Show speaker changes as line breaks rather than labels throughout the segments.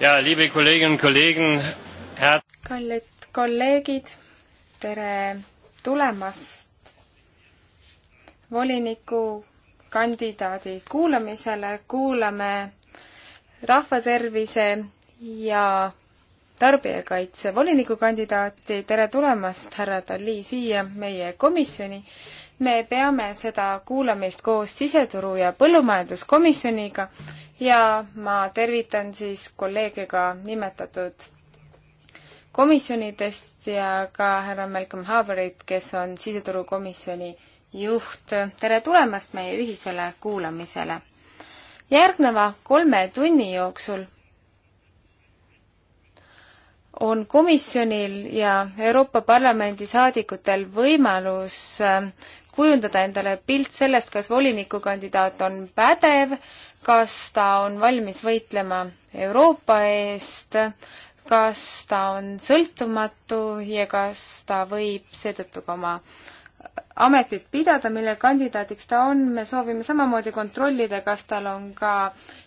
ja, liebe Kolleginnen und Kollegen, her-.
kallid kolleegid, tere tulemast volinikukandidaadi kuulamisele. kuulame rahvatervise ja tarbijakaitse volinikukandidaati. tere tulemast, härra Dali, siia meie komisjoni me peame seda kuulamist koos siseturu ja põllumajanduskomisjoniga ja ma tervitan siis kolleegiga nimetatud komisjonidest ja ka härra Malcolm Harbourit, kes on siseturukomisjoni juht. tere tulemast meie ühisele kuulamisele. järgneva kolme tunni jooksul on komisjonil ja Euroopa Parlamendi saadikutel võimalus äh, kujundada endale pilt sellest, kas volinikukandidaat on pädev, kas ta on valmis võitlema Euroopa eest, kas ta on sõltumatu ja kas ta võib seetõttu ka oma ametit pidada, mille kandidaadiks ta on, me soovime samamoodi kontrollida, kas tal on ka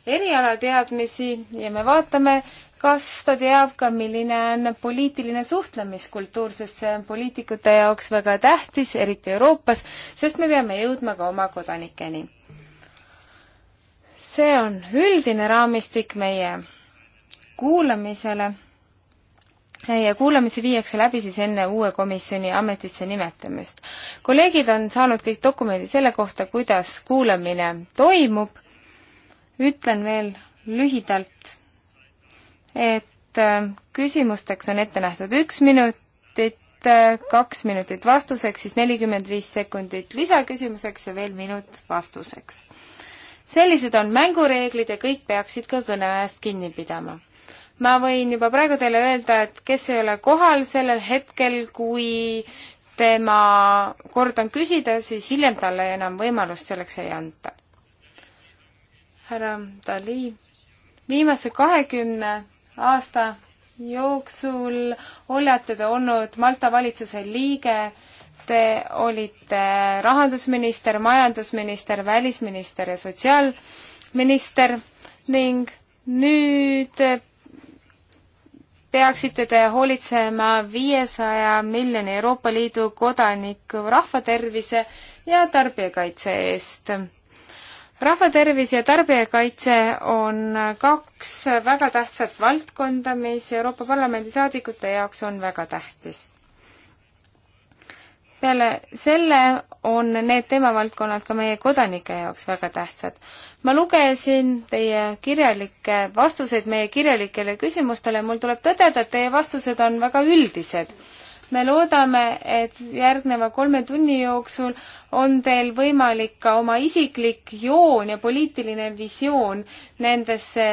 erialateadmisi ja me vaatame, kas ta teab ka, milline on poliitiline suhtlemiskultuur, sest see on poliitikute jaoks väga tähtis, eriti Euroopas, sest me peame jõudma ka oma kodanikeni. see on üldine raamistik meie kuulamisele. meie kuulamisi viiakse läbi siis enne uue komisjoni ametisse nimetamist. kolleegid on saanud kõik dokumendid selle kohta, kuidas kuulamine toimub. ütlen veel lühidalt et äh, küsimusteks on ette nähtud üks minutit, äh, kaks minutit vastuseks, siis nelikümmend viis sekundit lisaküsimuseks ja veel minut vastuseks. sellised on mängureeglid ja kõik peaksid ka kõneajast kinni pidama. ma võin juba praegu teile öelda, et kes ei ole kohal sellel hetkel, kui tema kord on küsida, siis hiljem talle enam võimalust selleks ei anta. härra Dali, viimase kahekümne 20 aasta jooksul olete te olnud Malta valitsuse liige, te olite rahandusminister, majandusminister, välisminister ja sotsiaalminister ning nüüd peaksite te hoolitsema viiesaja miljoni Euroopa Liidu kodaniku rahvatervise ja tarbijakaitse eest rahvatervis ja tarbijakaitse on kaks väga tähtsat valdkonda, mis Euroopa Parlamendi saadikute jaoks on väga tähtis. peale selle on need teemavaldkonnad ka meie kodanike jaoks väga tähtsad. ma lugesin teie kirjalikke vastuseid meie kirjalikele küsimustele, mul tuleb tõdeda, et teie vastused on väga üldised me loodame, et järgneva kolme tunni jooksul on teil võimalik ka oma isiklik joon ja poliitiline visioon nendesse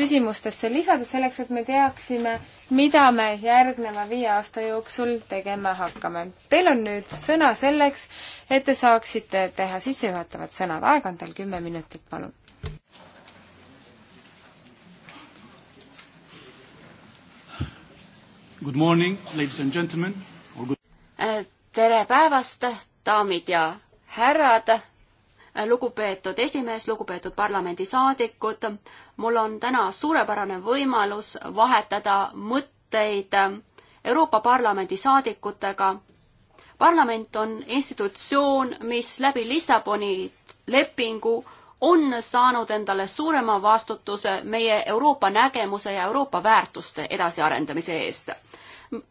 küsimustesse lisada, selleks et me teaksime, mida me järgneva viie aasta jooksul tegema hakkame. Teil on nüüd sõna selleks, et te saaksite teha sissejuhatavad sõnad. aega on teil kümme minutit, palun Good morning, ladies and gentlemen. Good...
Äh, tere päevast, daamid ja härrad, äh, lugupeetud esimees, lugupeetud parlamendisaadikud. mul on täna suurepärane võimalus vahetada mõtteid Euroopa Parlamendi saadikutega. parlament on institutsioon, mis läbi Lissaboni lepingu on saanud endale suurema vastutuse meie Euroopa nägemuse ja Euroopa väärtuste edasiarendamise eest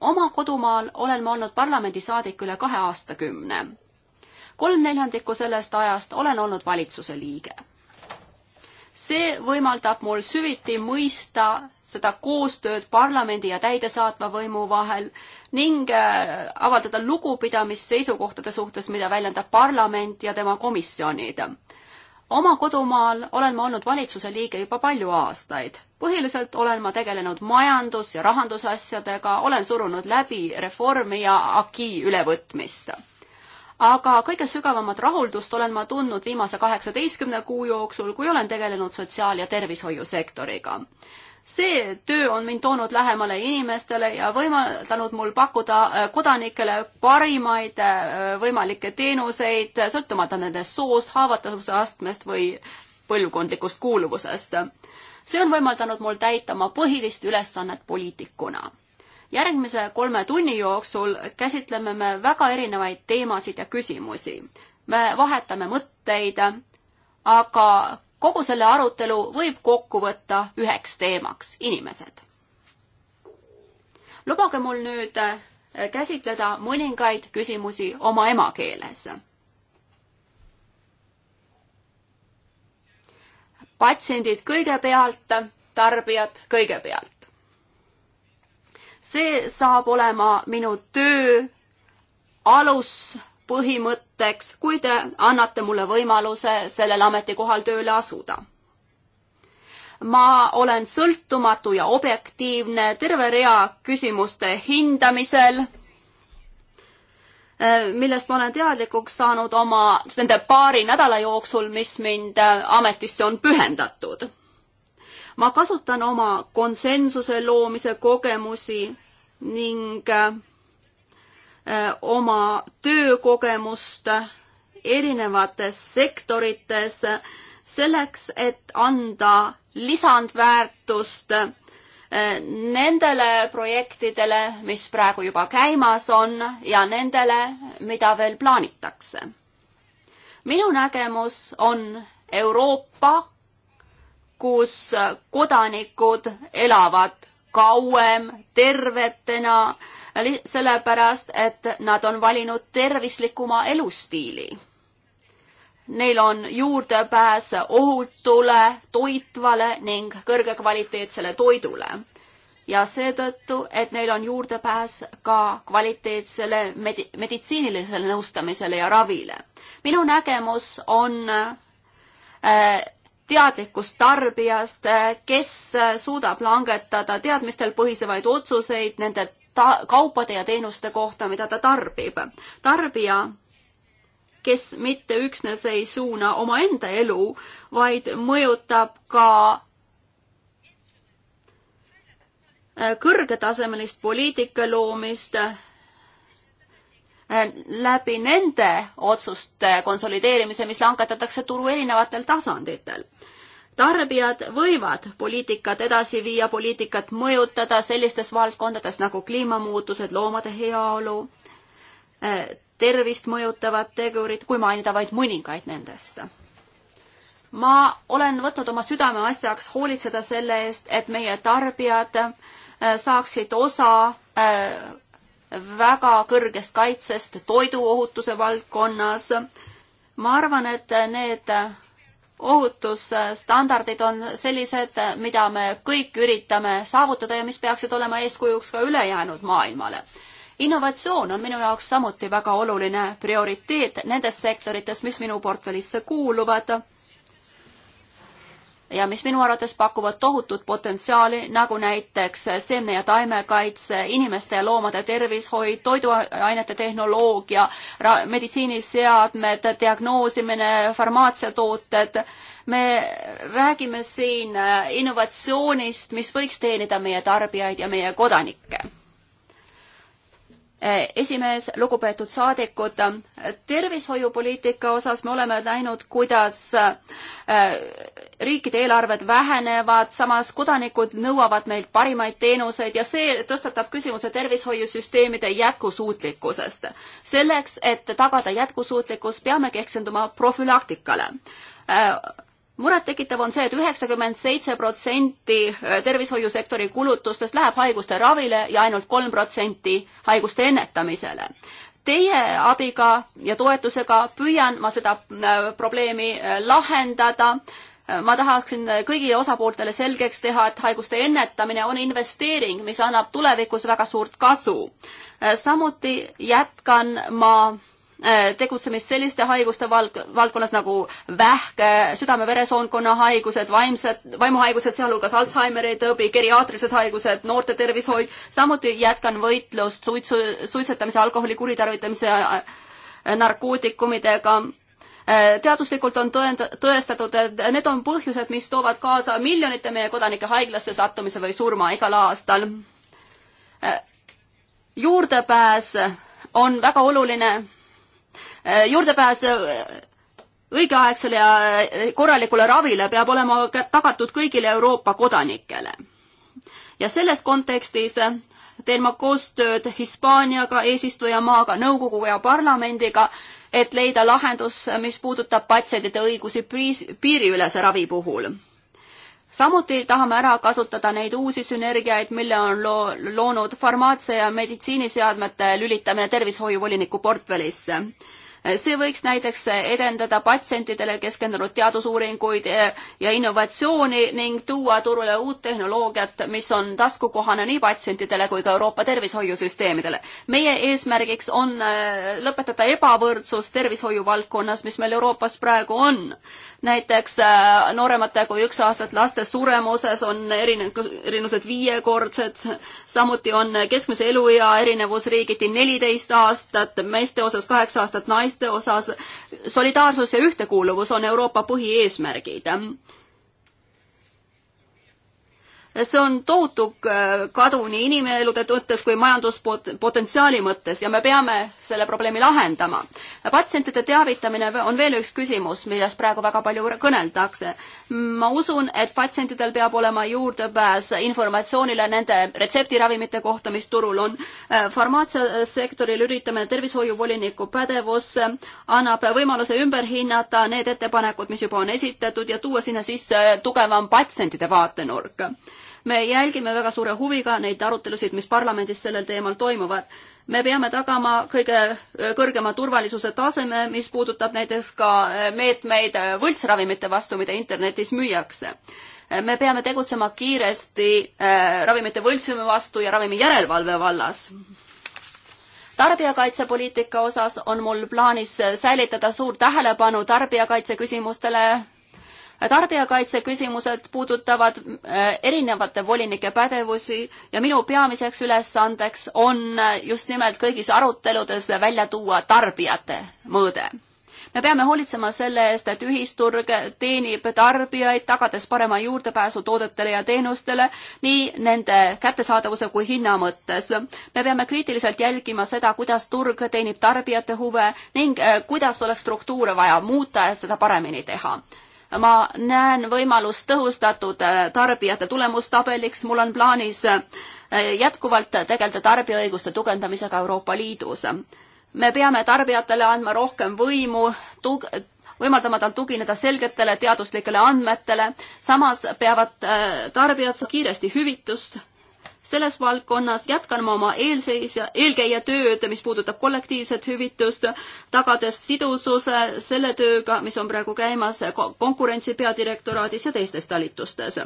oma kodumaal olen ma olnud parlamendisaadik üle kahe aastakümne. kolm neljandikku sellest ajast olen olnud valitsuse liige. see võimaldab mul süviti mõista seda koostööd parlamendi ja täidesaatva võimu vahel ning äh, avaldada lugupidamist seisukohtade suhtes, mida väljendab parlament ja tema komisjonid oma kodumaal olen ma olnud valitsuse liige juba palju aastaid põhiliselt olen ma tegelenud majandus- ja rahandusasjadega, olen surunud läbi reformi ja AKI ülevõtmist. aga kõige sügavamat rahuldust olen ma tundnud viimase kaheksateistkümne kuu jooksul, kui olen tegelenud sotsiaal- ja tervishoiusektoriga see töö on mind toonud lähemale inimestele ja võimaldanud mul pakkuda äh, kodanikele parimaid äh, võimalikke teenuseid, äh, sõltumata nende soost, haavatavuse astmest või põlvkondlikust kuuluvusest see on võimaldanud mul täita oma põhilist ülesannet poliitikuna. järgmise kolme tunni jooksul käsitleme me väga erinevaid teemasid ja küsimusi. me vahetame mõtteid, aga kogu selle arutelu võib kokku võtta üheks teemaks, inimesed. lubage mul nüüd käsitleda mõningaid küsimusi oma emakeeles patsiendid kõigepealt, tarbijad kõigepealt. see saab olema minu töö aluspõhimõtteks, kui te annate mulle võimaluse sellel ametikohal tööle asuda. ma olen sõltumatu ja objektiivne terve rea küsimuste hindamisel Äh, millest ma olen teadlikuks saanud oma, nende paari nädala jooksul, mis mind äh, ametisse on pühendatud. ma kasutan oma konsensuse loomise kogemusi ning äh, oma töökogemust erinevates sektorites selleks, et anda lisandväärtust Äh, nendele projektidele, mis praegu juba käimas on ja nendele, mida veel plaanitakse. minu nägemus on Euroopa, kus kodanikud elavad kauem tervetena, sellepärast et nad on valinud tervislikuma elustiili Neil on juurdepääs ohutule, toitvale ning kõrgekvaliteetsele toidule ja seetõttu, et neil on juurdepääs ka kvaliteetsele medi-, meditsiinilisele nõustamisele ja ravile. minu nägemus on äh, teadlikkus tarbijast, äh, kes suudab langetada teadmistel põhisevaid otsuseid nende ta-, kaupade ja teenuste kohta, mida ta tarbib. tarbija kes mitte üksnes ei suuna omaenda elu, vaid mõjutab ka äh, kõrgetasemelist poliitika loomist äh, läbi nende otsuste konsolideerimise, mis langetatakse turu erinevatel tasanditel tarbijad võivad poliitikat edasi viia, poliitikat mõjutada sellistes valdkondades nagu kliimamuutused, loomade heaolu, äh, tervist mõjutavad tegurid, kui mainida vaid mõningaid nendest. ma olen võtnud oma südameasjaks hoolitseda selle eest, et meie tarbijad äh, saaksid osa äh, väga kõrgest kaitsest toiduohutuse valdkonnas. ma arvan, et need ohutusstandardid on sellised, mida me kõik üritame saavutada ja mis peaksid olema eeskujuks ka ülejäänud maailmale innovatsioon on minu jaoks samuti väga oluline prioriteet nendes sektorites, mis minu portfellisse kuuluvad ja mis minu arvates pakuvad tohutut potentsiaali, nagu näiteks seemne- ja taimekaitse, inimeste ja loomade tervishoid, toiduainete tehnoloogia, meditsiiniseadmed, diagnoosimine, farmaatsiatooted. me räägime siin innovatsioonist, mis võiks teenida meie tarbijaid ja meie kodanikke. Eh, esimees, lugupeetud saadikud, eh, tervishoiupoliitika osas me oleme näinud, kuidas eh, riikide eelarved vähenevad, samas kodanikud nõuavad meilt parimaid teenuseid ja see tõstatab küsimuse tervishoiusüsteemide jätkusuutlikkusest. selleks, et tagada jätkusuutlikkus, peame keskenduma profülaktikale murettekitav on see et, et üheksakümmend seitse protsenti äh, tervishoiusektori kulutustest läheb haiguste ravile ja ainult kolm protsenti haiguste ennetamisele. Teie abiga ja toetusega püüan ma seda äh, probleemi äh, lahendada ma tahaksin kõigile osapooltele selgeks teha, et haiguste ennetamine on investeering, mis annab tulevikus väga suurt kasu. samuti jätkan ma Äh, tegutsemist selliste haiguste valg-, valdkonnas nagu vähk, äh, südame-veresoonkonna haigused, vaimsed, vaimuhaigused, sealhulgas Alžeimeri tõbi, geriaatrilised haigused, noorte tervishoid, samuti jätkan võitlust suitsu, suitsetamise, alkoholi kuritarvitamise, äh, narkootikumidega teaduslikult on tõend-, tõestatud, et need on põhjused, mis toovad kaasa miljonite meie kodanike haiglasse sattumise või surma igal aastal. juurdepääs on väga oluline Äh, juurdepääs äh, õigeaegsele ja äh, korralikule ravile peab olema tagatud kõigile Euroopa kodanikele. ja selles kontekstis teen ma koostööd Hispaaniaga, eesistujamaaga, nõukogu ja parlamendiga, et leida lahendus, mis puudutab patsientide õigusi piiriülese ravi puhul samuti tahame ära kasutada neid uusi sünergiaid, mille on loo-, loonud farmaatsia ja meditsiiniseadmete lülitamine tervishoiuvoliniku portfellisse see võiks näiteks edendada patsientidele keskendunud teadusuuringuid eh, ja innovatsiooni ning tuua turule uut tehnoloogiat, mis on taskukohane nii patsientidele kui ka Euroopa tervishoiusüsteemidele. meie eesmärgiks on eh, lõpetada ebavõrdsus tervishoiu valdkonnas, mis meil Euroopas praegu on. näiteks eh, nooremate kui üks aastat laste suremuses on erinev, erinevused viiekordsed, samuti on keskmise eluea erinevus riigiti neliteist aastat, meeste osas kaheksa aastat, naiste inimeste osas solidaarsus ja ühtekuuluvus on Euroopa põhieesmärgid see on tohutu äh, kadu nii inimelude mõttes kui majanduspotentsiaali mõttes ja me peame selle probleemi lahendama. patsientide teavitamine on veel üks küsimus, millest praegu väga palju kõneldakse. ma usun, et patsientidel peab olema juurdepääs informatsioonile nende retseptiravimite kohta, mis turul on. Äh, farmaatsiasektori lülitamine tervishoiuvoliniku pädevusse äh, annab võimaluse ümber hinnata need ettepanekud, mis juba on esitatud ja tuua sinna sisse tugevam patsientide vaatenurk me jälgime väga suure huviga neid arutelusid, mis parlamendis sellel teemal toimuvad. me peame tagama kõige äh, kõrgema turvalisuse taseme, mis puudutab näiteks ka äh, meetmeid äh, võltsravimite vastu, mida internetis müüakse. me peame tegutsema kiiresti ravimite võltsimise vastu ja ravimi järelevalve vallas tarbijakaitsepoliitika osas on mul plaanis säilitada suur tähelepanu tarbijakaitse küsimustele, tarbijakaitse küsimused puudutavad äh, erinevate volinike pädevusi ja minu peamiseks ülesandeks on äh, just nimelt kõigis aruteludes välja tuua tarbijate mõõde me peame hoolitsema selle eest, et ühisturg teenib tarbijaid, tagades parema juurdepääsu toodetele ja teenustele nii nende kättesaadavuse kui hinna mõttes. me peame kriitiliselt jälgima seda, kuidas turg teenib tarbijate huve ning äh, kuidas oleks struktuure vaja muuta, et seda paremini teha ma näen võimalust tõhustatud äh, tarbijate tulemustabeliks, mul on plaanis äh, jätkuvalt tegeleda tarbijaõiguste tugevdamisega Euroopa Liidus. me peame tarbijatele andma rohkem võimu, võimaldama tal tugineda selgetele teaduslikele andmetele, samas peavad äh, tarbijad kiiresti hüvitust selles valdkonnas jätkan ma oma eelseisja, eelkäija tööd, mis puudutab kollektiivset hüvitust, tagades sidususe selle tööga, mis on praegu käimas konkurentsi peadirektoraadis ja teistes talitustes.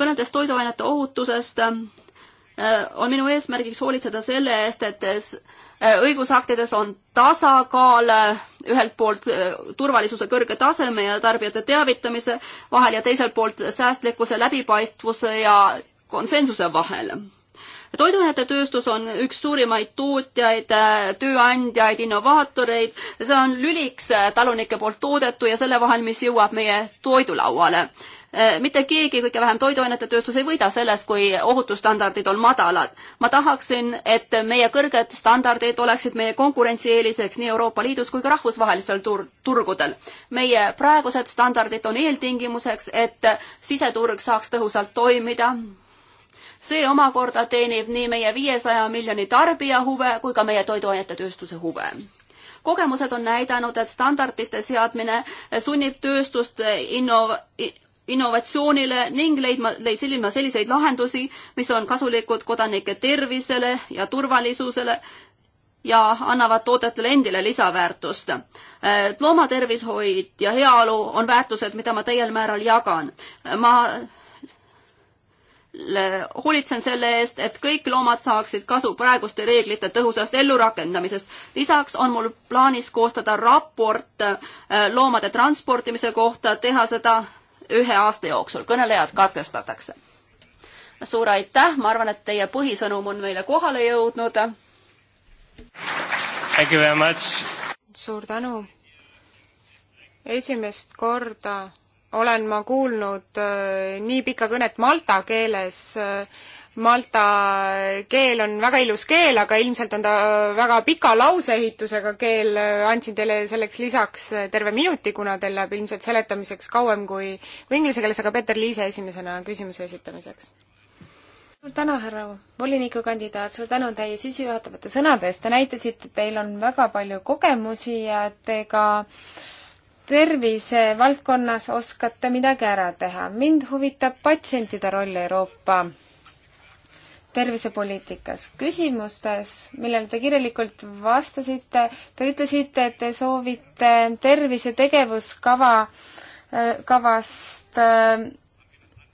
kõneldes toiduainete ohutusest, äh, on minu eesmärgiks hoolitseda selle eest, et äh, õigusaktides on tasakaal äh, ühelt poolt turvalisuse kõrge taseme ja tarbijate teavitamise vahel ja teiselt poolt säästlikkuse, läbipaistvuse ja konsensuse vahel toiduainetetööstus on üks suurimaid tootjaid, tööandjaid, innovaatoreid, see on lüliks talunike poolt toodetu ja selle vahel, mis jõuab meie toidulauale. mitte keegi, kõige vähem toiduainetetööstus ei võida sellest, kui ohutusstandardid on madalad. ma tahaksin, et meie kõrged standardid oleksid meie konkurentsieeliseks nii Euroopa Liidus kui ka rahvusvahelisel tur-, turgudel. meie praegused standardid on eeltingimuseks, et siseturg saaks tõhusalt toimida see omakorda teenib nii meie viiesaja miljoni tarbija huve kui ka meie toiduainetetööstuse huve kogemused on näidanud, et standardite seadmine sunnib tööstust innov-, innovatsioonile ning leidma, leidma selliseid lahendusi, mis on kasulikud kodanike tervisele ja turvalisusele ja annavad toodetele endile lisaväärtust. loomatervishoid ja heaolu on väärtused, mida ma täiel määral jagan. ma hoolitsen selle eest, et kõik loomad saaksid kasu praeguste reeglite tõhusast ellurakendamisest. lisaks on mul plaanis koostada raport äh, loomade transportimise kohta, teha seda ühe aasta jooksul. kõnelejad katkestatakse. suur aitäh, ma arvan, et teie põhisõnum on meile kohale jõudnud.
suur tänu. esimest korda olen ma kuulnud äh, nii pikka kõnet malta keeles. Äh, malta keel on väga ilus keel, aga ilmselt on ta äh, väga pika lauseehitusega keel. andsin teile selleks lisaks terve minuti, kuna teil läheb ilmselt seletamiseks kauem kui, kui inglise keeles, aga Peeter Liise esimesena küsimuse esitamiseks.
suur tänu, härra volinikukandidaat, suur tänu teie sissejuhatavate sõnade eest. Te näitasite, et teil on väga palju kogemusi ja et te ka äh, tervisevaldkonnas oskate midagi ära teha. mind huvitab patsientide roll Euroopa tervisepoliitikas. küsimustes, millele te kirjalikult vastasite, te ütlesite, et te soovite tervise tegevuskava, äh, kavast äh,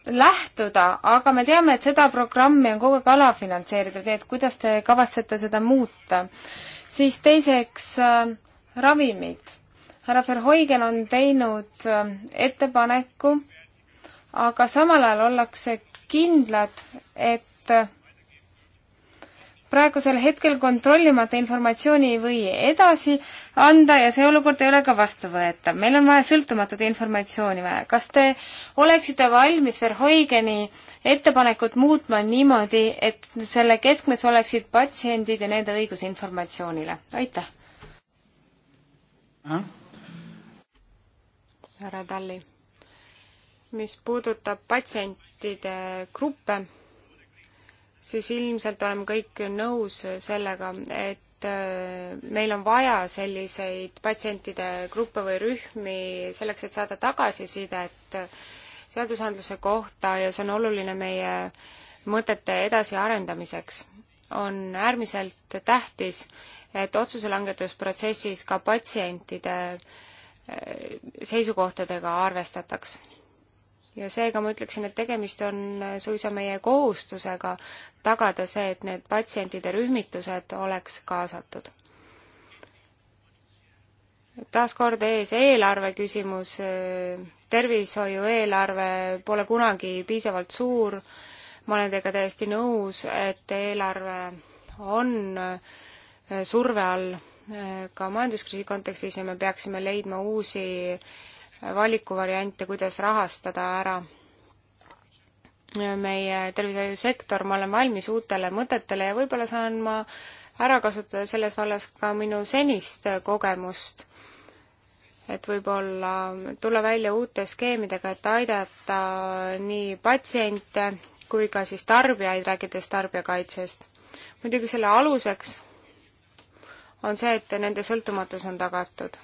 lähtuda, aga me teame, et seda programmi on kogu aeg alafinantseeritud, nii et kuidas te kavatsete seda muuta? siis teiseks, äh, ravimid härra Verhoigen on teinud äh, ettepaneku, aga samal ajal ollakse kindlad, et äh, praegusel hetkel kontrollimata informatsiooni ei või edasi anda ja see olukord ei ole ka vastuvõetav. meil on vaja sõltumatut informatsiooni vaja. kas te oleksite valmis Verhoigeni ettepanekut muutma niimoodi, et selle keskmes oleksid patsiendid ja nende õigus informatsioonile? aitäh!
härra Talli. mis puudutab patsientide gruppe, siis ilmselt oleme kõik nõus sellega, et äh, meil on vaja selliseid patsientide gruppe või rühmi selleks, et saada tagasisidet äh, seadusandluse kohta ja see on oluline meie mõtete edasiarendamiseks. on äärmiselt tähtis, et otsuselangetusprotsessis ka patsientide seisukohtadega arvestataks. ja seega ma ütleksin, et tegemist on suisa meie kohustusega tagada see, et need patsientide rühmitused oleks kaasatud. taaskord ees eelarve küsimus, tervishoiu eelarve pole kunagi piisavalt suur, ma olen teiega täiesti nõus, et eelarve on surve all ka majanduskriisi kontekstis ja me peaksime leidma uusi valikuvariante, kuidas rahastada ära meie tervishoiusektor, ma olen valmis uutele mõtetele ja võib-olla saan ma ära kasutada selles vallas ka minu senist kogemust. et võib-olla tulla välja uute skeemidega, et aidata nii patsiente kui ka siis tarbijaid, rääkides tarbijakaitsest. muidugi selle aluseks on see, et nende sõltumatus on tagatud.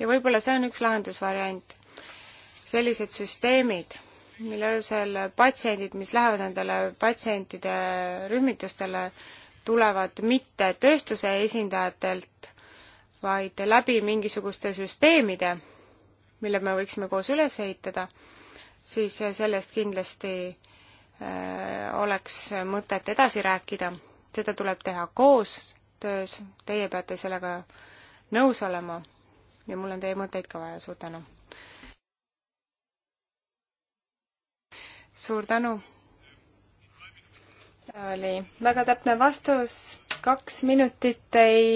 ja võib-olla see on üks lahendusvariant. sellised süsteemid, mille alusel patsiendid, mis lähevad nendele patsientide rühmitustele, tulevad mitte tööstuse esindajatelt, vaid läbi mingisuguste süsteemide, mille me võiksime koos üles ehitada, siis sellest kindlasti Äh, oleks mõtet edasi rääkida, seda tuleb teha koostöös, teie peate sellega nõus olema ja mul on teie mõtteid ka vaja, suur tänu! suur tänu!
oli väga
täpne vastus,
kaks minutit ei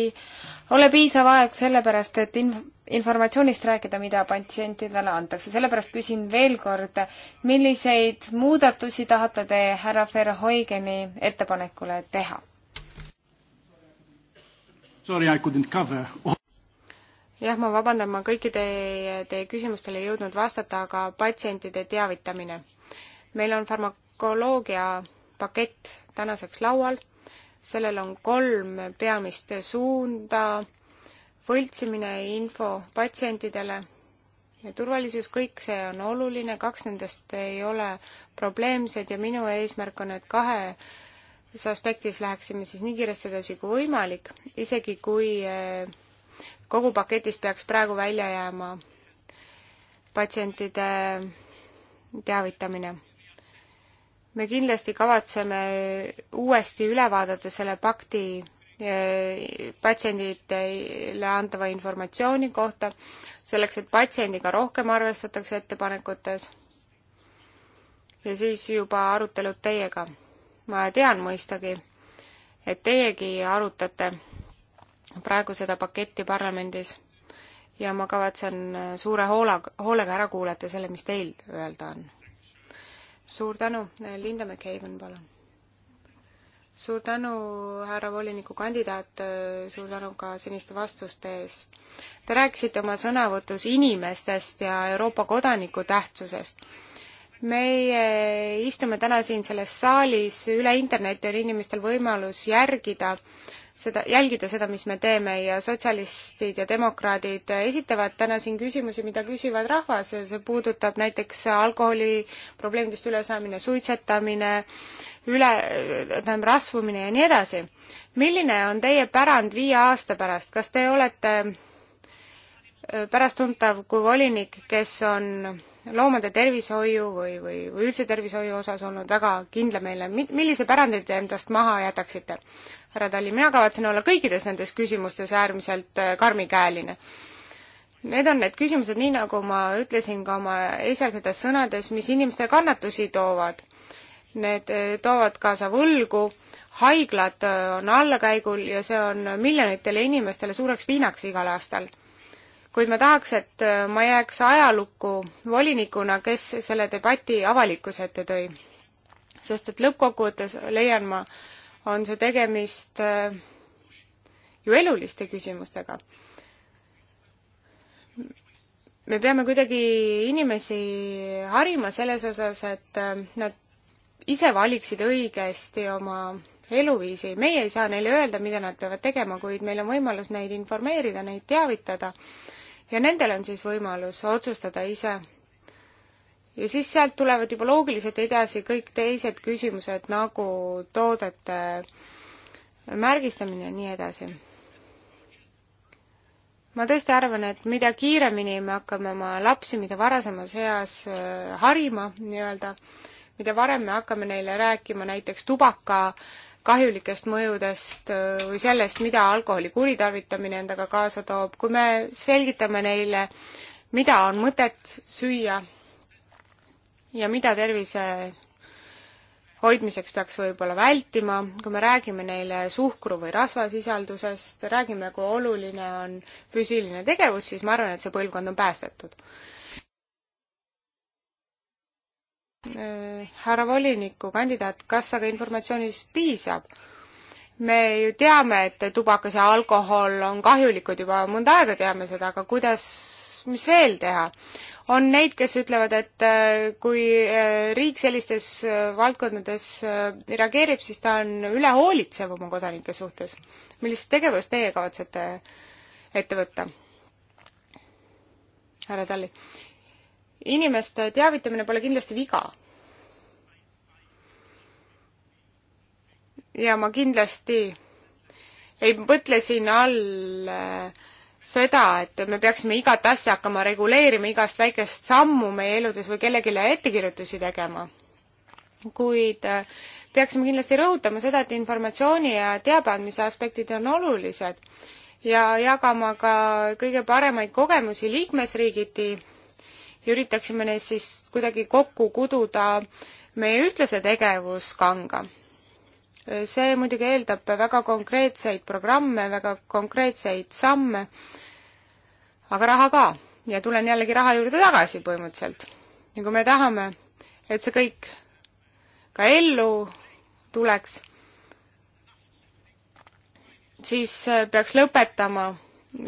ole piisav aeg, sellepärast et inf-, informatsioonist rääkida, mida patsientidele antakse, sellepärast küsin veel kord, milliseid muudatusi tahate te härra Verhoigeni ettepanekule teha?
jah, ma vabandan, ma kõiki teie, teie küsimustele ei jõudnud vastata, aga patsientide teavitamine. meil on farmakoloogia pakett tänaseks laual, sellel on kolm peamist suunda võltsimine info patsientidele ja turvalisus, kõik see on oluline, kaks nendest ei ole probleemsed ja minu eesmärk on, et kahes aspektis läheksime siis nii kiiresti edasi kui võimalik, isegi kui eh, kogu paketist peaks praegu välja jääma patsientide teavitamine. me kindlasti kavatseme uuesti üle vaadata selle pakti Eh, patsiendile antava informatsiooni kohta, selleks et patsiendiga rohkem arvestatakse ettepanekutes ja siis juba arutelud teiega. ma tean mõistagi, et teiegi arutate praegu seda paketti parlamendis ja ma kavatsen suure hoola, hoolega ära kuulata selle, mis teil öelda on. suur tänu, Linda McCaven, palun suur tänu, härra volinikukandidaat, suur tänu ka seniste vastuste eest. Te rääkisite oma sõnavõtus inimestest ja Euroopa kodaniku tähtsusest. meie istume täna siin selles saalis, üle interneti on inimestel võimalus järgida seda, jälgida seda, mis me teeme ja sotsialistid ja demokraadid esitavad täna siin küsimusi, mida küsivad rahvas, see puudutab näiteks alkoholiprobleemidest ülesaamine, suitsetamine, üle, tähendab rasvumine ja nii edasi. milline on teie pärand viie aasta pärast, kas te olete äh, pärast tuntav kui volinik, kes on loomade tervishoiu või, või, või üldse tervishoiu osas olnud väga kindlameelne. millise pärandi te endast maha jätaksite? härra Talli, mina kavatsen olla kõikides nendes küsimustes äärmiselt äh, karmikäeline. Need on need küsimused, nii nagu ma ütlesin ka oma esialgsetes sõnades, mis inimestele kannatusi toovad. Need äh, toovad kaasa võlgu, haiglad äh, on allakäigul ja see on miljonitele inimestele suureks viinaks igal aastal kuid ma tahaks, et äh, ma jääks ajalukku volinikuna, kes selle debati avalikkuse ette tõi. sest et lõppkokkuvõttes leian ma, on see tegemist äh, ju eluliste küsimustega. me peame kuidagi inimesi harima selles osas, et äh, nad ise valiksid õigesti oma eluviisi. meie ei saa neile öelda, mida nad peavad tegema, kuid meil on võimalus neid informeerida, neid teavitada ja nendel on siis võimalus otsustada ise. ja siis sealt tulevad juba loogiliselt edasi kõik teised küsimused nagu toodete märgistamine ja nii edasi. ma tõesti arvan, et mida kiiremini me hakkame oma lapsi, mida varasemas eas äh, harima nii-öelda, mida varem me hakkame neile rääkima näiteks tubaka äh, kahjulikest mõjudest äh, või sellest, mida alkoholi kuritarvitamine endaga kaasa toob, kui me selgitame neile, mida on mõtet süüa ja mida tervise hoidmiseks peaks võib-olla vältima, kui me räägime neile suhkru või rasvasisaldusest, räägime, kui oluline on füüsiline tegevus, siis ma arvan, et see põlvkond on päästetud härra volinikukandidaat, kas aga informatsioonist piisab? me ju teame, et tubakas ja alkohol on kahjulikud juba mõnda aega teame seda, aga kuidas, mis veel teha? on neid, kes ütlevad, et äh, kui äh, riik sellistes äh, valdkondades reageerib, siis ta on ülehoolitsev oma kodanike suhtes. millist tegevust teie kavatsete ette võtta? härra Talli inimeste teavitamine pole kindlasti viga. ja ma kindlasti ei mõtle siin all äh, seda, et me peaksime igat asja hakkama reguleerima, igast väikest sammu meie eludes või kellelegi ettekirjutusi tegema. kuid äh, peaksime kindlasti rõhutama seda, et informatsiooni ja teabe andmise aspektid on olulised ja jagama ka kõige paremaid kogemusi liikmesriigiti ja üritaksime neist siis kuidagi kokku kududa meie ühtlase tegevuskanga. see muidugi eeldab väga konkreetseid programme, väga konkreetseid samme, aga raha ka. ja tulen jällegi raha juurde tagasi põhimõtteliselt. ja kui me tahame, et see kõik ka ellu tuleks, siis peaks lõpetama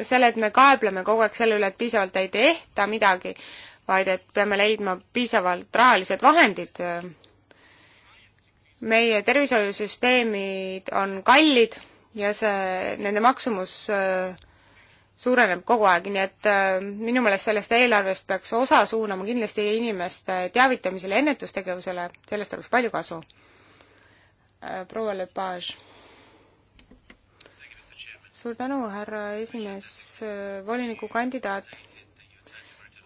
selle, et me kaebleme kogu aeg selle üle, et piisavalt ei tehta midagi, vaid et peame leidma piisavalt rahalised vahendid. meie tervishoiusüsteemid on kallid ja see, nende maksumus äh, suureneb kogu aeg, nii et äh, minu meelest sellest eelarvest peaks osa suunama kindlasti inimeste teavitamisele ja ennetustegevusele, sellest oleks palju kasu. Äh, proua Lepage. suur tänu, härra esimees, volinikukandidaat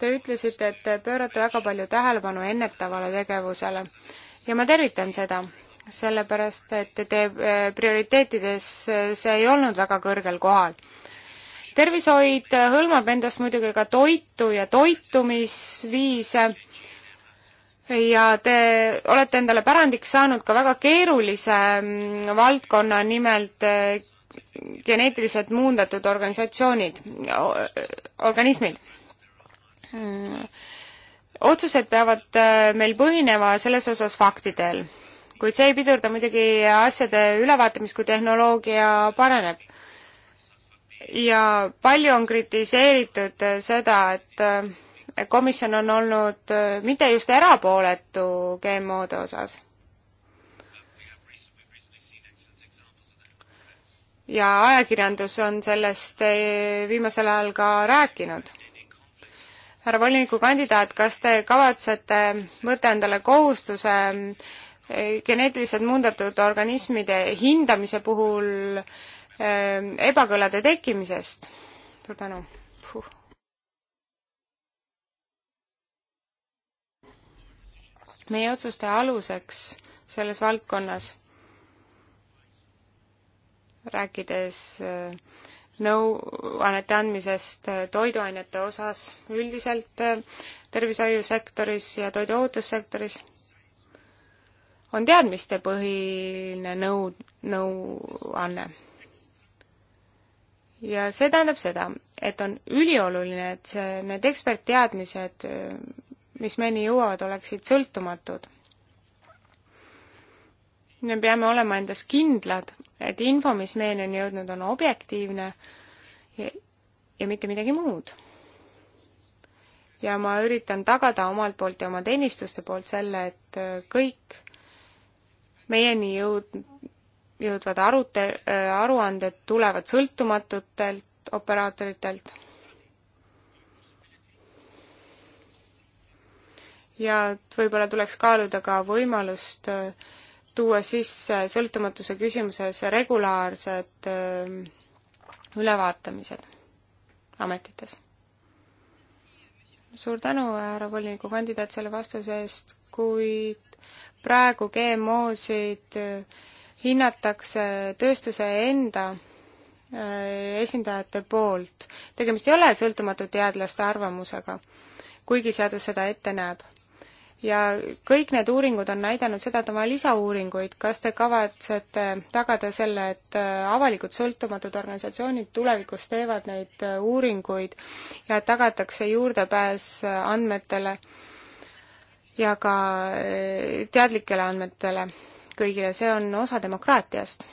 Te ütlesite, et pöörate väga palju tähelepanu ennetavale tegevusele ja ma tervitan seda, sellepärast et teie prioriteetides eh, see ei olnud väga kõrgel kohal. tervishoid hõlmab endast muidugi ka toitu ja toitumisviise ja te olete endale pärandiks saanud ka väga keerulise mm, valdkonna, nimelt eh, geneetiliselt muundatud organisatsioonid, organismid. Mm. otsused peavad äh, meil põhinema selles osas faktidel, kuid see ei pidurda muidugi asjade ülevaatamist, kui tehnoloogia paraneb. ja palju on kritiseeritud äh, seda, et äh, komisjon on olnud mitte just erapooletu GMO-de osas ja ajakirjandus on sellest viimasel ajal ka rääkinud härra volinikukandidaat, kas te kavatsete võtta endale kohustuse eh, geneetiliselt muundatud organismide hindamise puhul eh, ebakõlade tekkimisest? suur tänu! meie otsuste aluseks selles valdkonnas, rääkides äh, nõuannete andmisest äh, toiduainete osas üldiselt äh, tervishoiusektoris ja toiduohutussektoris, on teadmistepõhine nõu, nõuanne. ja see tähendab seda, et on ülioluline, et see, need ekspertteadmised, äh, mis meieni jõuavad, oleksid sõltumatud me peame olema endas kindlad, et info, mis meieni on jõudnud, on objektiivne ja, ja mitte midagi muud. ja ma üritan tagada omalt poolt ja oma teenistuste poolt selle, et kõik meieni jõud-, jõudvad arute-, aruanded tulevad sõltumatutelt operaatoritelt ja et võib-olla tuleks kaaluda ka võimalust tuua sisse sõltumatuse küsimuses regulaarsed ähm, ülevaatamised ametites. suur tänu, härra voliniku kandidaat, selle vastuse eest, kuid praegu GMO-sid äh, hinnatakse tööstuse enda äh, esindajate poolt. tegemist ei ole sõltumatu teadlaste arvamusega, kuigi seadus seda ette näeb ja kõik need uuringud on näidanud seda, et on vaja lisauuringuid. kas te kavatsete tagada selle, et äh, avalikud sõltumatud organisatsioonid tulevikus teevad neid äh, uuringuid ja tagatakse juurdepääs äh, andmetele ja ka teadlikele andmetele kõigile, see on osa demokraatiast?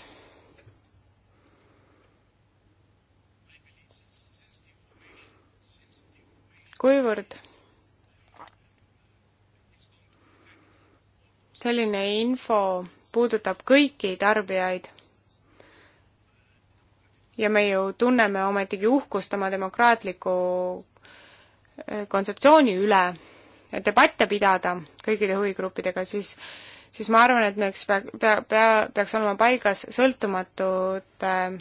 kuivõrd selline info puudutab kõiki tarbijaid. ja me ju tunneme ometigi uhkust oma demokraatliku eh, kontseptsiooni üle, debatte pidada kõikide huvigruppidega, siis siis ma arvan, et meil pea, pea, pea, peaks olema paigas sõltumatud äh,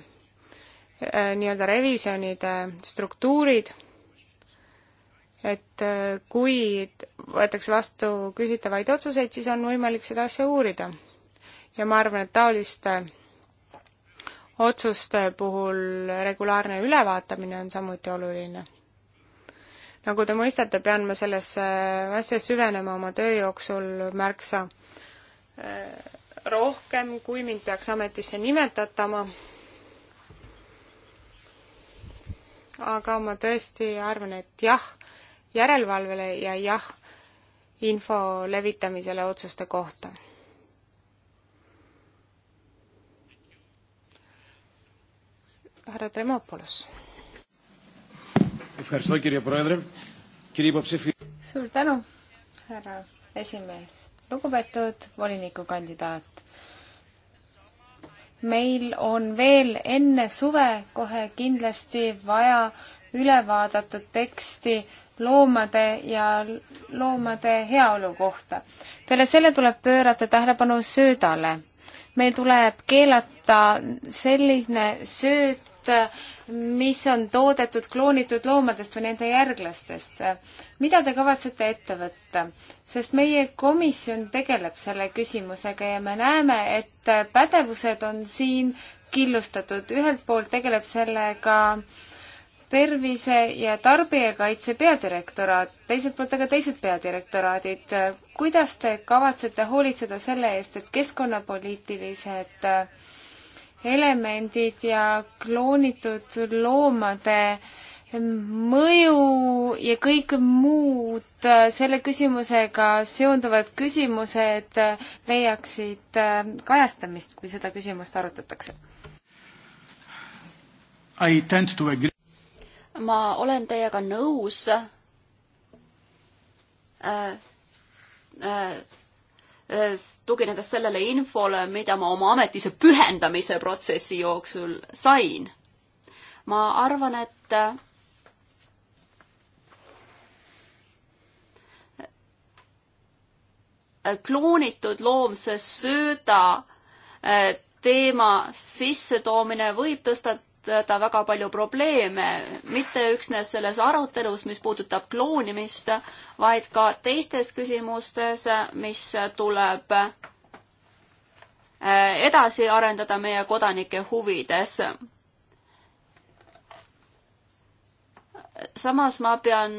nii-öelda revisjonide struktuurid et äh, kui võetakse vastu küsitavaid otsuseid, siis on võimalik seda asja uurida. ja ma arvan, et taoliste otsuste puhul regulaarne ülevaatamine on samuti oluline. nagu te mõistate, pean ma sellesse asja süvenema oma töö jooksul märksa äh, rohkem, kui mind peaks ametisse nimetatama. aga ma tõesti arvan, et jah, järelevalvele ja jah info levitamisele otsuste kohta. härra Tremopoulos.
suur tänu, härra esimees. lugupeetud volinikukandidaat meil on veel enne suve kohe kindlasti vaja üle vaadatud teksti loomade ja loomade heaolu kohta. peale selle tuleb pöörata tähelepanu söödale. meil tuleb keelata selline sööt, mis on toodetud kloonitud loomadest või nende järglastest. mida te kavatsete ette võtta? sest meie komisjon tegeleb selle küsimusega ja me näeme, et pädevused on siin killustatud. ühelt poolt tegeleb sellega äh, tervise- ja tarbijakaitse peadirektoraat, teiselt poolt aga teised peadirektoraadid. kuidas te kavatsete hoolitseda selle eest, et keskkonnapoliitilised elemendid ja kloonitud loomade mõju ja kõik muud selle küsimusega seonduvad küsimused leiaksid kajastamist, kui seda küsimust arutatakse?
I tend to agree ma olen teiega nõus äh, äh, äh, tuginedes sellele infole, mida ma oma ametisse pühendamise protsessi jooksul sain. ma arvan, et äh, kloonitud loomse sööda äh, teema sissetoomine võib tõsta, tekitada väga palju probleeme, mitte üksnes selles arutelus, mis puudutab kloonimist, vaid ka teistes küsimustes, mis tuleb äh, edasi arendada meie kodanike huvides. samas ma pean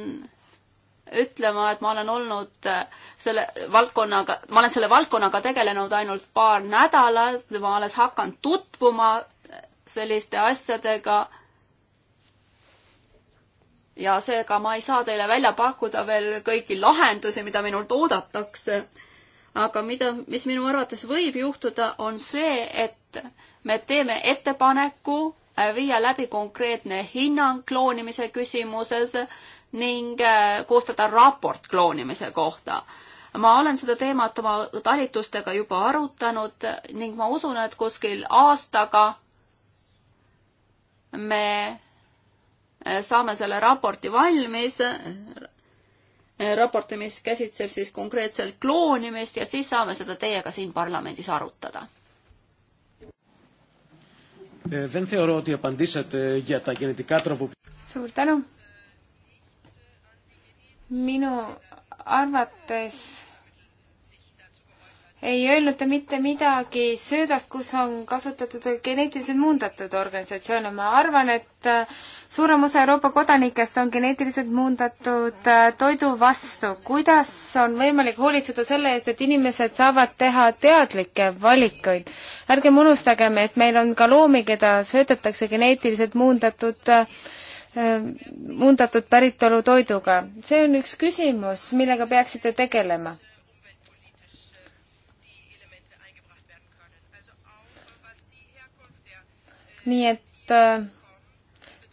ütlema, et ma olen olnud äh, selle valdkonnaga, ma olen selle valdkonnaga tegelenud ainult paar nädalat, ma alles hakanud tutvuma selliste asjadega. ja seega ma ei saa teile välja pakkuda veel kõiki lahendusi, mida minult oodatakse. aga mida, mis minu arvates võib juhtuda, on see, et me teeme ettepaneku viia läbi konkreetne hinnang kloonimise küsimuses ning äh, koostada raport kloonimise kohta ma olen seda teemat oma talitustega juba arutanud ning ma usun, et kuskil aastaga me äh, saame selle raporti valmis, äh, raporti, mis käsitleb siis konkreetselt kloonimist ja siis saame seda teiega siin parlamendis arutada. suur tänu.
minu arvates ei öelnud ta mitte midagi söödast, kus on kasutatud geneetiliselt muundatud organisatsioone. ma arvan, et äh, suurem osa Euroopa kodanikest on geneetiliselt muundatud äh, toidu vastu. kuidas on võimalik hoolitseda selle eest, et inimesed saavad teha teadlikke valikuid? ärgem unustagem, et meil on ka loomi, keda söödetakse geneetiliselt muundatud äh, muundatud päritolu toiduga. see on üks küsimus, millega peaksite tegelema nii et äh,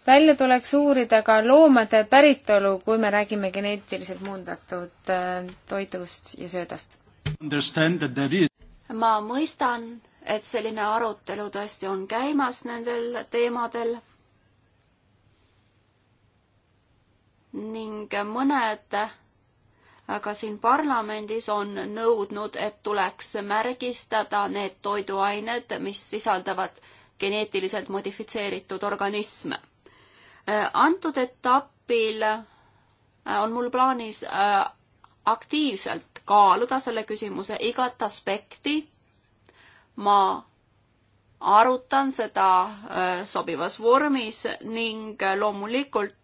välja tuleks uurida ka loomade päritolu, kui me räägime
geneetiliselt muundatud äh, toidust ja söödast. ma mõistan, et selline arutelu tõesti on käimas nendel teemadel. ning mõned aga siin parlamendis on nõudnud, et tuleks märgistada need toiduained, mis sisaldavad geneetiliselt modifitseeritud organisme. Äh, antud etapil äh, on mul plaanis äh, aktiivselt kaaluda selle küsimuse igat aspekti. ma arutan seda sobivas vormis ning loomulikult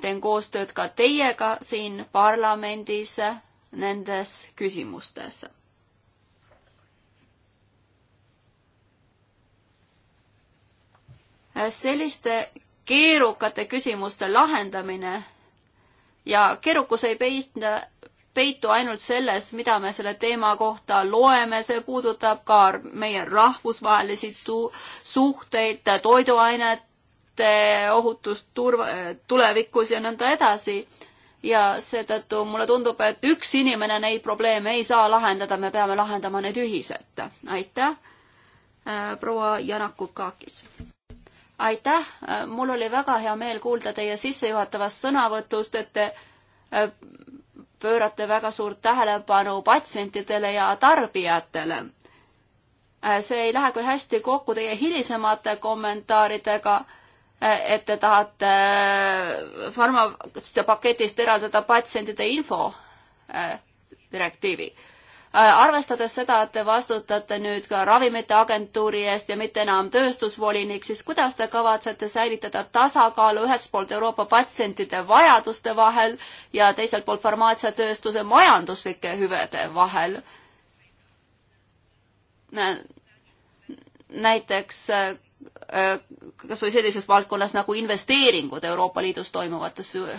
teen koostööd ka teiega siin parlamendis nendes küsimustes selliste keerukate küsimuste lahendamine ja keerukus ei peitne, peitu ainult selles, mida me selle teema kohta loeme, see puudutab ka meie rahvusvahelisi suhteid, toiduainete ohutust turva, tulevikus ja nõnda edasi. ja seetõttu mulle tundub, et üks inimene neid probleeme ei saa lahendada, me peame lahendama need ühiselt. aitäh, äh, proua Janakukakis aitäh, mul oli väga hea meel kuulda teie sissejuhatavast sõnavõtust, et te äh, pöörate väga suurt tähelepanu patsientidele ja tarbijatele. Äh, see ei lähe küll hästi kokku teie hilisemate kommentaaridega, äh, et te tahate farmapaktist eraldada patsientide info direktiivi Äh, arvestades seda, et te vastutate nüüd ka Ravimite Agentuuri eest ja mitte enam tööstusvolinik, siis kuidas te kavatsete säilitada tasakaalu ühest poolt Euroopa patsientide vajaduste vahel ja teiselt poolt farmaatsiatööstuse majanduslike hüvede vahel? näiteks äh, äh, kas või sellises valdkonnas nagu investeeringud Euroopa Liidus toimuvatesse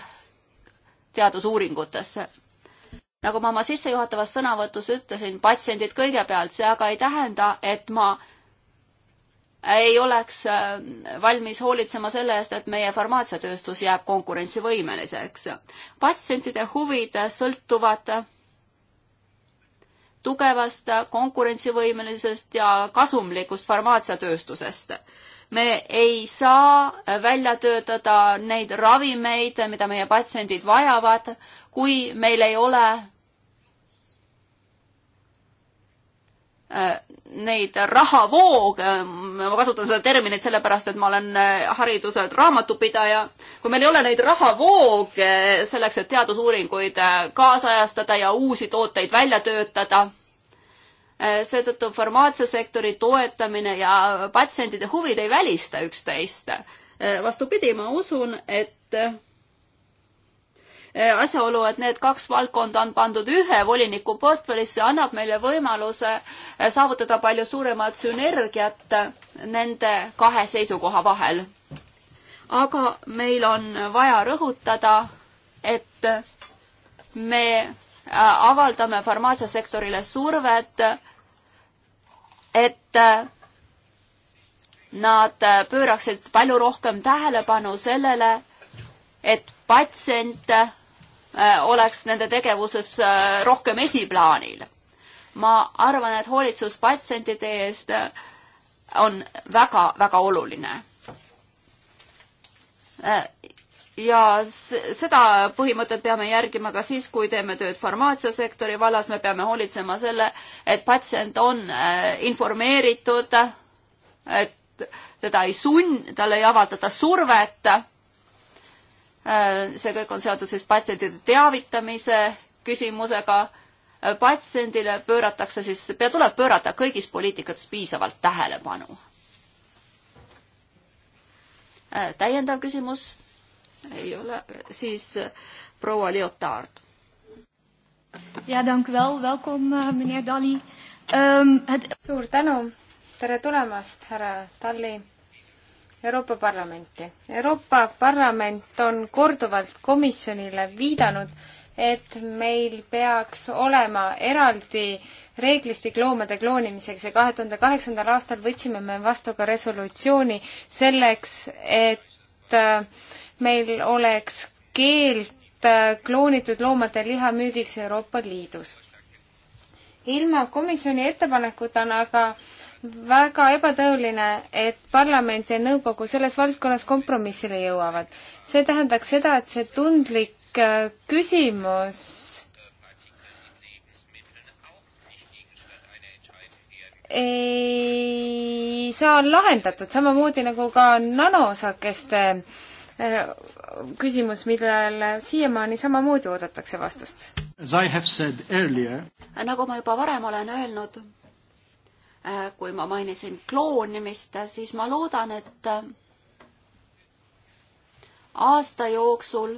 teadusuuringutesse nagu ma oma sissejuhatavas sõnavõtus ütlesin, patsiendid kõigepealt, see aga ei tähenda, et ma ei oleks äh, valmis hoolitsema selle eest, et meie farmaatsiatööstus jääb konkurentsivõimeliseks. patsientide huvid sõltuvad tugevast konkurentsivõimelisest ja kasumlikust farmaatsiatööstusest me ei saa välja töötada neid ravimeid, mida meie patsiendid vajavad, kui meil ei ole äh, neid rahavoog, äh, ma kasutan seda terminit sellepärast, et ma olen äh, hariduselt raamatupidaja, kui meil ei ole neid rahavooge selleks, et teadusuuringuid kaasajastada ja uusi tooteid välja töötada Äh, seetõttu farmaatsia sektori toetamine ja patsientide huvid ei välista üksteist. Äh, vastupidi, ma usun, et äh, asjaolu, et need kaks valdkonda on pandud ühe voliniku portfellisse, annab meile võimaluse saavutada palju suuremat sünergiat nende kahe seisukoha vahel. aga meil on vaja rõhutada, et me avaldame farmaatsiasektorile survet et äh, nad äh, pööraksid palju rohkem tähelepanu sellele, et patsient äh, oleks nende tegevuses rohkem esiplaanil. ma arvan, et hoolitsus patsientide eest on väga-väga oluline ja seda põhimõtet peame järgima ka siis, kui teeme tööd farmaatsiasektori vallas, me peame hoolitsema selle, et patsient on äh, informeeritud, et teda ei sunn-, talle ei avaldata survet. Äh, see kõik on seotud siis patsientide teavitamise küsimusega. Äh, patsiendile pööratakse siis, tuleb pöörata kõigis poliitikates piisavalt tähelepanu. täiendav küsimus ei ole, siis eh, proua Leotard. ja tänk veel, welkom, eh,
meneer Dali um,. Ehm, et... suur tänu, tere tulemast, härra Dali Euroopa Parlamenti. Euroopa Parlament on korduvalt komisjonile viidanud, et meil peaks olema eraldi reeglistik loomade kloonimiseks ja kahe tuhande kaheksandal aastal võtsime me vastu ka resolutsiooni selleks, et eh, meil oleks keeld äh, kloonitud loomade liha müügiks Euroopa Liidus. ilma komisjoni ettepanekuta on aga väga ebatõeline, et parlament ja nõukogu selles valdkonnas kompromissile jõuavad. see tähendaks seda, et see tundlik äh, küsimus ei saa lahendatud, samamoodi nagu ka nanosakeste äh, Äh, küsimus, millele
siiamaani samamoodi oodatakse vastust.
Äh,
nagu ma juba varem olen öelnud, äh, kui ma mainisin kloonimist, siis ma loodan, et aasta jooksul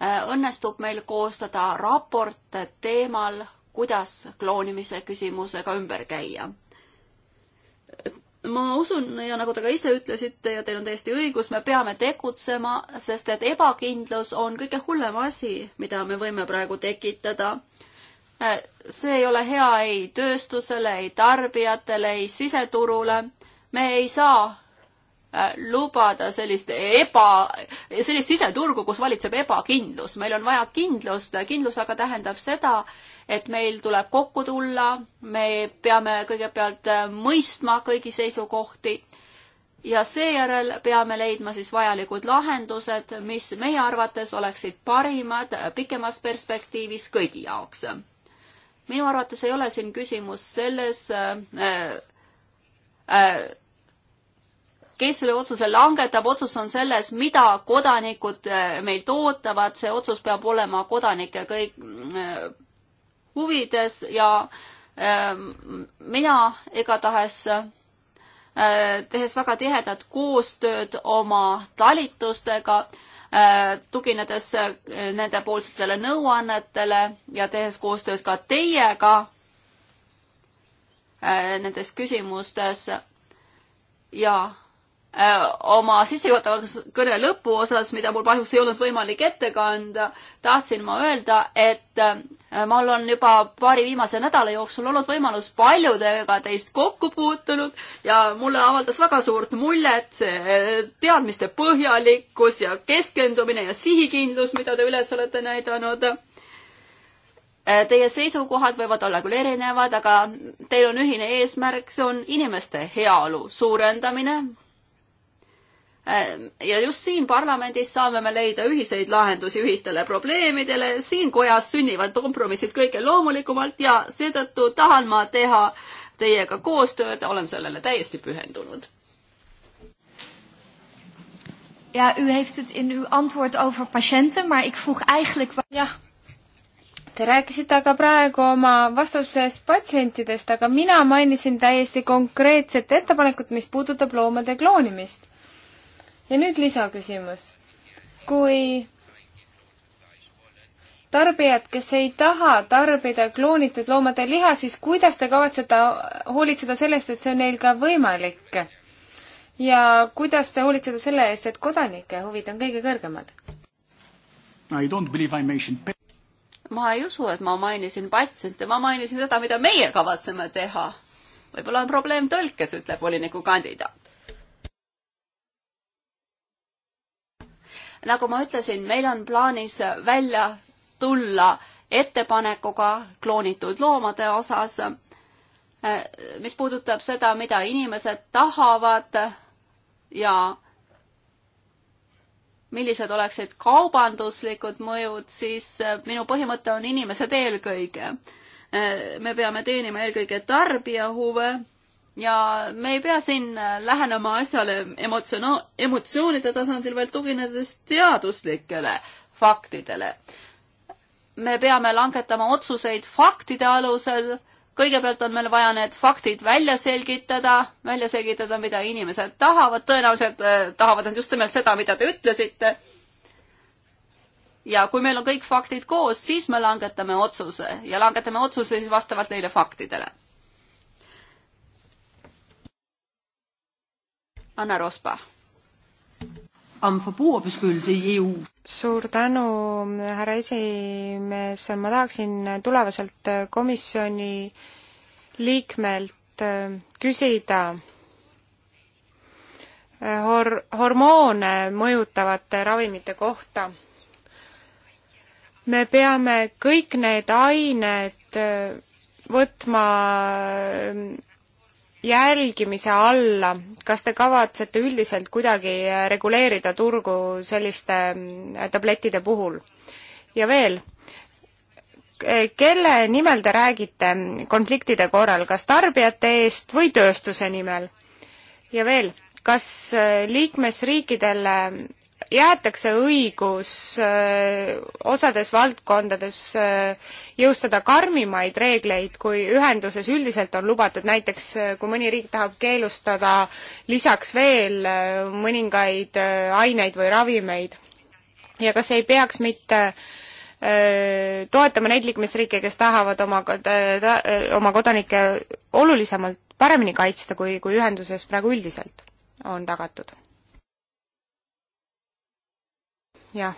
õnnestub meil koostada raport teemal, kuidas kloonimise küsimusega ümber käia ma usun ja nagu te ka ise ütlesite ja teil on täiesti õigus, me peame tegutsema, sest et ebakindlus on kõige hullem asi, mida me võime praegu tekitada. Äh, see ei ole hea ei tööstusele, ei tarbijatele, ei siseturule. me ei saa Äh, lubada sellist eba, sellist siseturgu, kus valitseb ebakindlus. meil on vaja kindlust, kindlus aga tähendab seda, et meil tuleb kokku tulla, me peame kõigepealt äh, mõistma kõigi seisukohti ja seejärel peame leidma siis vajalikud lahendused, mis meie arvates oleksid parimad pikemas perspektiivis kõigi jaoks. minu arvates ei ole siin küsimus selles äh, äh, kes selle otsuse langetab, otsus on selles, mida kodanikud äh, meilt ootavad, see otsus peab olema kodanike kõik äh, huvides ja ähm, mina igatahes äh, tehes väga tihedat koostööd oma talitustega, tuginedes nendepoolsetele nõuannetele ja tehes koostööd ka teiega nendes küsimustes ja Äh, oma sissejuhatavaks kõne lõpuosas, mida mul kahjuks ei olnud võimalik ette kanda, tahtsin ma öelda, et äh, mul on juba paari viimase nädala jooksul olnud võimalus paljudega teist kokku puutunud ja mulle avaldas väga suurt muljet see äh, teadmiste põhjalikkus ja keskendumine ja sihikindlus, mida te üles olete näidanud Teie seisukohad võivad olla küll erinevad, aga teil on ühine eesmärk, see on inimeste heaolu suurendamine Äh, ja just siin parlamendis saame me leida ühiseid lahendusi ühistele probleemidele, siin kojas sünnivad kompromissid kõige loomulikumalt ja seetõttu tahan ma teha teiega koostööd, olen sellele täiesti pühendunud. ja, u heeft het in uw antwoord over
patiënten, maar ik vroeg eigenlijk. jah, te rääkisite aga praegu oma vastuses patsientidest, aga mina mainisin täiesti konkreetset ettepanekut, mis puudutab loomade kloonimist ja nüüd lisaküsimus. kui tarbijad, kes ei taha tarbida kloonitud loomade liha, siis kuidas te kavatsete hoolitseda sellest, et see on neil ka võimalik? ja kuidas te hoolitseda selle eest, et kodanike huvid on kõige kõrgemal?
ma ei usu, et ma mainisin patsiente, ma mainisin seda, mida meie kavatseme teha. võib-olla on probleem tõlkes, ütleb voliniku kandidaat nagu ma ütlesin, meil on plaanis välja tulla ettepanekuga kloonitud loomade osas, eh, mis puudutab seda, mida inimesed tahavad ja millised oleksid kaubanduslikud mõjud, siis eh, minu põhimõte on inimesed eelkõige. Eh, me peame teenima eelkõige tarbija huve ja me ei pea siin äh, lähenema asjale emotsiona-, emotsioonide tasandil, vaid tuginedes teaduslikele faktidele. me peame langetama otsuseid faktide alusel, kõigepealt on meil vaja need faktid välja selgitada, välja selgitada, mida inimesed tahavad, tõenäoliselt äh, tahavad nad just nimelt seda, mida te ütlesite. ja kui meil on kõik faktid koos, siis me langetame otsuse ja langetame otsuse vastavalt neile faktidele Anna Rospa. E suur
tänu, härra esimees, ma tahaksin tulevaselt komisjoni liikmelt äh, küsida äh, hor-, hormoone mõjutavate ravimite kohta. me peame kõik need ained äh, võtma jälgimise alla, kas te kavatsete üldiselt kuidagi äh, reguleerida turgu selliste mm, tablettide puhul? ja veel, kelle nimel te räägite mm, konfliktide korral, kas tarbijate eest või tööstuse nimel? ja veel, kas äh, liikmesriikidele mm, jäetakse õigus äh, osades valdkondades äh, jõustada karmimaid reegleid, kui ühenduses üldiselt on lubatud, näiteks äh, kui mõni riik tahab keelustada lisaks veel mõningaid aineid või ravimeid. ja kas ei peaks mitte toetama neid liikmesriike, kes tahavad oma, oma kodanikke olulisemalt paremini kaitsta, kui, kui ühenduses praegu üldiselt on tagatud? ja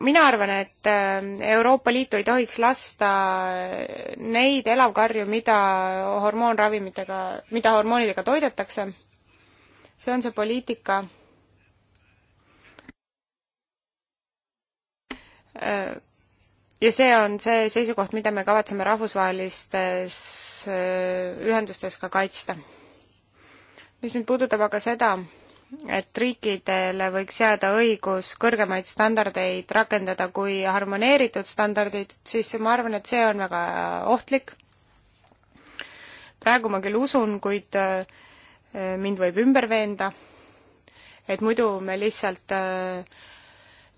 mina arvan, et Euroopa Liitu ei tohiks lasta neid elavkarju, mida hormoonravimitega, mida hormoonidega toidetakse. see on see poliitika, ja see on see seisukoht, mida me kavatseme rahvusvahelistes äh, ühendustes ka kaitsta. mis nüüd puudutab aga seda, et riikidele võiks jääda õigus kõrgemaid standardeid rakendada kui harmoneeritud standardid, siis ma arvan, et see on väga ohtlik. praegu ma küll usun, kuid äh, mind võib ümber veenda, et muidu me lihtsalt äh,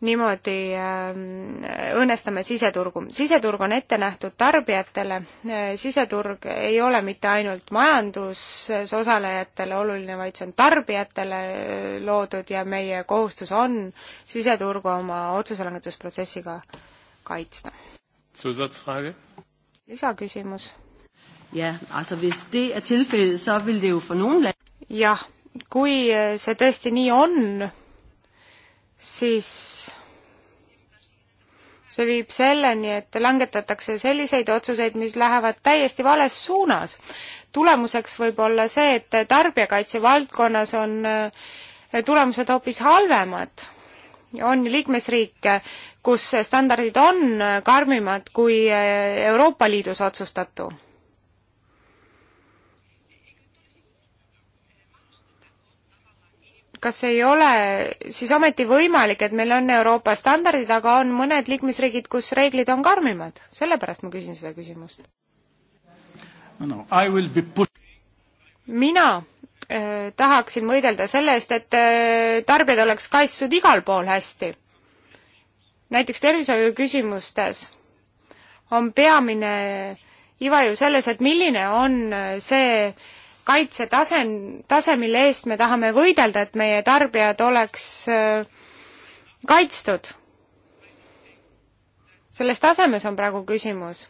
niimoodi ähm, õõnestame siseturgu. siseturg on ette nähtud tarbijatele, äh, siseturg ei ole mitte ainult majanduses osalejatele oluline, vaid see on tarbijatele äh, loodud ja meie kohustus on siseturgu oma otsuselangetusprotsessiga kaitsta. lisaküsimus? Er jah, kui äh, see tõesti nii on, siis see viib selleni, et langetatakse selliseid otsuseid, mis lähevad täiesti vales suunas. tulemuseks võib olla see, et tarbijakaitse valdkonnas on äh, tulemused hoopis halvemad. on liikmesriike, kus standardid on äh, karmimad kui äh, Euroopa Liidus otsustatu kas ei ole siis ometi võimalik, et meil on Euroopa standardid, aga on mõned liikmesriigid, kus reeglid on karmimad? sellepärast ma küsin seda küsimust
no,. No,
mina äh, tahaksin võidelda selle eest, et äh, tarbijad oleks kaitstud igal pool hästi. näiteks tervishoiuküsimustes on peamine iva ju selles, et milline on äh, see äh, kaitsetase, tase, mille eest me tahame võidelda, et meie tarbijad oleks äh, kaitstud. selles tasemes on praegu küsimus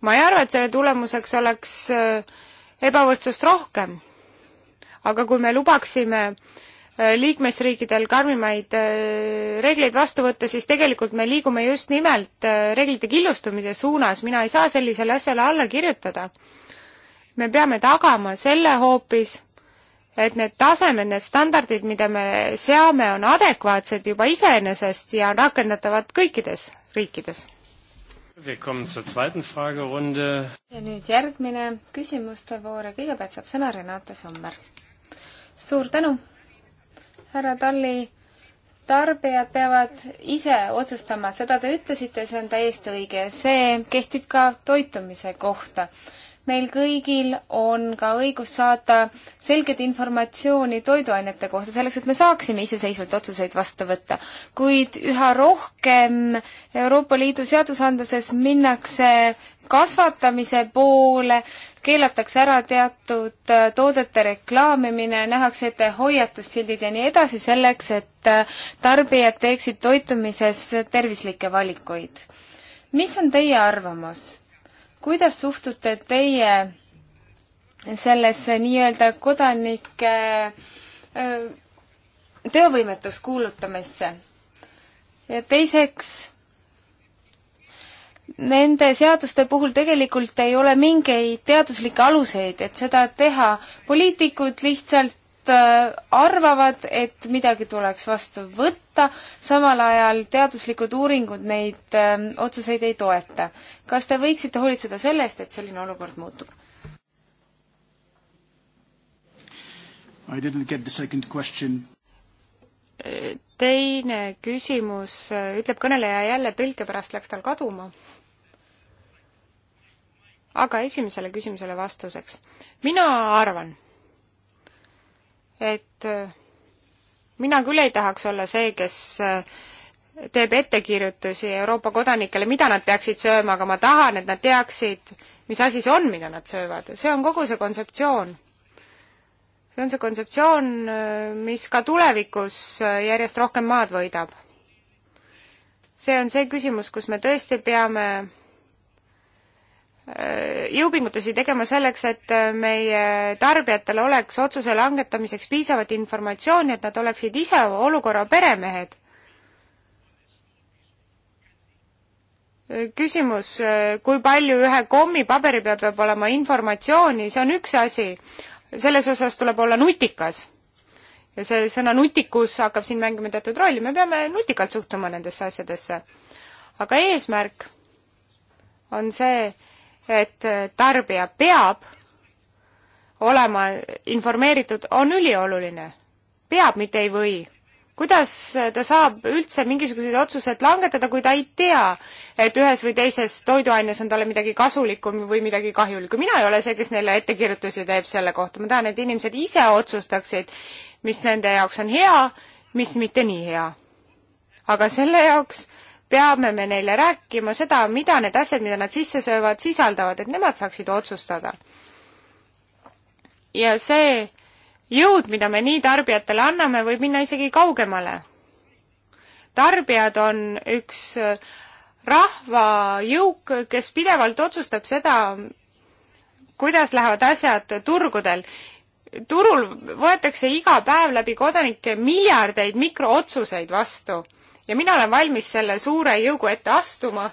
ma ei arva, et selle tulemuseks oleks äh, ebavõrdsust rohkem. aga kui me lubaksime äh, Äh, liikmesriikidel karmimaid äh, reegleid vastu võtta, siis tegelikult me liigume just nimelt äh, reeglite killustumise suunas, mina ei saa sellisele asjale alla kirjutada. me peame tagama selle hoopis, et need tasemed, need standardid, mida me seame, on adekvaatsed juba iseenesest ja rakendatavad kõikides riikides.
ja nüüd järgmine küsimuste voor ja kõigepealt saab sõna Renate Sommer. suur tänu! härra Talli, tarbijad peavad ise otsustama, seda te ütlesite, see on täiesti õige, see kehtib ka toitumise kohta. meil kõigil on ka õigus saada selget informatsiooni toiduainete kohta, selleks et me saaksime iseseisvalt otsuseid vastu võtta. kuid üha rohkem Euroopa Liidu seadusandluses minnakse kasvatamise poole, keelatakse ära teatud äh, toodete reklaamimine, nähakse ette hoiatussildid ja nii edasi, selleks et äh, tarbijad teeksid toitumises tervislikke valikuid. mis on teie arvamus? kuidas suhtute teie sellesse nii-öelda kodanike äh, töövõimetus kuulutamisse? ja teiseks nende seaduste puhul tegelikult ei ole mingeid teaduslikke aluseid, et seda teha. poliitikud lihtsalt äh, arvavad, et midagi tuleks vastu võtta, samal ajal teaduslikud uuringud neid öö, ähm, otsuseid ei toeta. kas te võiksite hoolitseda selle eest, et selline olukord muutub? I didn't get the second question
teine küsimus, ütleb kõneleja jälle, tõlke pärast läks tal kaduma aga esimesele küsimusele vastuseks. mina arvan, et äh, mina küll ei tahaks olla see, kes äh, teeb ettekirjutusi Euroopa kodanikele, mida nad peaksid sööma, aga ma tahan, et nad teaksid, mis asi see on, mida nad söövad. see on kogu see kontseptsioon. see on see kontseptsioon, äh, mis ka tulevikus järjest rohkem maad võidab. see on see küsimus, kus me tõesti peame jõupingutusi tegema selleks, et meie tarbijatel oleks otsuse langetamiseks piisavat informatsiooni, et nad oleksid ise olukorra peremehed. küsimus, kui palju ühe kommipaberi peal peab olema informatsiooni, see on üks asi, selles osas tuleb olla nutikas. ja see sõna nutikus hakkab siin mängima teatud rolli, me peame nutikalt suhtuma nendesse asjadesse. aga eesmärk on see, et äh, tarbija peab olema informeeritud, on ülioluline. peab, mitte ei või. kuidas äh, ta saab üldse mingisuguseid otsuseid langetada, kui ta ei tea, et ühes või teises toiduaines on talle midagi kasulikku või midagi kahjulikku. mina ei ole see, kes neile ettekirjutusi teeb selle kohta, ma tahan, et inimesed ise otsustaksid, mis nende jaoks on hea, mis mitte nii hea. aga selle jaoks peame me neile rääkima seda, mida need asjad, mida nad sisse söövad, sisaldavad, et nemad saaksid otsustada. ja see jõud, mida me nii tarbijatele anname, võib minna isegi kaugemale. tarbijad on üks äh, rahvajõuk, kes pidevalt otsustab seda, kuidas lähevad asjad turgudel. turul võetakse iga päev läbi kodanike miljardeid mikrootsuseid vastu ja mina olen valmis selle suure jõugu ette astuma,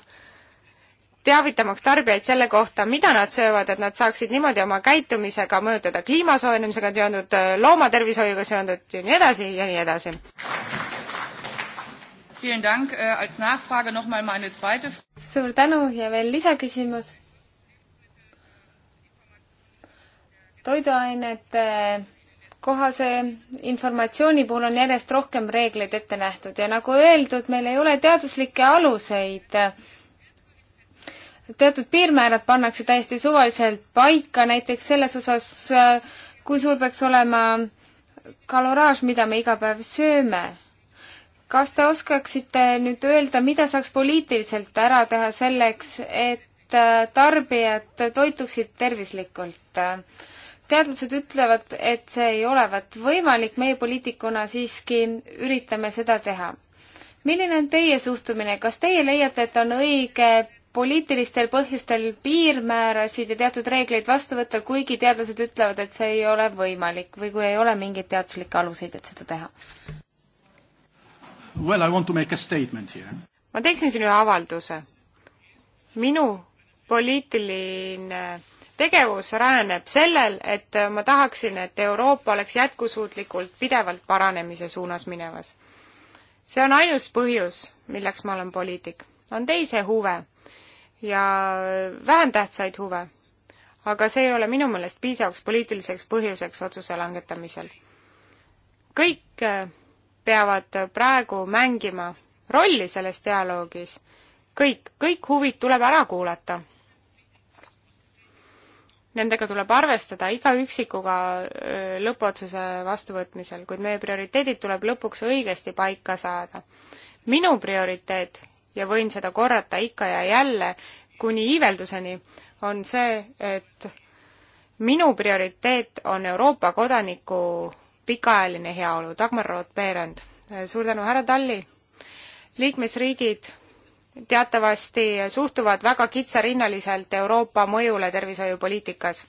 teavitamaks tarbijaid selle kohta, mida nad söövad, et nad saaksid niimoodi oma käitumisega mõjutada kliima soojenemisega seonduvat, loomatervishoiuga seonduvat ja nii edasi ja nii edasi.
Äh,
suur tänu ja veel lisaküsimus. toiduainete kohase informatsiooni puhul on järjest rohkem reegleid ette nähtud ja nagu öeldud, meil ei ole teaduslikke aluseid. teatud piirmäärad pannakse täiesti suvaliselt paika, näiteks selles osas, kui suur peaks olema kaloraaž, mida me iga päev sööme. kas te oskaksite nüüd öelda, mida saaks poliitiliselt ära teha selleks, et tarbijad toituksid tervislikult? teadlased ütlevad, et see ei olevat võimalik, meie poliitikuna siiski üritame seda teha. milline on teie suhtumine, kas teie leiate, et on õige poliitilistel põhjustel piirmäärasid ja teatud reegleid vastu võtta, kuigi teadlased ütlevad, et see ei ole võimalik või kui ei ole mingeid teaduslikke aluseid, et seda teha? Well, I want to make a statement here.
ma teeksin siin ühe avalduse. minu poliitiline äh, tegevus rajaneb sellel, et ma tahaksin, et Euroopa oleks jätkusuutlikult pidevalt paranemise suunas minevas. see on ainus põhjus, milleks ma olen poliitik. on teisi huve ja vähem tähtsaid huve, aga see ei ole minu meelest piisavaks poliitiliseks põhjuseks otsuse langetamisel. kõik äh, peavad praegu mängima rolli selles dialoogis, kõik, kõik huvid tuleb ära kuulata nendega tuleb arvestada iga üksikuga lõppotsuse vastuvõtmisel, kuid meie prioriteedid tuleb lõpuks õigesti paika saada. minu prioriteet ja võin seda korrata ikka ja jälle kuni iivelduseni, on see, et minu prioriteet on Euroopa kodaniku pikaajaline heaolu. Dagmar Roth-Berend, suur tänu, härra Talli! liikmesriigid teatavasti suhtuvad väga kitsarinnaliselt Euroopa mõjule tervishoiupoliitikas.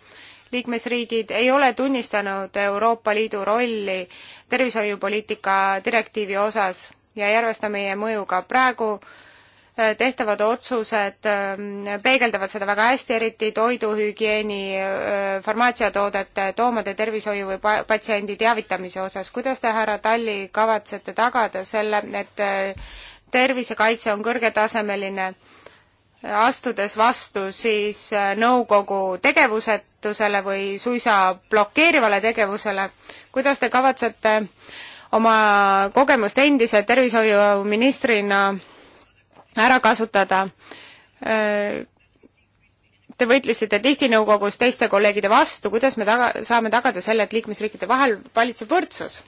liikmesriigid ei ole tunnistanud Euroopa Liidu rolli tervishoiupoliitika direktiivi osas ja ei arvesta meie mõjuga. praegu äh, tehtavad otsused ähm, peegeldavad seda väga hästi, eriti toiduhügieeni, äh, farmaatsiatoodete, toomade tervishoiu või patsiendi teavitamise osas. kuidas te, härra Talli, kavatsete tagada selle, et äh, tervisekaitse on kõrgetasemeline, astudes vastu siis äh, nõukogu tegevusetusele või suisa blokeerivale tegevusele. kuidas te kavatsete oma kogemust endise tervishoiuministrina ära kasutada? Äh, te võitlesite tihti nõukogus teiste kolleegide vastu, kuidas me taga, saame tagada selle, et liikmesriikide vahel valitseb võrdsus?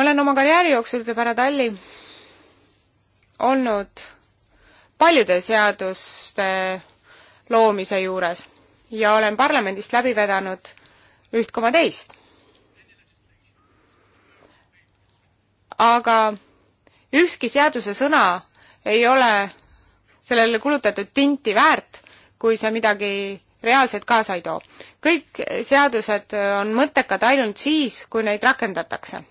ma olen oma karjääri jooksul, ütleb härra Talli, olnud paljude seaduste loomise juures ja olen parlamendist läbi vedanud üht koma teist. aga ükski seaduse sõna ei ole sellele kulutatud tinti väärt, kui see midagi reaalselt kaasa ei too. kõik seadused on mõttekad ainult siis, kui neid rakendatakse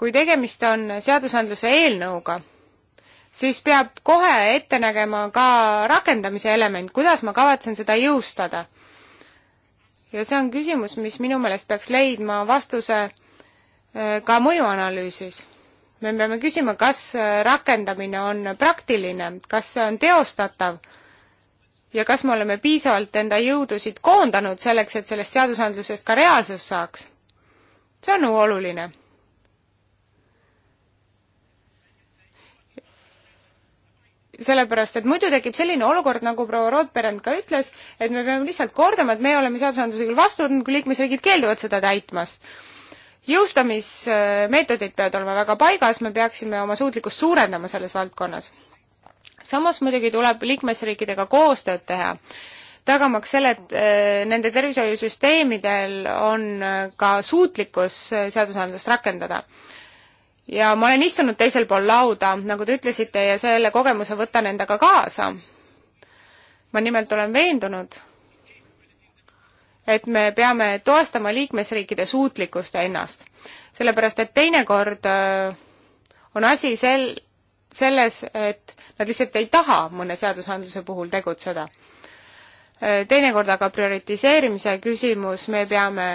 kui tegemist on seadusandluse eelnõuga, siis peab kohe ette nägema ka rakendamise element, kuidas ma kavatsen seda jõustada. ja see on küsimus, mis minu meelest peaks leidma vastuse äh, ka mõjuanalüüsis. me peame küsima, kas äh, rakendamine on praktiline, kas see on teostatav ja kas me oleme piisavalt enda jõudusid koondanud selleks, et sellest seadusandlusest ka reaalsus saaks. see on oluline sellepärast, et muidu tekib selline olukord, nagu proua Rootperend ka ütles, et me peame lihtsalt kordama, et meie oleme seadusandluse küll vastu võtnud, kui liikmesriigid keelduvad seda täitmast. jõustamismeetodid peavad olema väga paigas, me peaksime oma suutlikkust suurendama selles valdkonnas. samas muidugi tuleb liikmesriikidega koostööd teha tagamaks selle, et eh, nende tervishoiusüsteemidel on eh, ka suutlikkus eh, seadusandlust rakendada ja ma olen istunud teisel pool lauda, nagu te ütlesite, ja selle kogemuse võtan endaga kaasa. ma nimelt olen veendunud, et me peame toestama liikmesriikide suutlikkust ennast. sellepärast, et teinekord äh, on asi sel-, selles, et nad lihtsalt ei taha mõne seadusandluse puhul tegutseda. Äh, teinekord aga prioritiseerimise küsimus, me peame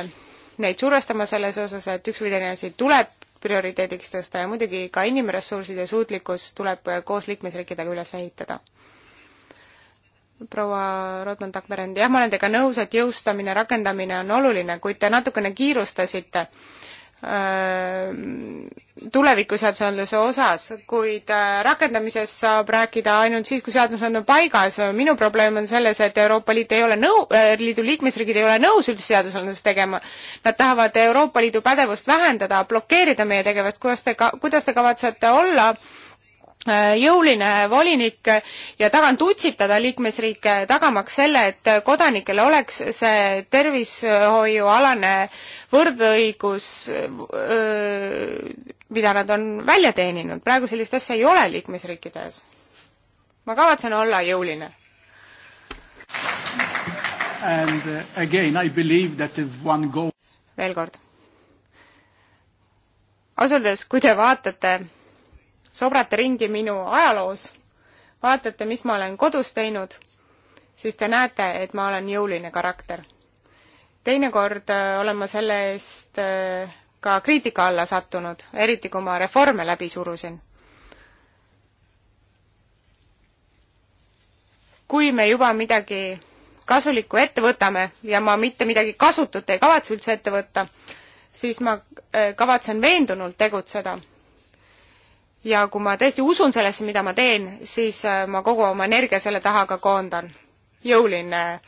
neid survestama selles osas, et üks või teine asi tuleb prioriteediks tõsta ja muidugi ka inimressursid ja suutlikkus tuleb koos liikmesriikidega üles ehitada. proua Rodman Takmerend, jah, ma olen teiega nõus, et jõustamine, rakendamine on oluline, kuid te natukene kiirustasite öö, tulevikuseadusandluse osas, kuid äh, rakendamisest saab rääkida ainult siis, kui seadused on paigas. minu probleem on selles, et Euroopa Liit ei ole nõu-, äh, liidu liikmesriigid ei ole nõus üldse seadusandlust tegema. Nad tahavad Euroopa Liidu pädevust vähendada, blokeerida meie tegevust. kuidas te ka-, kuidas te kavatsete olla äh, Äh, jõuline volinik ja tahan tutsitada liikmesriike, tagamaks selle, et kodanikel oleks see tervishoiualane võrdõigus, äh, mida nad on välja teeninud. praegu sellist asja ei ole liikmesriikides. ma kavatsen olla jõuline.
Uh, Goal...
veel kord. ausalt öeldes, kui te vaatate sobrate ringi minu ajaloos, vaatate, mis ma olen kodus teinud, siis te näete, et ma olen jõuline karakter. teinekord äh, olen ma selle eest äh, ka kriitika alla sattunud, eriti kui ma reforme läbi surusin. kui me juba midagi kasulikku ette võtame ja ma mitte midagi kasutut ei kavatse üldse ette võtta, siis ma äh, kavatsen veendunult tegutseda ja kui ma tõesti usun sellesse, mida ma teen, siis äh, ma kogu oma energia selle taha ka koondan. jõuline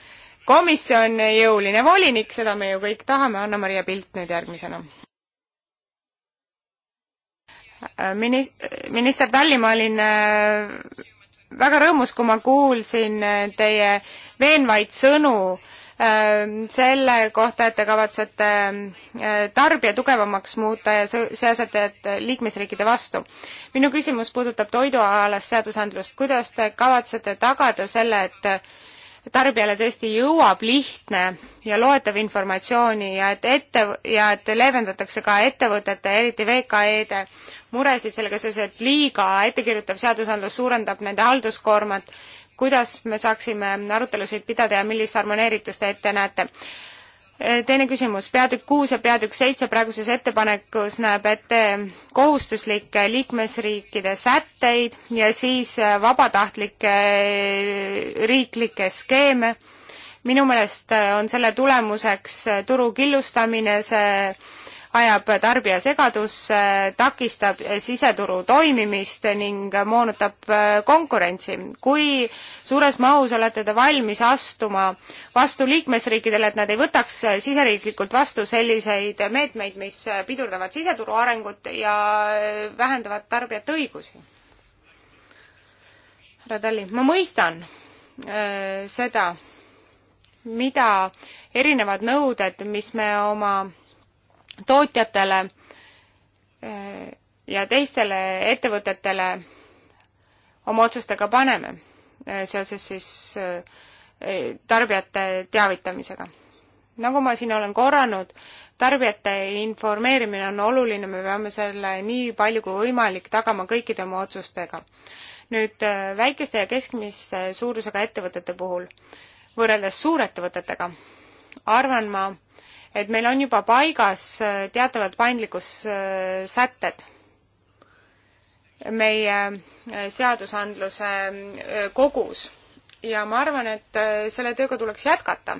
komisjon, jõuline volinik, seda me ju kõik tahame, Anna-Maria Pilt nüüd järgmisena. Äh, Minis-, minister Talli, ma olin äh, väga rõõmus, kui ma kuulsin teie veenvaid sõnu äh, Ehm, selle kohta, et te kavatsete ehm, tarbija tugevamaks muuta ja seasetajad liikmesriikide vastu. minu küsimus puudutab toidualast seadusandlust, kuidas te kavatsete tagada selle, et tarbijale tõesti jõuab lihtne ja loetav informatsiooni ja et ette ja et leevendatakse ka ettevõtete, eriti VKE-de muresid sellega seoses, et liiga ettekirjutav seadusandlus suurendab nende halduskoormat kuidas me saaksime arutelusid pidada ja millist harmoneeritust te ette näete? teine küsimus, peatükk kuus ja peatükk seitse praeguses ettepanekus näeb ette kohustuslikke liikmesriikide sätteid ja siis vabatahtlikke riiklikke skeeme. minu meelest on selle tulemuseks turu killustamine, see ajab tarbija segadusse, takistab siseturu toimimist ning moonutab äh, konkurentsi. kui suures mahus olete te valmis astuma vastu liikmesriikidele, et nad ei võtaks siseriiklikult vastu selliseid meetmeid, mis pidurdavad siseturu arengut ja äh, vähendavad tarbijate õigusi? härra Talli, ma mõistan öö, äh, seda, mida erinevad nõuded, mis me oma tootjatele eh, ja teistele ettevõtetele oma otsustega paneme eh, seoses siis eh, tarbijate teavitamisega. nagu ma siin olen korranud, tarbijate informeerimine on oluline, me peame selle nii palju kui võimalik tagama kõikide oma otsustega. nüüd väikeste ja keskmise suurusega ettevõtete puhul, võrreldes suurettevõtetega, arvan ma, et meil on juba paigas äh, teatavad paindlikkussätted äh, meie äh, seadusandluse kogus ja ma arvan, et selle tööga tuleks jätkata.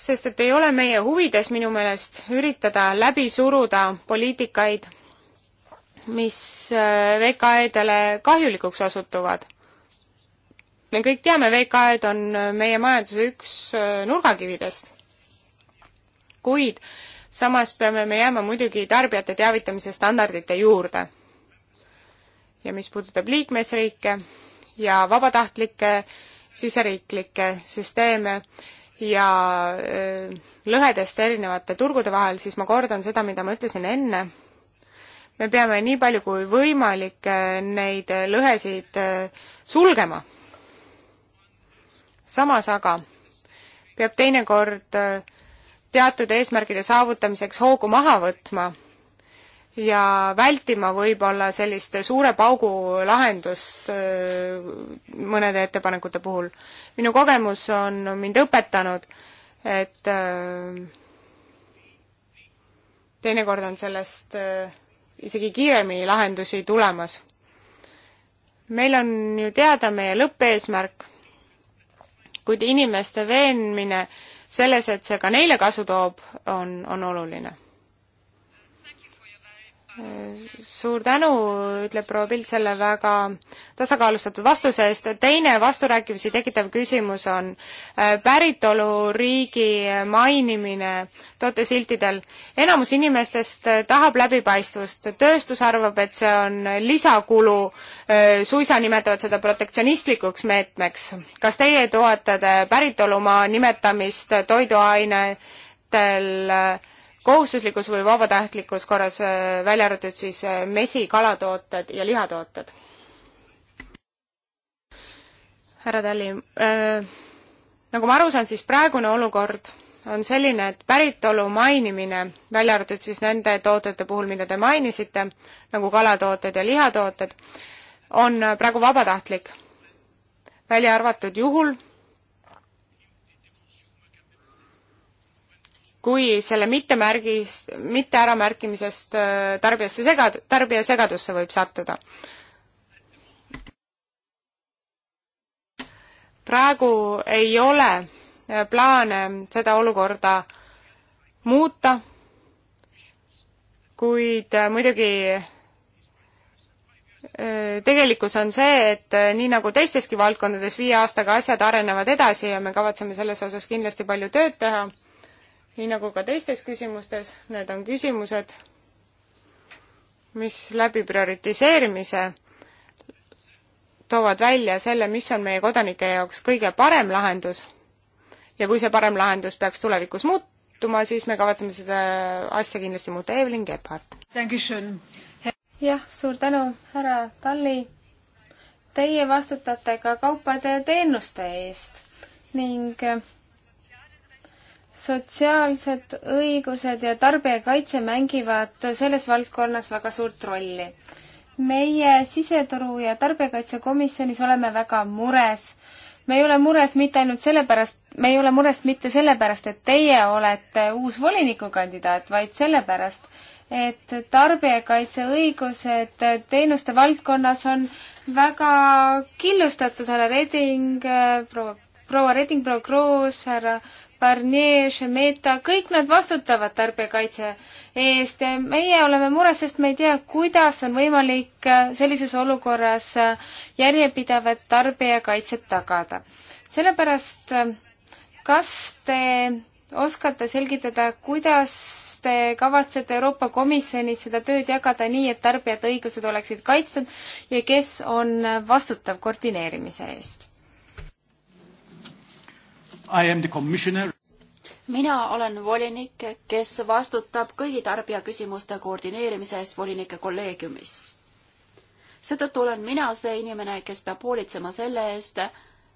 sest et ei ole meie huvides minu meelest üritada läbi suruda poliitikaid, mis VKE-dele kahjulikuks osutuvad. me kõik teame, VKE-d on meie majanduse üks nurgakividest kuid samas peame me jääma muidugi tarbijate teavitamise standardite juurde. ja mis puudutab liikmesriike ja vabatahtlikke siseriiklikke süsteeme ja äh, lõhedest erinevate turgude vahel, siis ma kordan seda, mida ma ütlesin enne, me peame nii palju kui võimalik äh, neid lõhesid äh, sulgema. samas aga peab teinekord äh, teatud eesmärgide saavutamiseks hoogu maha võtma ja vältima võib-olla sellist suure paugu lahendust äh, mõnede ettepanekute puhul. minu kogemus on mind õpetanud, et äh, teinekord on sellest äh, isegi kiiremini lahendusi tulemas. meil on ju teada meie lõppeesmärk, kuid inimeste veenmine selles, et see ka neile kasu toob, on, on oluline suur tänu, ütleb proua Pild selle väga tasakaalustatud vastuse eest. teine vasturääkivusi tekitav küsimus on äh, päritoluriigi mainimine tootesiltidel. enamus inimestest äh, tahab läbipaistvust, tööstus arvab, et see on lisakulu, äh, suisa nimetavad seda protektsionistlikuks meetmeks. kas teie toetate päritolumaa nimetamist toiduainetel äh, kohustuslikus või vabatahtlikus korras, äh, välja arvatud siis äh, mesi, kalatooted ja lihatooted. härra Talli äh,, nagu ma aru saan, siis praegune olukord on selline, et päritolu mainimine, välja arvatud siis nende toodete puhul, mida te mainisite, nagu kalatooted ja lihatooted, on praegu vabatahtlik. välja arvatud juhul, kui selle mittemärgis, mitte äramärkimisest äh, tarbijasse segad-, tarbija segadusse võib sattuda. praegu ei ole äh, plaane seda olukorda muuta, kuid äh, muidugi tegelikkus on see, et nii nagu teisteski valdkondades, viie aastaga asjad arenevad edasi ja me kavatseme selles osas kindlasti palju tööd teha nii nagu ka teistes küsimustes, need on küsimused, mis läbi prioritiseerimise toovad välja selle, mis on meie kodanike jaoks kõige parem lahendus. ja kui see parem lahendus peaks tulevikus muutuma, siis me kavatseme seda asja kindlasti muuta. Evelyn Gebhardt. jah,
suur tänu, härra Talli. Teie vastutate ka kaupade ja teenuste eest ning sotsiaalsed õigused ja tarbijakaitse mängivad selles valdkonnas väga suurt rolli. meie siseturu ja tarbijakaitsekomisjonis oleme väga mures. me ei ole mures mitte ainult sellepärast, me ei ole mures mitte sellepärast, et teie olete uus volinikukandidaat, vaid sellepärast, et tarbijakaitseõigused teenuste valdkonnas on väga killustatud, härra Reding, proua proua Reding, proua Kroos, härra Barnier, Šemeta, kõik nad vastutavad tarbijakaitse eest ja meie oleme mures, sest me ei tea, kuidas on võimalik äh, sellises olukorras äh, järjepidevat tarbijakaitset tagada. sellepärast, äh, kas te oskate selgitada, kuidas te kavatsete Euroopa Komisjonis seda tööd jagada nii, et tarbijate õigused oleksid kaitstud ja kes on vastutav koordineerimise eest?
mina olen volinik, kes vastutab kõigi tarbijaküsimuste koordineerimise eest volinike kolleegiumis. seetõttu olen mina see inimene, kes peab hoolitsema selle eest,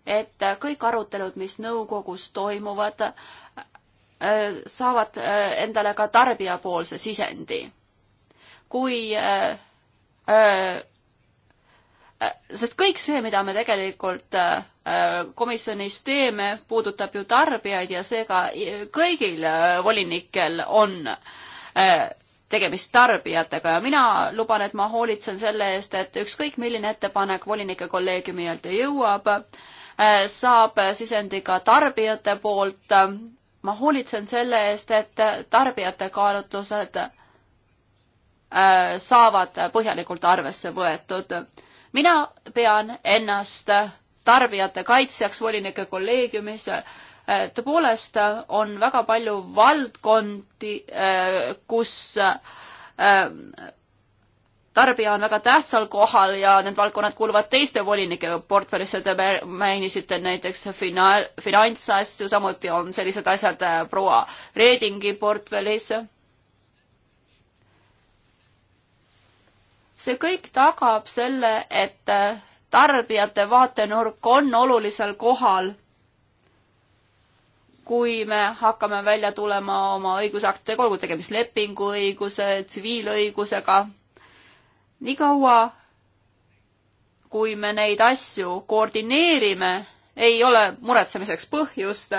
et kõik arutelud, mis nõukogus toimuvad, saavad endale ka tarbijapoolse sisendi. kui äh, äh, Äh, sest kõik see, mida me tegelikult äh, äh, komisjonis teeme, puudutab ju tarbijaid ja seega kõigil volinikel on tegemist tarbijatega ja mina luban, et ma hoolitsen selle eest, et ükskõik milline ettepanek volinike kolleegiumi alt jõuab, saab sisendi ka tarbijate poolt. ma hoolitsen selle eest, et tarbijate kaalutlused saavad põhjalikult arvesse võetud mina pean ennast tarbijate kaitsjaks volinike kolleegiumis. Äh, tõepoolest äh, on väga palju valdkondi, äh, kus tarbija on väga tähtsal kohal ja need valdkonnad kuuluvad teiste volinike portfellisse, te mainisite näiteks fina-, finantsasju, samuti on sellised asjad proua Redingi portfellis see kõik tagab selle, et äh, tarbijate vaatenurk on olulisel kohal, kui me hakkame välja tulema oma õigusaktidega, olgu tegemist lepinguõiguse, tsiviilõigusega. niikaua, kui me neid asju koordineerime, ei ole muretsemiseks põhjust.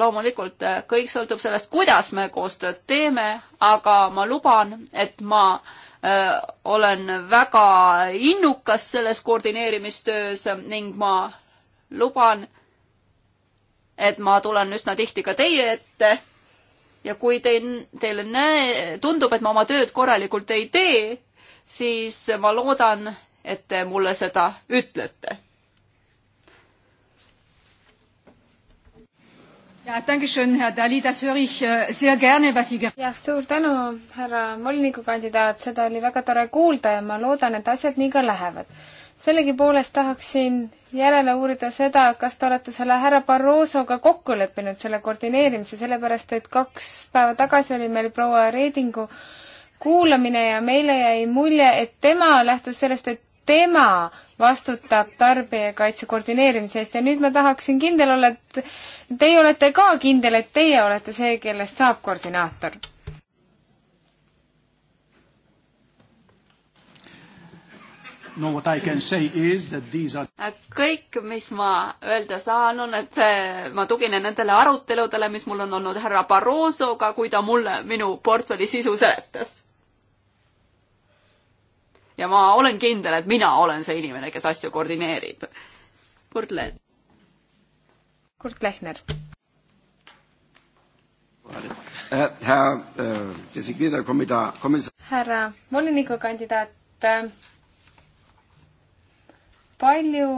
loomulikult äh, kõik sõltub sellest, kuidas me koostööd teeme, aga ma luban, et ma äh, Äh, olen väga innukas selles koordineerimistöös ning ma luban, et ma tulen üsna tihti ka teie ette. ja kui teil, teile näe, tundub, et ma oma tööd korralikult ei tee, siis ma loodan, et te mulle seda ütlete.
jah, äh, suur tänu, härra volinikukandidaat, seda oli väga tore kuulda ja ma loodan, et asjad nii ka lähevad. sellegipoolest tahaksin järele uurida seda, kas te olete selle härra Barrosoga kokku leppinud, selle koordineerimise, sellepärast et kaks päeva tagasi oli meil proua Reedingu kuulamine ja meile jäi mulje, et tema lähtus sellest, et tema vastutab tarbijakaitse koordineerimise eest ja nüüd ma tahaksin kindel olla, et teie olete ka kindel, et teie olete see, kellest saab koordinaator. No what I can say is that these are
äh, kõik, mis ma öelda saan, on, et äh, ma tuginen nendele aruteludele, mis mul on olnud härra Barrosoga, kui ta mulle minu portfelli sisu seletas ja ma olen kindel, et mina olen see inimene, kes asju koordineerib. Kurt Le-.
Kurt Lehner. Äh, äh, härra volinikukandidaat, äh, palju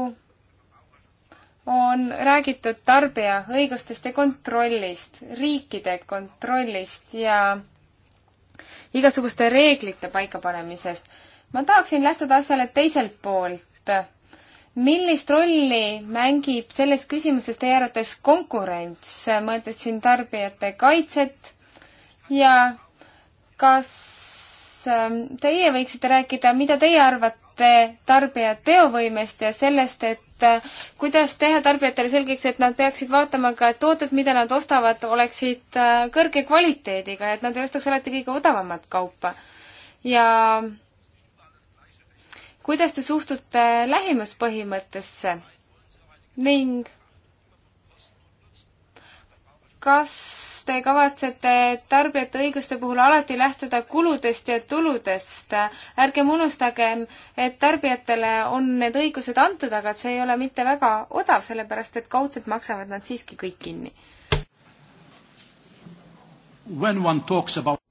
on räägitud tarbija õigustest ja kontrollist, riikide kontrollist ja igasuguste reeglite paikapanemisest ma tahaksin lähtuda asjale teiselt poolt. millist rolli mängib selles küsimuses teie arvates konkurents, mõeldes siin tarbijate kaitset ja kas ähm, teie võiksite rääkida, mida teie arvate tarbija teovõimest ja sellest, et äh, kuidas teha tarbijatele selgeks, et nad peaksid vaatama ka, et tooted, mida nad ostavad, oleksid äh, kõrge kvaliteediga, et nad ei ostaks alati kõige odavamat kaupa. ja kuidas te suhtute lähimuspõhimõttesse ning kas te kavatsete tarbijate õiguste puhul alati lähtuda kuludest ja tuludest. ärgem unustagem, et tarbijatele on need õigused antud, aga et see ei ole mitte väga
odav, sellepärast et kaudselt maksavad nad siiski kõik kinni. About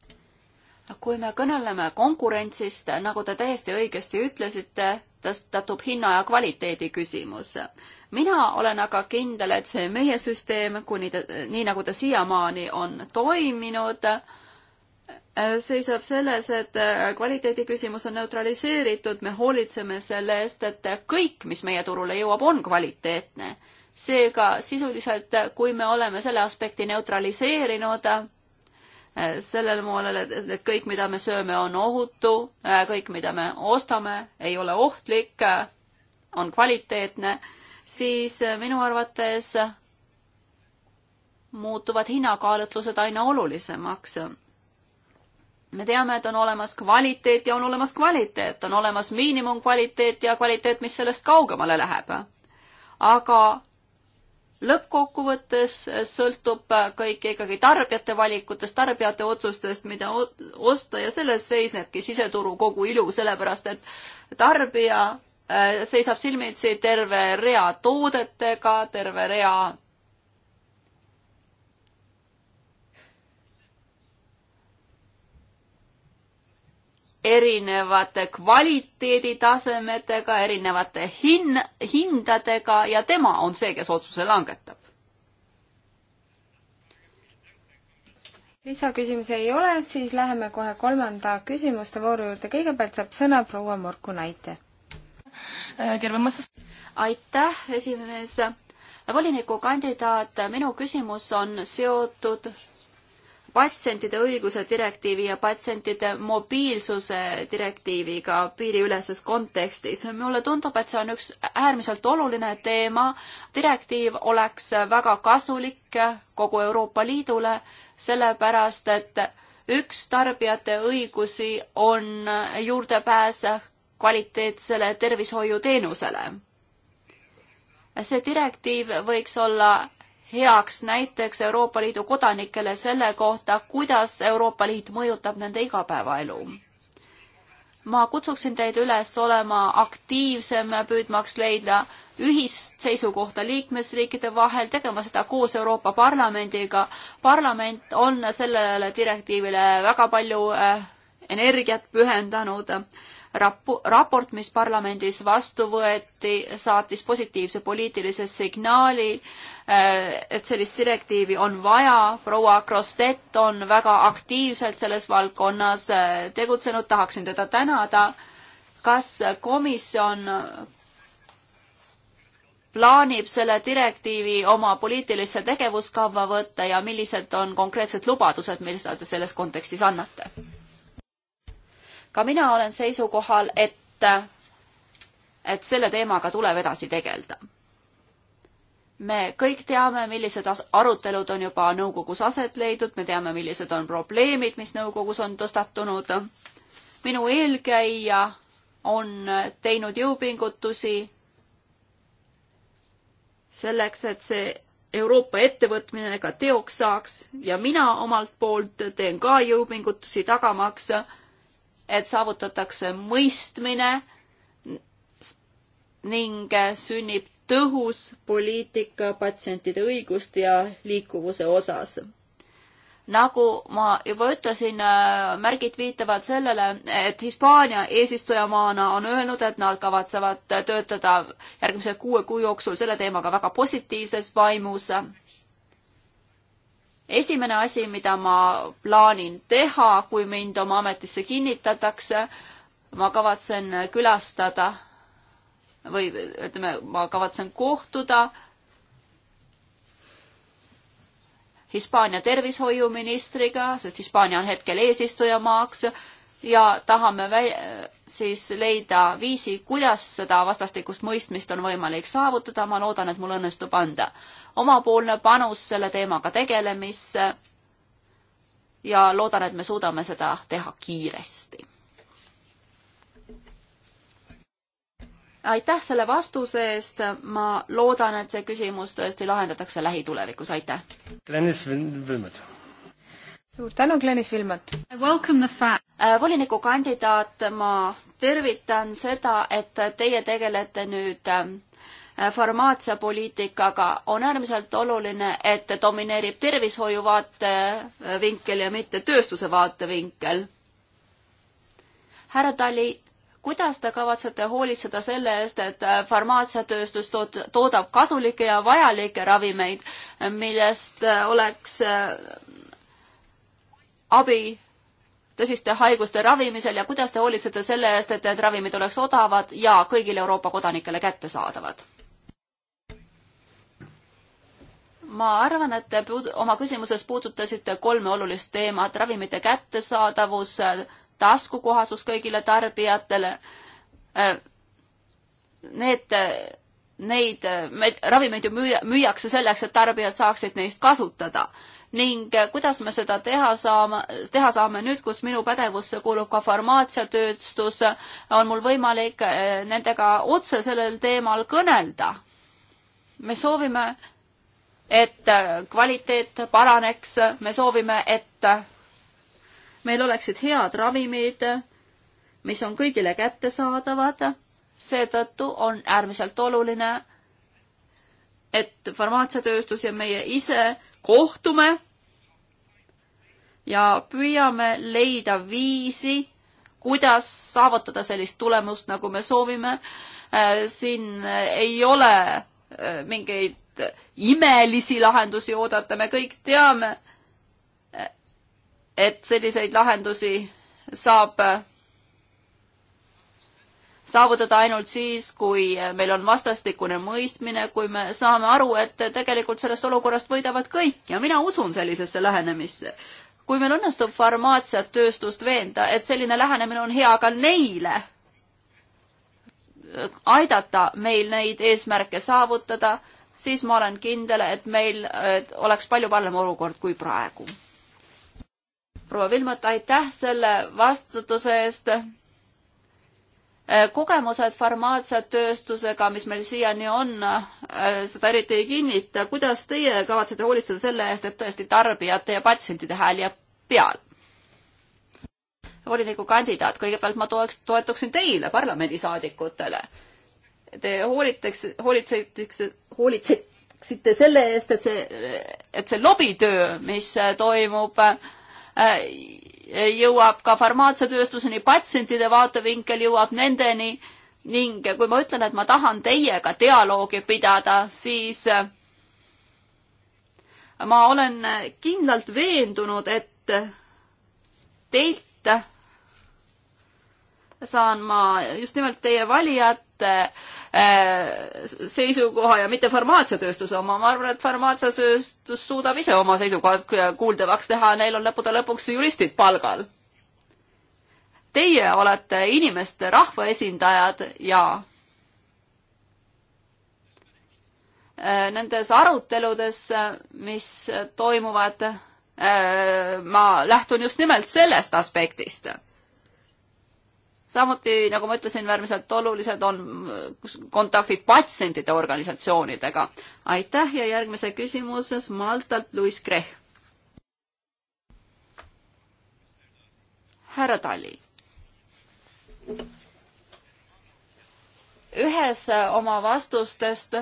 kui me kõneleme konkurentsist, nagu te täiesti õigesti ütlesite, tõstatub hinna ja kvaliteedi küsimus. mina olen aga kindel, et see meie süsteem, kuni ta, nii nagu ta siiamaani on toiminud, seisab selles, et kvaliteedi küsimus on neutraliseeritud, me hoolitseme selle eest, et kõik, mis meie turule jõuab, on kvaliteetne. seega sisuliselt, kui me oleme selle aspekti neutraliseerinud, Eh, sellel moel, et kõik, mida me sööme, on ohutu, eh, kõik, mida me ostame, ei ole ohtlik, eh, on kvaliteetne, siis minu arvates muutuvad hinnakaalutlused aina olulisemaks. me teame, et on olemas kvaliteet ja on olemas kvaliteet, on olemas miinimumkvaliteet ja kvaliteet, mis sellest kaugemale läheb. aga lõppkokkuvõttes sõltub kõik ikkagi tarbijate valikutest, tarbijate otsustest, mida osta ja selles seisnebki siseturu kogu ilu, sellepärast et tarbija äh, seisab silmitsi terve rea toodetega, terve rea erinevate kvaliteeditasemetega, erinevate hin-, hindadega ja tema on see, kes otsuse langetab.
lisaküsimusi ei ole, siis läheme kohe kolmanda küsimuste vooru juurde. kõigepealt saab
sõna proua Morku Naite. aitäh, esimees. volinikukandidaat, minu küsimus on seotud patsientide õiguse direktiivi ja patsientide mobiilsuse direktiiviga piiriüleses kontekstis. mulle tundub, et see on üks äärmiselt oluline teema. direktiiv oleks väga kasulik kogu Euroopa Liidule, sellepärast et üks tarbijate õigusi on juurdepääs kvaliteetsele tervishoiuteenusele see direktiiv võiks olla heaks näiteks Euroopa Liidu kodanikele selle kohta, kuidas Euroopa Liit mõjutab nende igapäevaelu. ma kutsuksin teid üles olema aktiivsem, püüdmaks leida ühist seisukohta liikmesriikide vahel, tegema seda koos Euroopa Parlamendiga. parlament on sellele direktiivile väga palju äh, energiat pühendanud rapu-, raport, mis parlamendis vastu võeti, saatis positiivse poliitilise signaali, äh, et sellist direktiivi on vaja, proua Krostet on väga aktiivselt selles valdkonnas äh, tegutsenud, tahaksin teda tänada. kas komisjon plaanib selle direktiivi oma poliitilisse tegevuskava võtta ja millised on konkreetsed lubadused, mis te selles kontekstis annate? ka mina olen seisukohal, et, et selle teemaga tuleb edasi tegeleda. me kõik teame, millised arutelud on juba nõukogus aset leidnud, me teame, millised on probleemid, mis nõukogus on tõstatunud. minu eelkäija on teinud jõupingutusi selleks, et see Euroopa ettevõtmine ka teoks saaks ja mina omalt poolt teen ka jõupingutusi tagamaks, et saavutatakse mõistmine ning sünnib tõhus poliitika patsientide õiguste ja liikuvuse osas. nagu ma juba ütlesin, märgid viitavad sellele, et Hispaania eesistujamaana on öelnud, et nad kavatsevad töötada järgmise kuue kuu jooksul selle teemaga väga positiivses vaimus esimene asi, mida ma plaanin teha, kui mind oma ametisse kinnitatakse, ma kavatsen külastada või ütleme, ma kavatsen kohtuda Hispaania tervishoiuministriga, sest Hispaania on hetkel eesistujamaaks ja tahame vä-, siis leida viisi, kuidas seda vastastikust mõistmist on võimalik saavutada, ma loodan, et mul õnnestub anda omapoolne panus selle teemaga tegelemisse ja loodan, et me suudame seda teha kiiresti. aitäh selle vastuse eest, ma loodan, et see küsimus tõesti lahendatakse lähitulevikus, aitäh!
Glenis Vilmet
suur tänu, Glenis Vilmot! Äh, volinikukandidaat, ma tervitan seda, et teie tegelete nüüd ähm, äh, farmaatsiapoliitikaga. on äärmiselt oluline, et domineerib tervishoiu vaatevinkel ja mitte tööstuse vaatevinkel. härra Tali, kuidas te kavatsete hoolitseda selle eest, et äh, farmaatsiatööstus tood-, toodab kasulikke ja vajalikke ravimeid, millest oleks abi tõsiste haiguste ravimisel ja kuidas te hoolitsete selle eest, et need ravimid oleks odavad ja kõigile Euroopa kodanikele kättesaadavad? ma arvan, et te puud-, oma küsimuses puudutasite kolme olulist teemat, ravimite kättesaadavus, taskukohasus kõigile tarbijatele, need, neid, neid ravimeid ju müüa, müüakse selleks, et tarbijad saaksid neist kasutada ning eh, kuidas me seda teha saame, teha saame nüüd, kus minu pädevusse kuulub ka farmaatsiatööstus, on mul võimalik eh, nendega otse sellel teemal kõnelda. me soovime, et eh, kvaliteet paraneks, me soovime, et meil oleksid head ravimid, mis on kõigile kättesaadavad, seetõttu on äärmiselt oluline, et farmaatsiatööstus ja meie ise kohtume ja püüame leida viisi, kuidas saavutada sellist tulemust, nagu me soovime. Äh, siin ei ole äh, mingeid imelisi lahendusi oodata, me kõik teame, äh, et selliseid lahendusi saab saavutada ainult siis, kui meil on vastastikune mõistmine, kui me saame aru, et tegelikult sellest olukorrast võidavad kõik ja mina usun sellisesse lähenemisse. kui meil õnnestub farmaatsiat, tööstust veenda, et selline lähenemine on hea ka neile, aidata meil neid eesmärke saavutada, siis ma olen kindel, et meil et oleks palju parem olukord kui praegu. proua Vilmot, aitäh selle vastutuse eest Äh, kogemused farmaatsiatööstusega, mis meil siiani on, äh, seda eriti ei kinnita. kuidas teie kavatsete hoolitseda selle eest, et tõesti tarbijate ja patsientide hääl jääb peal? volinikukandidaat, kõigepealt ma toeks, toetuksin teile, parlamendisaadikutele. Te hooliteks, hoolitseks, hoolitseksite selle eest, et see, et see lobitöö, mis toimub äh, jõuab ka farmaatsiatööstuseni, patsientide vaatevinkel jõuab nendeni ning kui ma ütlen, et ma tahan teiega dialoogi pidada, siis äh, ma olen kindlalt veendunud, et teilt saan ma just nimelt teie valijate eh, seisukoha ja mitte farmaatsiatööstuse oma. ma arvan, et farmaatsiatööstus suudab ise oma seisukohad kuuldavaks teha, neil on lõppude lõpuks juristid palgal. Teie olete inimeste rahvaesindajad ja eh, nendes aruteludes, mis toimuvad, eh, ma lähtun just nimelt sellest aspektist samuti, nagu ma ütlesin, äärmiselt olulised on äh, kontaktid patsientide organisatsioonidega. aitäh ja järgmise küsimuses Maltalt Luis Kreh. härra Tali. ühes oma vastustest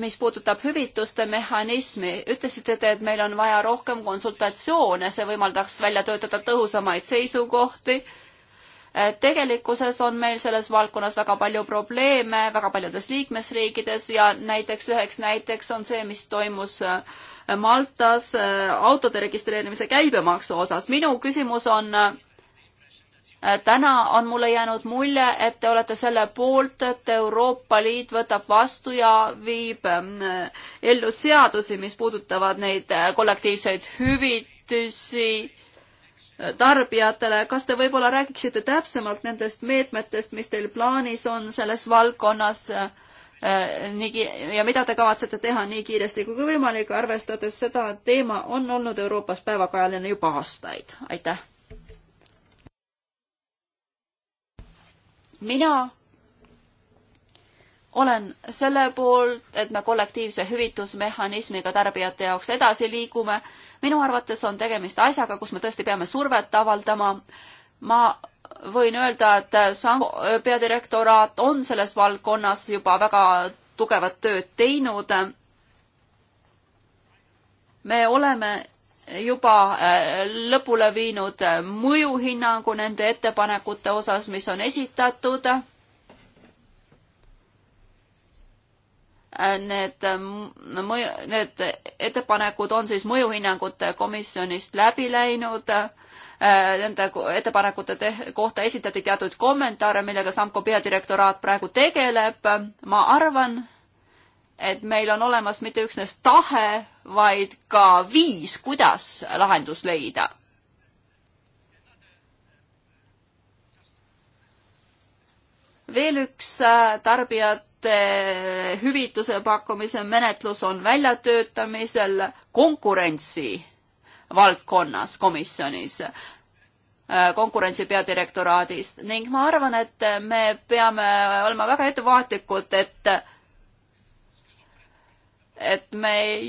mis puudutab hüvituste mehhanismi, ütlesite te, et meil on vaja rohkem konsultatsioone, see võimaldaks välja töötada tõhusamaid seisukohti. Eh, tegelikkuses on meil selles valdkonnas väga palju probleeme väga paljudes liikmesriikides ja näiteks üheks näiteks on see, mis toimus eh, Maltas eh, autode registreerimise käibemaksu osas. minu küsimus on Äh, täna on mulle jäänud mulje, et te olete selle poolt, et Euroopa Liit võtab vastu ja viib ähm, äh, ellu seadusi, mis puudutavad neid äh, kollektiivseid hüvitisi tarbijatele. kas te võib-olla räägiksite täpsemalt nendest meetmetest, mis teil plaanis on selles valdkonnas? nii ja mida te kavatsete teha nii kiiresti kui võimalik, arvestades seda, et teema on olnud Euroopas päevakajaline juba aastaid. aitäh mina olen selle poolt, et me kollektiivse hüvitusmehhanismiga tarbijate jaoks edasi liigume. minu arvates on tegemist asjaga, kus me tõesti peame survet avaldama. ma võin öelda, et Sango peadirektoraat on selles valdkonnas juba väga tugevat tööd teinud. me oleme juba äh, lõpule viinud äh, mõjuhinnangu nende ettepanekute osas, mis on esitatud. Äh, need mõju, need ettepanekud on siis mõjuhinnangute komisjonist läbi läinud. Nende ettepanekute te kohta esitati teatud kommentaare, millega Samko peadirektoraat praegu tegeleb. ma arvan, et meil on olemas mitte üksnes tahe, vaid ka viis, kuidas lahendus leida. veel üks äh, tarbijate hüvituse pakkumise menetlus on väljatöötamisel konkurentsi valdkonnas komisjonis äh, konkurentsi peadirektoraadist ning ma arvan, et me peame olema väga ettevaatlikud, et et me ei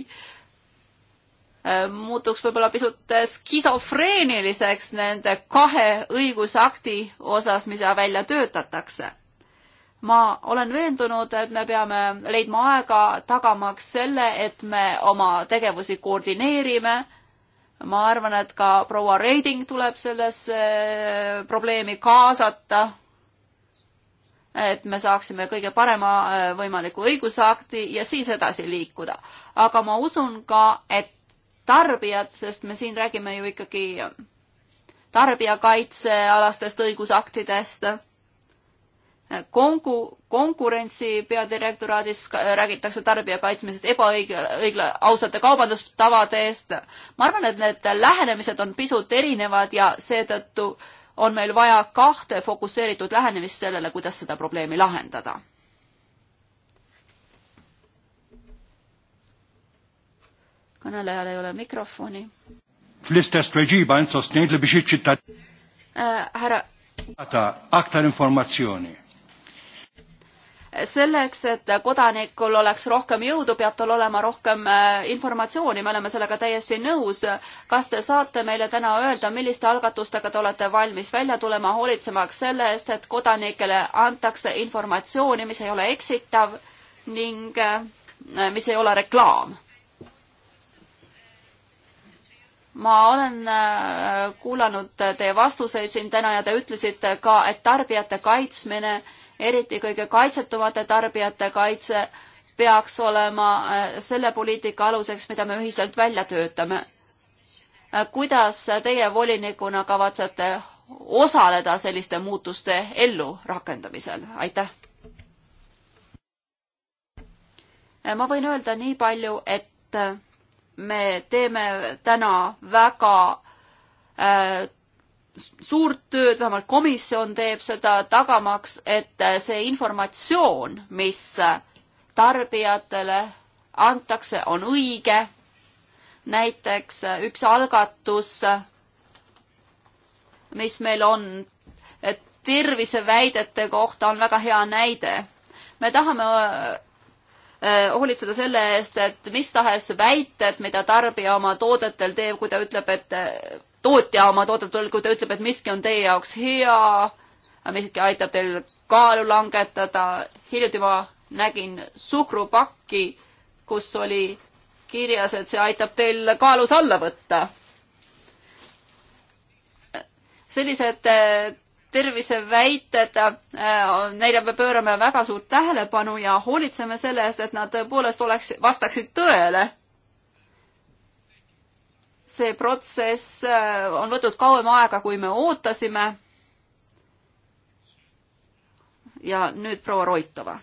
äh, muutuks võib-olla pisut äh, skisofreeniliseks nende kahe õigusakti osas, mida välja töötatakse. ma olen veendunud, et me peame leidma aega tagamaks selle, et me oma tegevusi koordineerime. ma arvan, et ka proua Reiding tuleb sellesse äh, probleemi kaasata et me saaksime kõige parema äh, võimaliku õigusakti ja siis edasi liikuda. aga ma usun ka, et tarbijad, sest me siin räägime ju ikkagi tarbijakaitsealastest õigusaktidest. Kongu-, konkurentsi peadirektoraadis räägitakse tarbija kaitsmisest ebaõige, õigla-, ausate kaubandustavade eest. ma arvan, et need lähenemised on pisut erinevad ja seetõttu äh, on meil vaja kahte fokusseeritud lähenemist sellele, kuidas seda probleemi lahendada. kõnelejal ei ole mikrofoni. Äh, härra.
aktar informatsiooni
selleks, et kodanikul oleks rohkem jõudu, peab tal olema rohkem äh, informatsiooni, me oleme sellega täiesti nõus. kas te saate meile täna öelda, milliste algatustega te olete valmis välja tulema, hoolitsemaks selle eest, et kodanikele antakse informatsiooni, mis ei ole eksitav ning äh, mis ei ole reklaam? ma olen äh, kuulanud teie vastuseid siin täna ja te ütlesite ka, et tarbijate kaitsmine äh, eriti kõige kaitsetumate tarbijate kaitse peaks olema äh, selle poliitika aluseks, mida me ühiselt välja töötame. Äh, kuidas teie volinikuna kavatsete osaleda selliste muutuste ellurakendamisel, aitäh! Äh, ma võin öelda nii palju, et me teeme täna väga suurt tööd, vähemalt komisjon teeb seda, tagamaks, et see informatsioon, mis tarbijatele antakse, on õige. näiteks üks algatus, mis meil on, et terviseväidete kohta on väga hea näide. me tahame äh, hoolitseda selle eest, et mis tahes väited, mida tarbija oma toodetel teeb, kui ta ütleb, et tootja oma toodetud ütleb, et miski on teie jaoks hea, miski aitab teil kaalu langetada. hiljuti ma nägin suhkrupakki, kus oli kirjas, et see aitab teil kaalus alla võtta. sellised äh, terviseväited, äh, neile me pöörame väga suurt tähelepanu ja hoolitseme selle eest, et nad tõepoolest oleks, vastaksid tõele see protsess äh, on võtnud kauem aega, kui me ootasime. ja nüüd proua Roitova.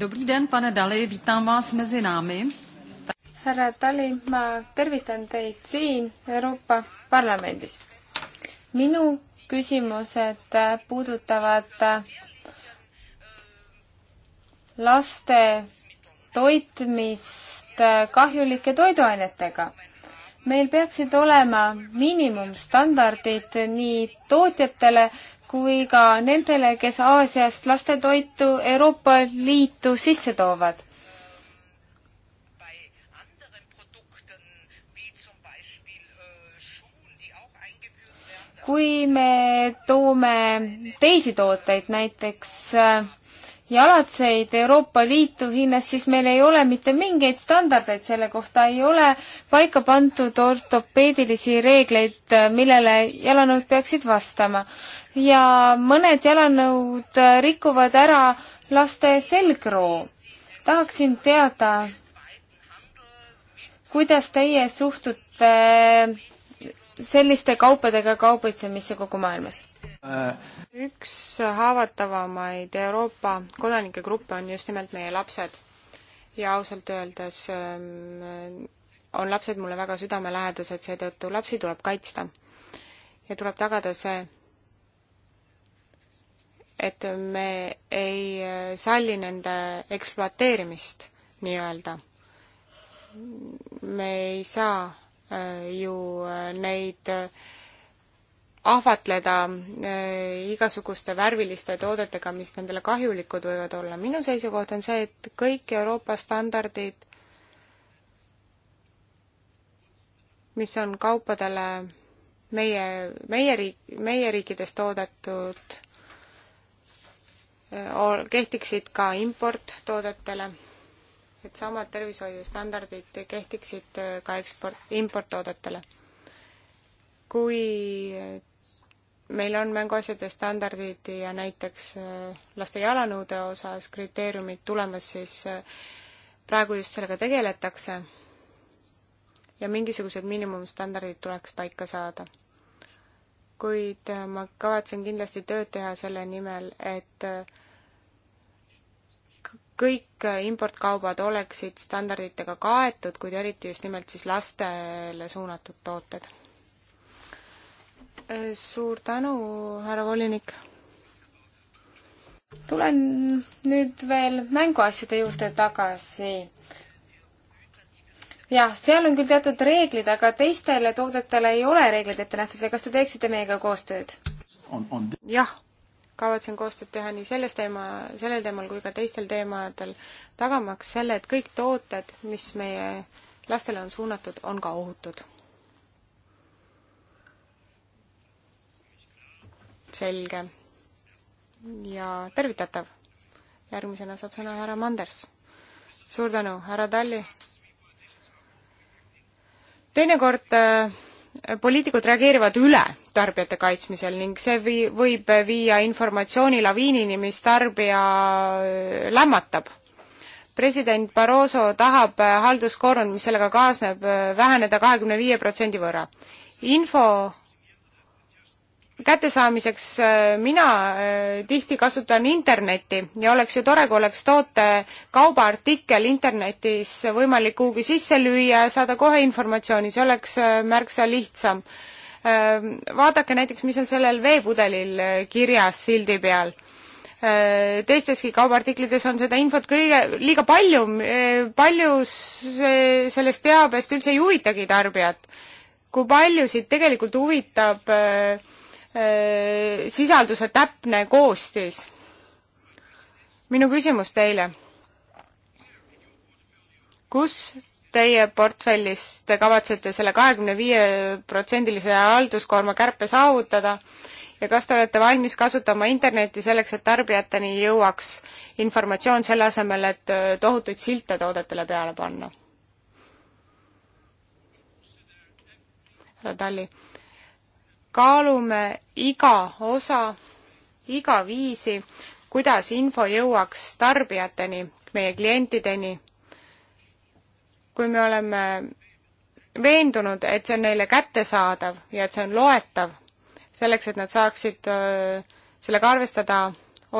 Dobrý den, pane Dali, vítám vás mezi námi. härra Dali, ma tervitan teid siin Euroopa Parlamendis. minu küsimused puudutavad laste toitmist kahjulike toiduainetega. meil peaksid olema miinimumstandardid nii tootjatele kui ka nendele, kes Aasiast lastetoitu Euroopa Liitu sisse toovad. kui me toome teisi tooteid, näiteks äh, jalatseid Euroopa Liitu Hiinast, siis meil ei ole mitte mingeid standardeid selle kohta, ei ole paika pandud ortopeedilisi reegleid, millele jalanõud peaksid vastama. ja mõned jalanõud rikuvad ära laste selgroo. tahaksin teada, kuidas teie suhtute
selliste kaupadega kaubitsemisse kogu maailmas? Äh, üks haavatavamaid Euroopa kodanike gruppe on just nimelt meie lapsed. ja ausalt öeldes ähm, on lapsed mulle väga südamelähedased, seetõttu lapsi tuleb kaitsta. ja tuleb tagada see, et me ei äh, salli nende ekspluateerimist nii-öelda. me ei saa äh, ju äh, neid äh, ahvatleda äh, igasuguste värviliste toodetega, mis nendele kahjulikud võivad olla. minu seisukoht on see, et kõik Euroopa standardid, mis on kaupadele meie, meie riik, meie riikides toodetud, äh, kehtiksid ka importtoodetele, et samad tervishoiustandardid kehtiksid äh, ka eksport, importtoodetele kui meil on mänguasjade standardid ja näiteks äh, laste jalanõude osas kriteeriumid tulemas, siis äh, praegu just sellega tegeletakse ja mingisugused miinimumstandardid tuleks paika saada. kuid äh, ma kavatsen kindlasti tööd teha selle nimel, et kõik importkaubad oleksid standarditega kaetud, kuid eriti just nimelt siis lastele suunatud tooted suur tänu, härra volinik.
tulen nüüd veel mänguasjade juurde tagasi. jah, seal on küll teatud reeglid, aga teistele toodetele
ei ole reegleid ette nähtud ja kas te teeksite meiega koostööd? jah, kavatsen koostööd teha nii selles teema, sellel teemal kui ka teistel teemadel, tagamaks selle, et kõik tooted, mis meie lastele on suunatud, on ka ohutud selge ja tervitatav. järgmisena saab sõna härra Manders. suur tänu, härra Talli. teinekord äh, poliitikud reageerivad üle tarbijate kaitsmisel ning see vii-, võib viia informatsioonilaviinini, mis tarbija äh, lämmatab. president Barroso tahab äh, halduskoormat, mis sellega kaasneb, äh, väheneda kahekümne viie protsendi võrra. info kättesaamiseks äh, mina äh, tihti kasutan internetti ja oleks ju tore, kui oleks toote kaubaartikkel internetis võimalik kuhugi sisse lüüa ja saada kohe informatsiooni, see oleks äh, märksa lihtsam. Ähm, vaadake näiteks, mis on sellel veepudelil kirjas sildi peal teisteski kaubaartiklites on seda infot kõige, liiga palju, palju sellest teabest üldse ei huvitagi tarbijat. kui paljusid tegelikult huvitab äh, Äh, sisalduse täpne koostis. minu küsimus teile. kus teie portfellis te kavatsete selle kahekümne viie protsendilise halduskoorma kärpe saavutada ja kas te olete valmis kasutama Internetti selleks, et tarbijateni jõuaks informatsioon selle asemel, et äh, tohutuid silte toodetele peale panna? härra Talli kaalume iga osa, iga viisi, kuidas info jõuaks tarbijateni, meie klientideni. kui me oleme veendunud, et see on neile kättesaadav ja et see on loetav, selleks et nad saaksid sellega arvestada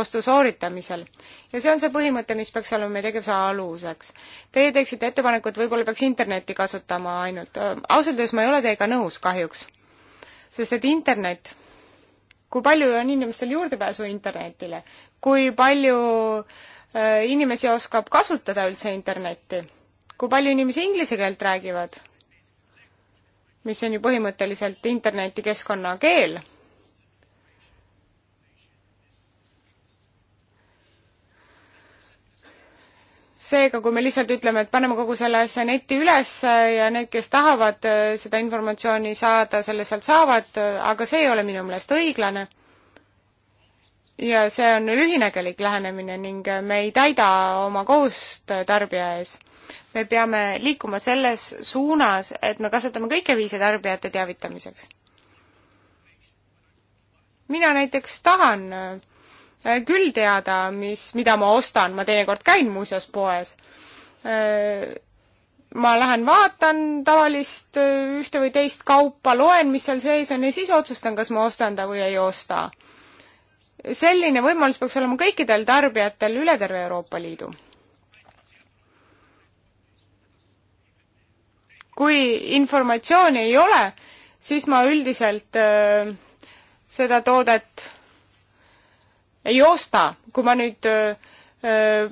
ostu sooritamisel. ja see on see põhimõte, mis peaks olema meie tegevuse aluseks. Teie teeksite ettepaneku, et võib-olla peaks internetti kasutama ainult. ausalt öeldes ma ei ole teiega nõus kahjuks sest et internet, kui palju on inimestel juurdepääsu internetile, kui palju äh, inimesi oskab kasutada üldse internetti, kui palju inimesi inglise keelt räägivad, mis on ju põhimõtteliselt internetikeskkonna keel seega, kui me lihtsalt ütleme, et paneme kogu selle asja neti üles ja need, kes tahavad äh, seda informatsiooni saada, selle sealt saavad, äh, aga see ei ole minu meelest õiglane. ja see on lühinägelik lähenemine ning äh, me ei täida oma kohust tarbija ees. me peame liikuma selles suunas, et me kasutame kõiki viise tarbijate teavitamiseks. mina näiteks tahan Äh, küll teada, mis, mida ma ostan, ma teinekord käin muuseas poes. Äh, ma lähen vaatan tavalist äh, ühte või teist kaupa, loen, mis seal sees on ja siis otsustan, kas ma ostan ta või ei osta. selline võimalus peaks olema kõikidel tarbijatel üle terve Euroopa Liidu kui informatsiooni ei ole, siis ma üldiselt öö, seda toodet ei osta, kui ma nüüd öö,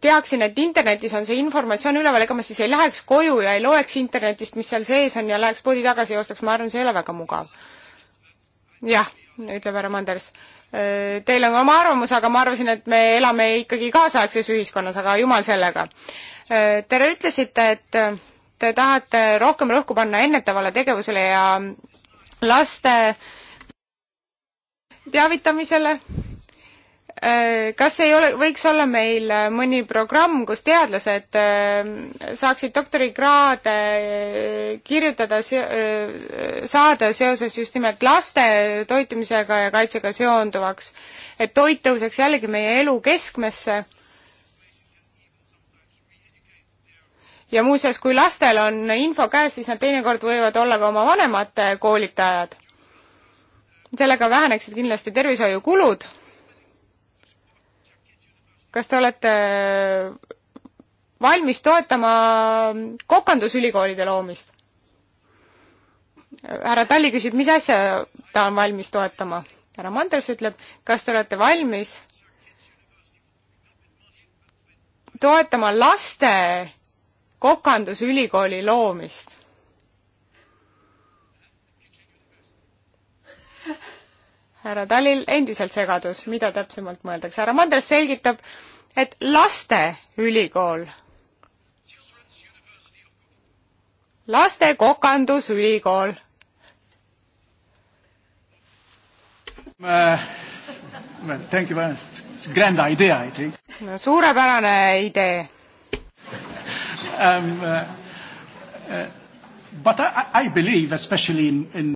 teaksin, et internetis on see informatsioon üleval, ega ma siis ei läheks koju ja ei loeks internetist, mis seal sees on ja läheks poodi tagasi ja ostaks, ma arvan, see ei ole väga mugav. jah, ütleb härra Manders. Teil on oma arvamus, aga ma arvasin, et me elame ikkagi kaasaegses ühiskonnas, aga jumal sellega. Te ütlesite, et te tahate rohkem rõhku panna ennetavale tegevusele ja laste äh, teavitamisele. Äh, kas ei ole, võiks olla meil äh, mõni programm, kus teadlased äh, saaksid doktorikraade kirjutada, saada seoses just nimelt laste toitumisega ja kaitsega seonduvaks, et toit tõuseks jällegi meie elu keskmesse ja muuseas, kui lastel on info käes, siis nad teinekord võivad olla ka oma vanemate koolitajad sellega väheneksid kindlasti tervishoiukulud. kas te olete valmis toetama kokandusülikoolide loomist? härra Talli küsib, mis asja ta on valmis toetama? härra Manders ütleb, kas te olete valmis toetama laste kokandusülikooli loomist? härra Talil endiselt segadus, mida täpsemalt mõeldakse. härra Mandres selgitab, et lasteülikool, lastekokandusülikool
uh,. Thank you very much. It's a grand idea, I think.
no suurepärane idee
um, uh, uh, but I, I believe
especially in, in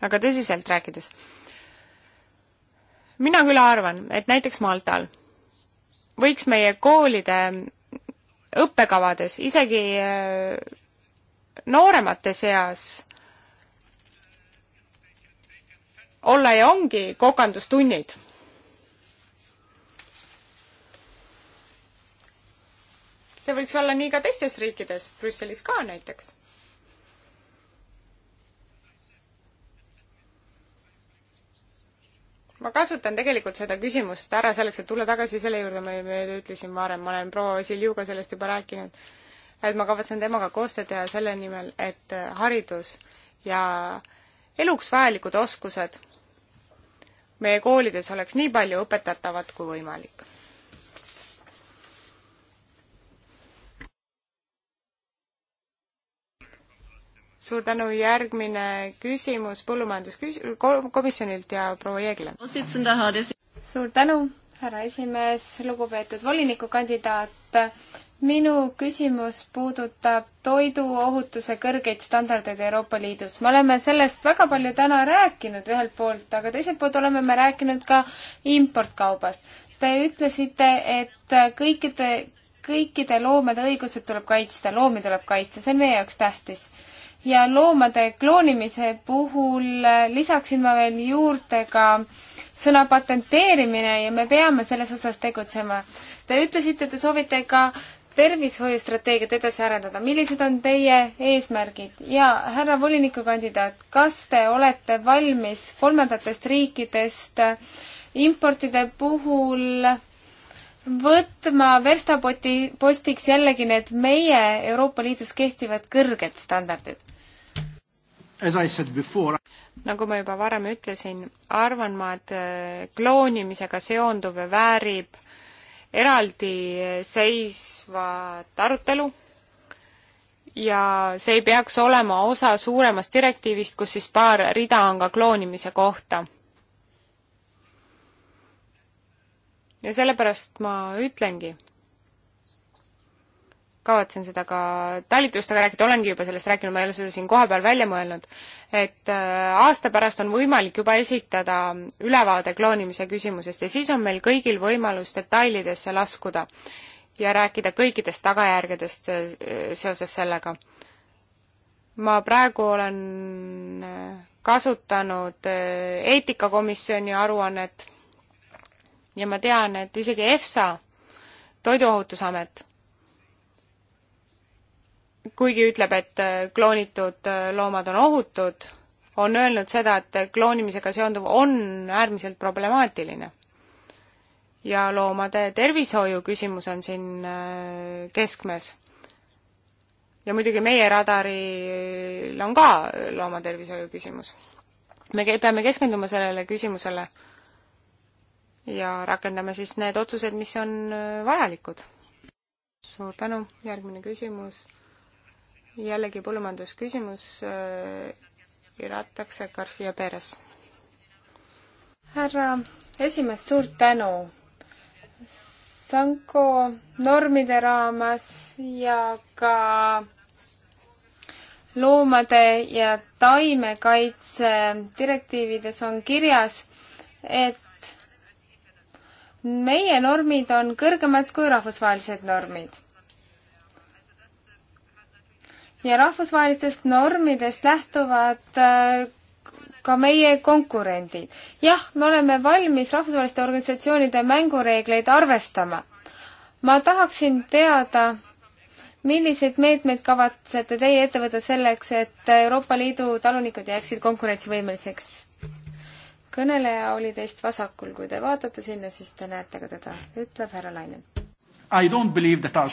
aga tõsiselt rääkides mina küll arvan, et näiteks Maltal võiks meie koolide õppekavades, isegi äh, nooremate seas olla ja ongi kokandustunnid see võiks olla nii ka teistes riikides, Brüsselis ka näiteks. ma kasutan tegelikult seda küsimust ära selleks, et tulla tagasi selle juurde, ma juba ütlesin varem, ma olen proua Siljuga sellest juba rääkinud, et ma kavatsen temaga koostööd teha selle nimel, et äh, haridus ja eluks vajalikud oskused meie koolides oleks nii palju õpetatavat kui võimalik suur tänu, järgmine küsimus põllumajanduskomisjonilt ja proua Jeegle. suur tänu, härra esimees, lugupeetud volinikukandidaat.
minu küsimus puudutab toiduohutuse kõrgeid standardeid Euroopa Liidus. me oleme sellest väga palju täna rääkinud ühelt poolt, aga teiselt poolt oleme me rääkinud ka importkaubast. Te ütlesite, et kõikide, kõikide loomade õigused tuleb kaitsta, loomi tuleb kaitsta, see on meie jaoks tähtis ja loomade kloonimise puhul äh, lisaksin ma veel juurde ka sõna patenteerimine ja me peame selles osas tegutsema. Te ütlesite, te soovite ka tervishoiustrateegiat edasi arendada, millised on teie eesmärgid ja härra volinikukandidaat, kas te olete valmis kolmandatest riikidest äh, importide puhul võtma verstapoti, postiks jällegi need meie Euroopa Liidus kehtivad kõrged standardid?
nagu ma juba varem ütlesin, arvan ma, et äh, kloonimisega seonduv väärib eraldiseisvat äh, arutelu ja see ei peaks olema osa suuremast direktiivist, kus siis paar rida on ka kloonimise kohta. ja sellepärast ma ütlengi kavatsen seda ka talitustega rääkida, olengi juba sellest rääkinud, ma ei ole seda siin kohapeal välja mõelnud, et äh, aasta pärast on võimalik juba esitada ülevaade kloonimise küsimusest ja siis on meil kõigil võimalus detailidesse laskuda ja rääkida kõikidest tagajärgedest äh, seoses sellega. ma praegu olen äh, kasutanud eetikakomisjoni aruannet ja ma tean, et isegi EFSA, Toiduohutusamet kuigi ütleb, et äh, kloonitud äh, loomad on ohutud, on öelnud seda, et äh, kloonimisega seonduv on äärmiselt problemaatiline. ja loomade tervishoiu küsimus on siin keskmes. ja muidugi meie radaril on ka loomatervishoiu küsimus. me peame keskenduma sellele küsimusele ja rakendame siis need otsused, mis on vajalikud. suur tänu, järgmine küsimus jällegi põllumajandusküsimus äh, Iratakse Garcia Perez. härra
esimees, suur tänu! Sanko normide raames ja ka loomade ja taimekaitse direktiivides on kirjas, et meie normid on kõrgemad kui rahvusvahelised normid ja rahvusvahelistest normidest lähtuvad äh, ka meie konkurendid. jah, me oleme valmis rahvusvaheliste organisatsioonide mängureegleid arvestama. ma tahaksin teada, milliseid meetmeid kavatsete teie ette võtta selleks, et Euroopa Liidu talunikud jääksid konkurentsivõimeliseks? kõneleja oli teist vasakul, kui
te vaatate sinna, siis te näete ka teda, ütleb härra Laine.
I don't believe that our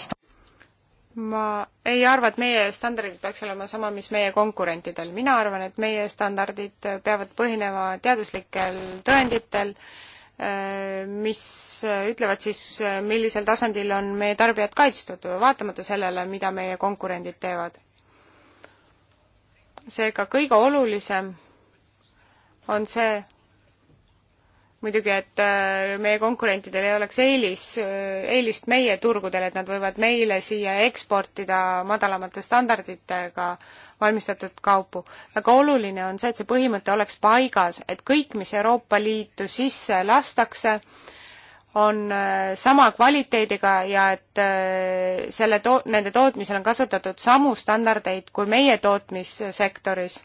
ma ei arva, et meie standardid peaks olema sama, mis meie konkurentidel. mina arvan, et meie standardid peavad põhinema teaduslikel tõenditel, eh, mis ütlevad siis, millisel tasandil on meie tarbijad kaitstud, vaatamata sellele, mida meie konkurendid teevad. seega kõige olulisem on see, muidugi, et äh, meie konkurentidel ei oleks eelis, äh, eelist meie turgudel, et nad võivad meile siia eksportida madalamate standarditega valmistatud kaupu. väga oluline on see, et see põhimõte oleks paigas, et kõik, mis Euroopa Liitu sisse lastakse, on äh, sama kvaliteediga ja et selle to-, nende tootmisel on kasutatud samu standardeid kui meie tootmissektoris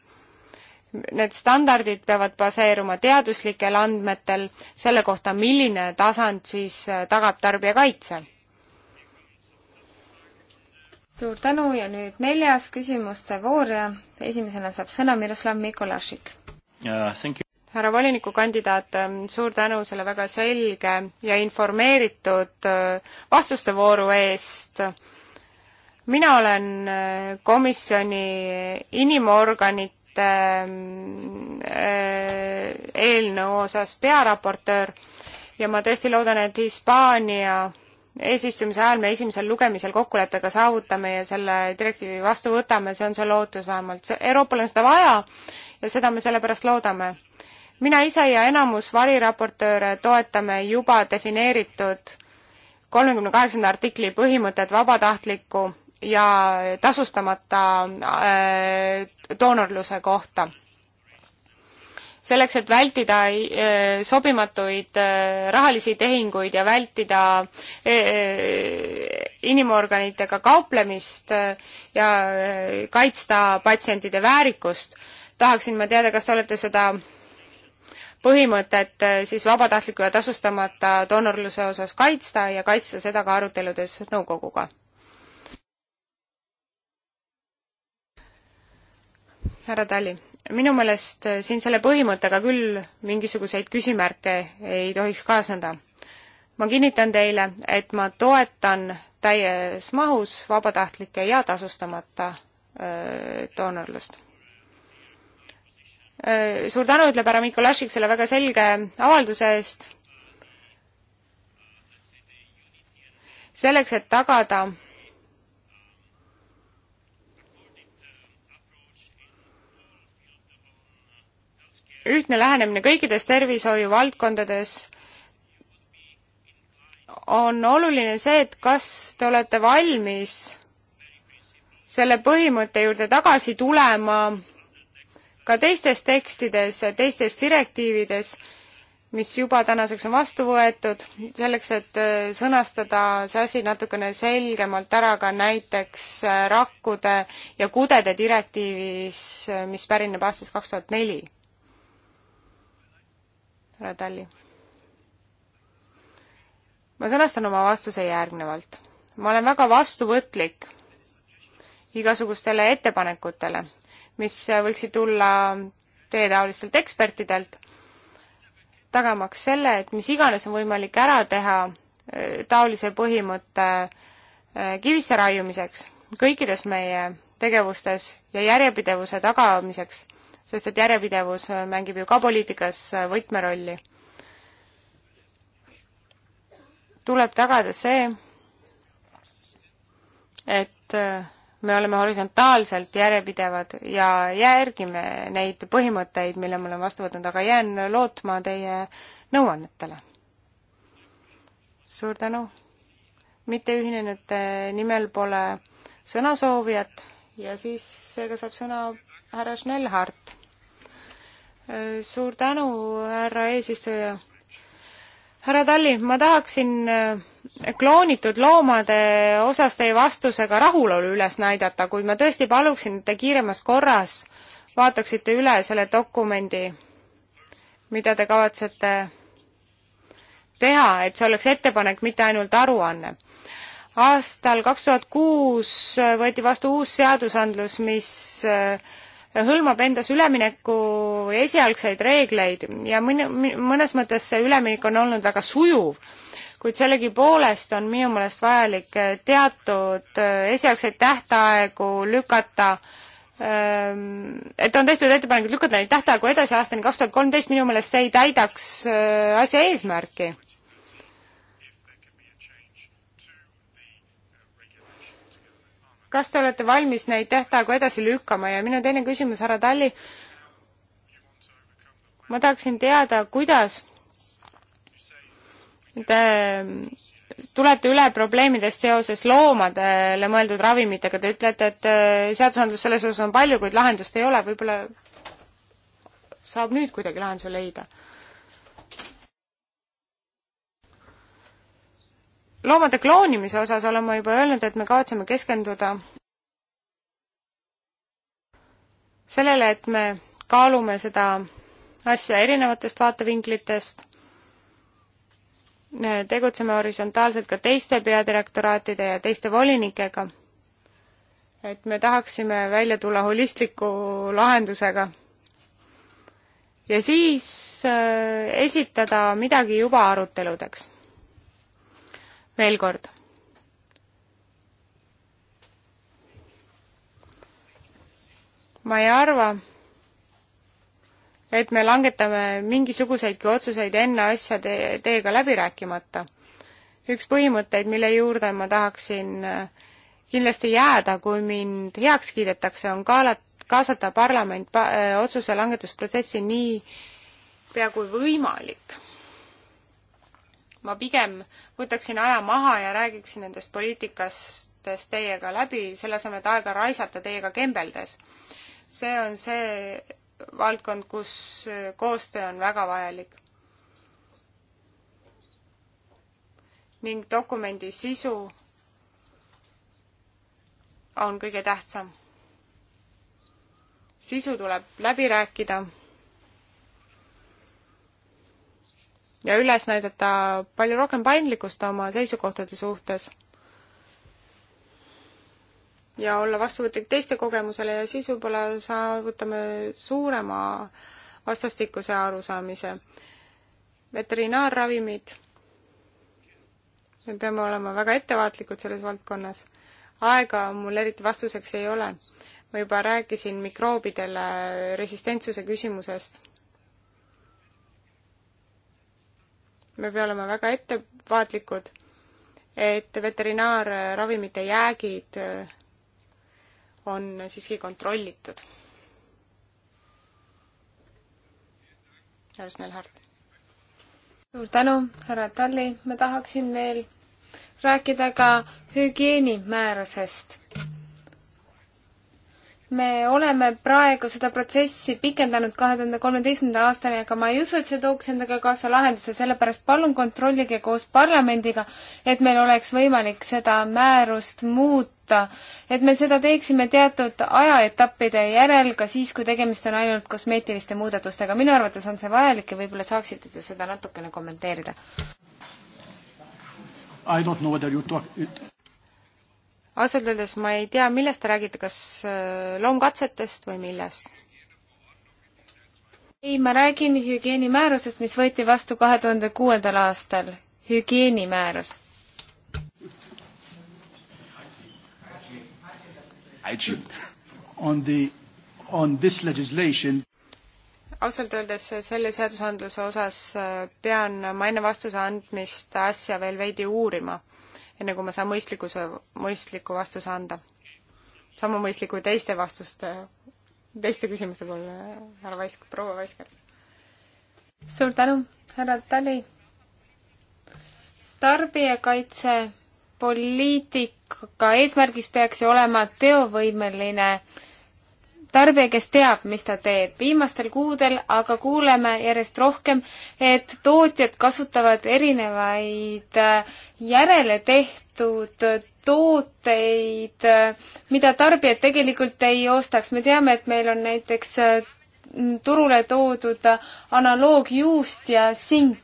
need standardid peavad baseeruma teaduslikel andmetel selle kohta, milline tasand siis äh, tagab tarbijakaitse.
suur tänu ja nüüd neljas küsimuste voor ja esimesena saab sõna Miroslav Mikolašik
yeah,. härra volinikukandidaat, ähm, suur tänu selle väga selge ja informeeritud äh, vastuste vooru eest mina olen äh, komisjoni inimorganite liikmete ähm, äh, eelnõu osas pearaportöör ja ma tõesti loodan, et Hispaania eesistumise ajal me esimesel lugemisel kokkuleppe ka saavutame ja selle direktiivi vastu võtame, see on see lootus vähemalt. Euroopal on seda vaja ja seda me sellepärast loodame. mina ise ja enamus variraportööre toetame juba defineeritud kolmekümne kaheksanda artikli põhimõtet vabatahtliku ja tasustamata äh, doonorluse kohta. selleks, et vältida äh, sobimatuid äh, rahalisi tehinguid ja vältida inimorganitega kauplemist ja kaitsta patsientide väärikust, tahaksin ma teada, kas te olete seda põhimõtet siis vabatahtliku ja tasustamata doonorluse osas kaitsta ja kaitsta seda ka aruteludes nõukoguga härra Tali, minu meelest äh, siin selle põhimõttega küll mingisuguseid küsimärke ei tohiks kaasneda. ma kinnitan teile, et ma toetan täies mahus vabatahtlike ja tasustamata äh, doonorlust. Äh, suur tänu, ütleb härra Mikolašik selle väga selge avalduse eest. selleks, et tagada ühtne lähenemine kõikides tervishoiuvaldkondades on oluline see, et kas te olete valmis selle põhimõtte juurde tagasi tulema ka teistes tekstides, teistes direktiivides, mis juba tänaseks on vastu võetud, selleks, et äh, sõnastada see asi natukene selgemalt ära ka näiteks äh, rakkude ja kudede direktiivis, äh, mis pärineb aastast kaks tuhat neli härra Talli. ma sõnastan oma vastuse järgnevalt. ma olen väga vastuvõtlik igasugustele ettepanekutele, mis võiksid tulla teietaolistelt ekspertidelt, tagamaks selle, et mis iganes on võimalik ära teha eh, taolise põhimõtte eh, kivisse raiumiseks kõikides meie tegevustes ja järjepidevuse tagamiseks sest et järjepidevus mängib ju ka poliitikas võtmerolli. tuleb tagada see, et me oleme horisontaalselt järjepidevad ja järgime neid põhimõtteid, mille me oleme vastu võtnud, aga jään lootma teie nõuannetele. suur tänu! mitteühinenute nimel pole sõnasoovijat ja siis seega saab sõna härra Schnellhardt. suur tänu, härra eesistuja. härra Talli, ma tahaksin eh, kloonitud loomade osas teie vastusega rahulolu üles näidata, kuid ma tõesti paluksin, et te kiiremas korras vaataksite üle selle dokumendi, mida te kavatsete teha, et see oleks ettepanek, mitte ainult aruanne. aastal kaks tuhat kuus võeti vastu uus seadusandlus, mis eh, hõlmab endas ülemineku esialgseid reegleid ja mõne, mõnes mõttes see üleminek on olnud väga sujuv, kuid sellegipoolest on minu meelest vajalik teatud äh, esialgseid tähtaegu lükata ähm, et on tehtud ettepanekud lükata neid tähtaegu edasi aastani kaks tuhat kolmteist, minu meelest see ei täidaks äh, asja eesmärki kas te olete valmis neid tähtaegu edasi lükkama ja minu teine küsimus, härra Talli, ma tahaksin teada, kuidas te tulete üle probleemidest seoses loomadele mõeldud ravimitega, te ütlete, et äh, seadusandlus selles osas on palju, kuid lahendust ei ole, võib-olla saab nüüd kuidagi lahenduse leida loomade kloonimise osas olen ma juba öelnud, et me kavatseme keskenduda sellele, et me kaalume seda asja erinevatest vaatevinklitest, tegutseme horisontaalselt ka teiste peadirektoraatide ja teiste volinikega, et me tahaksime välja tulla holistliku lahendusega ja siis äh, esitada midagi juba aruteludeks veel kord. ma ei arva, et me langetame mingisuguseidki otsuseid enne asjade teiega läbi rääkimata. üks põhimõtteid, mille juurde ma tahaksin äh, kindlasti jääda, kui mind heaks kiidetakse, on kaalat-, kaasata parlament pa-, öö, äh, otsuse langetusprotsessi nii pea kui võimalik ma pigem võtaksin aja maha ja räägiksin nendest poliitikastest teiega läbi, selle asemel, et aega raisata teiega kembeldes. see on see valdkond, kus koostöö on väga vajalik. ning dokumendi sisu on kõige tähtsam. sisu tuleb läbi rääkida ja üles näidata palju rohkem paindlikkust oma seisukohtade suhtes. ja olla vastuvõtlik teiste kogemusele ja siis võib-olla saavutame suurema vastastikuse arusaamise. veterinaarravimid, me peame olema väga ettevaatlikud selles valdkonnas. aega mul eriti vastuseks ei ole. ma juba rääkisin mikroobidele resistentsuse küsimusest me peame olema väga ettevaatlikud, et veterinaarravimite jäägid äh, on siiski kontrollitud. härra Snellhardt.
suur tänu, härra Talli, ma tahaksin veel rääkida ka hügieenimäärusest me oleme praegu seda protsessi pikendanud kahe tuhande kolmeteistkümnenda aastani, aga ma ei usu, et see tooks endaga kaasa lahenduse, sellepärast palun kontrollige koos parlamendiga, et meil oleks võimalik seda määrust muuta, et me seda teeksime teatud ajaetappide järel, ka siis, kui tegemist on ainult kosmeetiliste muudatustega. minu arvates on see vajalik ja võib-olla saaksite te seda natukene kommenteerida. I don't know whether you talk it
ausalt öeldes ma ei tea, millest te räägite, kas äh, loomkatsetest või millest?
ei, ma räägin hügieenimäärusest, mis võeti vastu kahe tuhande kuuendal aastal. hügieenimäärus. On the, on this legislation
ausalt öeldes selle seadusandluse osas äh, pean ma enne vastuse andmist asja veel veidi uurima enne kui ma saan mõistlikkuse, mõistliku vastuse anda. sama mõistlik kui teiste vastuste, teiste küsimuste puhul, härra Vaisk, proua Vaisker. suur tänu, härra Tali.
tarbijakaitse poliitika eesmärgis peaks ju olema teovõimeline tarbija, kes teab, mis ta teeb. viimastel kuudel aga kuuleme järjest rohkem, et tootjad kasutavad erinevaid äh, järele tehtud tooteid, äh, mida tarbijad tegelikult ei ostaks. me teame, et meil on näiteks äh, turule toodud analoogjuust ja sink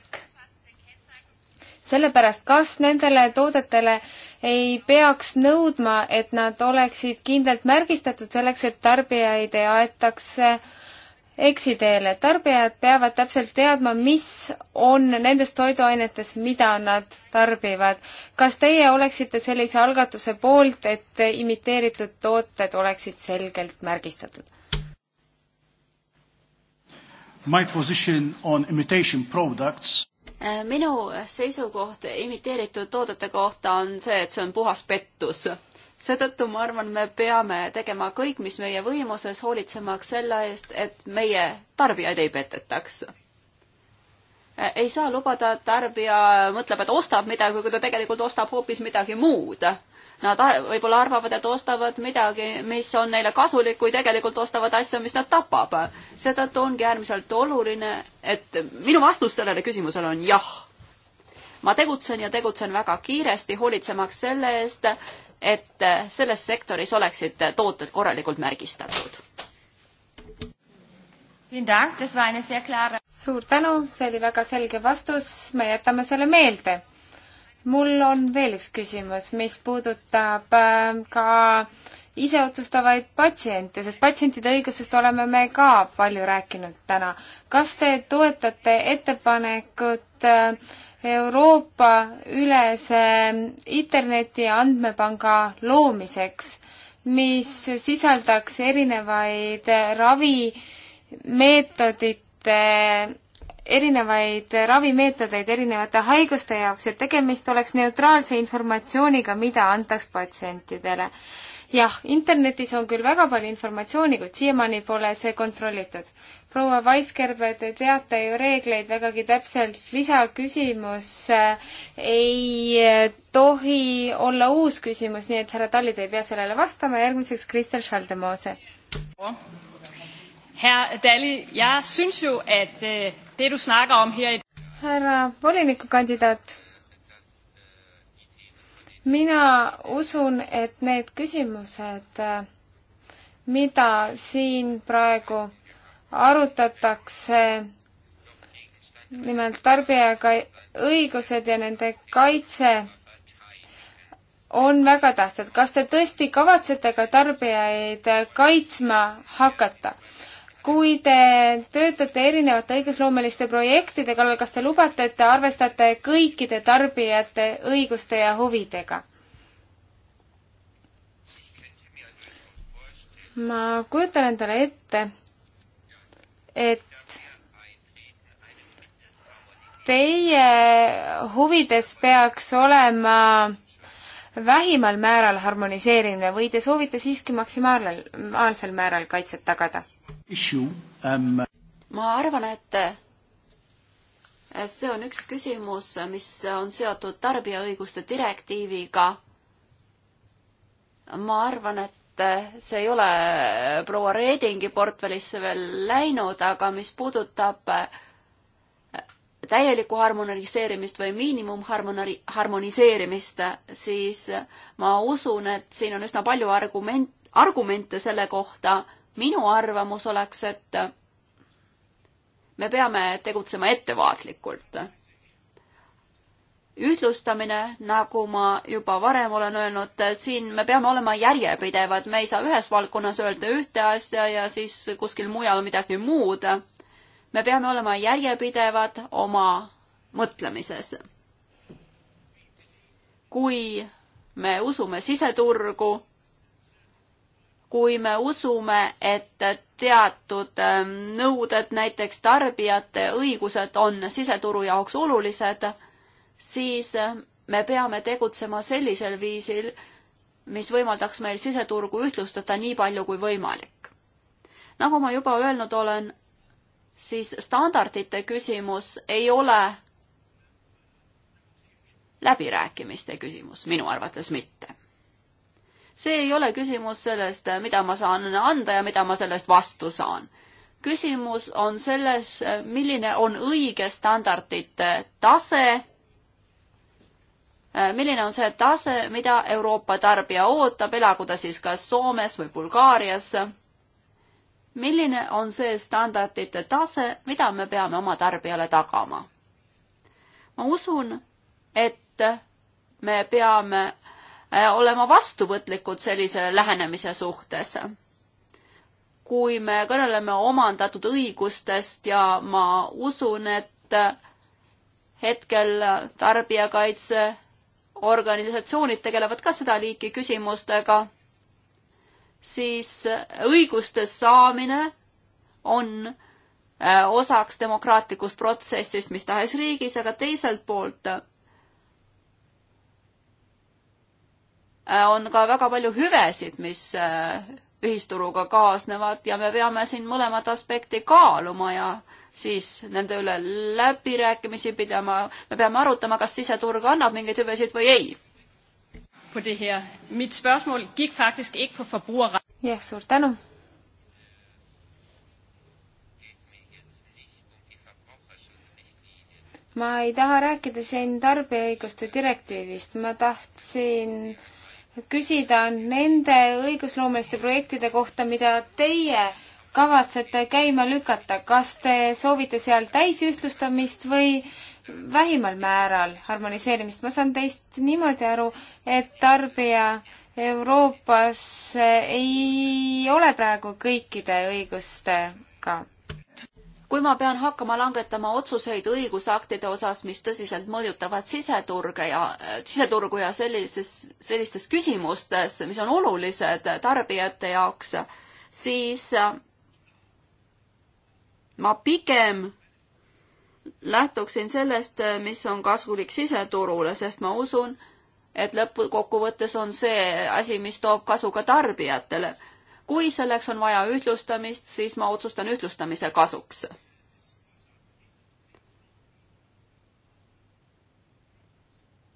sellepärast, kas nendele toodetele ei peaks nõudma, et nad oleksid kindlalt märgistatud selleks, et tarbijaid ei aetaks eksiteele. tarbijad peavad täpselt teadma, mis on nendes toiduainetes, mida nad tarbivad. kas teie oleksite sellise algatuse poolt, et imiteeritud tooted oleksid selgelt märgistatud? My position on imitation products
minu seisukoht imiteeritud toodete kohta on see, et see on puhas pettus. seetõttu ma arvan, me peame tegema kõik, mis meie võimuses, hoolitsemaks selle eest, et meie tarbijaid ei petetaks. ei saa lubada, et tarbija mõtleb, et ostab midagi, kui ta tegelikult ostab hoopis midagi muud Nad võib-olla arvavad, et ostavad midagi, mis on neile kasulik, kui tegelikult ostavad asja, mis nad tapab. seetõttu ongi äärmiselt oluline, et minu vastus sellele küsimusele on jah. ma tegutsen ja tegutsen väga kiiresti, hoolitsemaks selle eest, et selles sektoris oleksid tooted korralikult märgistatud.
suur tänu, see oli väga selge vastus, me jätame selle meelde mul on veel üks küsimus, mis puudutab äh, ka iseotsustavaid patsiente, sest patsientide õigusest oleme me ka palju rääkinud täna. kas te toetate ettepanekut äh, Euroopa ülese interneti andmepanga loomiseks, mis sisaldaks erinevaid ravimeetodite erinevaid ravimeetodeid erinevate haiguste jaoks, et tegemist oleks neutraalse informatsiooniga, mida antaks patsientidele. jah, internetis on küll väga palju informatsiooni, kuid siiamaani pole see kontrollitud. proua Vaiskerber, te teate ju reegleid vägagi täpselt, lisaküsimus äh, ei äh, tohi olla uus küsimus, nii et härra Talli, te ei pea sellele vastama, järgmiseks Kristel Schaldemose. Herr
Dali, jeg synes jo, at øh, det du snakker om her i
härra volinikukandidaat, mina usun, et need küsimused, äh, mida siin praegu arutatakse, nimelt tarbijaga õigused ja nende kaitse, on väga tähtsad. kas te tõesti kavatsete ka tarbijaid kaitsma hakata? kui te töötate erinevate õigusloomeliste projektide kallal, kas te lubate, et te arvestate kõikide tarbijate õiguste ja huvidega? ma kujutan endale ette, et teie huvides peaks olema vähimal määral harmoniseerimine või te soovite siiski maksimaalsel määral kaitset tagada? Um,
ma arvan, et see on üks küsimus, mis on seotud tarbijaõiguste direktiiviga. ma arvan, et see ei ole proua Reedingi portfellisse veel läinud, aga mis puudutab täielikku harmoniseerimist või miinimumharmoni-, harmoniseerimist, siis ma usun, et siin on üsna palju argument, argumente selle kohta minu arvamus oleks, et me peame tegutsema ettevaatlikult. ühtlustamine, nagu ma juba varem olen öelnud, siin me peame olema järjepidevad, me ei saa ühes valdkonnas öelda ühte asja ja siis kuskil mujal midagi muud. me peame olema järjepidevad oma mõtlemises. kui me usume siseturgu kui me usume, et teatud ähm, nõuded, näiteks tarbijate õigused on siseturu jaoks olulised, siis äh, me peame tegutsema sellisel viisil, mis võimaldaks meil siseturgu ühtlustada nii palju kui võimalik. nagu ma juba öelnud olen, siis standardite küsimus ei ole läbirääkimiste küsimus, minu arvates mitte see ei ole küsimus sellest, äh, mida ma saan anda ja mida ma sellest vastu saan. küsimus on selles, äh, milline on õige standardite tase, äh, milline on see tase, mida Euroopa tarbija ootab, elagu ta siis kas Soomes või Bulgaarias, milline on see standardite tase, mida me peame oma tarbijale tagama? ma usun, et me peame Äh, olema vastuvõtlikud sellise lähenemise suhtes. kui me kõneleme omandatud õigustest ja ma usun, et hetkel tarbijakaitseorganisatsioonid tegelevad ka seda liiki küsimustega, siis õiguste saamine on äh, osaks demokraatlikust protsessist mis tahes riigis, aga teiselt poolt Äh, on ka väga palju hüvesid, mis äh, ühisturuga kaasnevad ja me peame siin mõlemat aspekti kaaluma ja siis nende üle läbirääkimisi pidama. me peame arutama, kas siseturg annab mingeid hüvesid või ei. jah, suur tänu.
ma ei taha rääkida siin tarbijaõiguste direktiivist, ma tahtsin äh, küsida nende õigusloomeliste projektide kohta, mida teie kavatsete käima lükata, kas te soovite seal täisühtlustamist või vähimal määral harmoniseerimist, ma saan teist niimoodi aru, et tarbija Euroopas
ei ole praegu kõikide õigustega kui ma pean hakkama langetama otsuseid õigusaktide osas, mis tõsiselt mõjutavad siseturge ja, äh, siseturgu ja sellises, sellistes küsimustes, mis on olulised tarbijate jaoks, siis äh, ma pigem lähtuksin sellest, äh, mis on kasulik siseturule, sest ma usun, et lõppkokkuvõttes on see asi, mis toob kasu ka tarbijatele kui selleks on vaja ühtlustamist, siis ma otsustan ühtlustamise kasuks.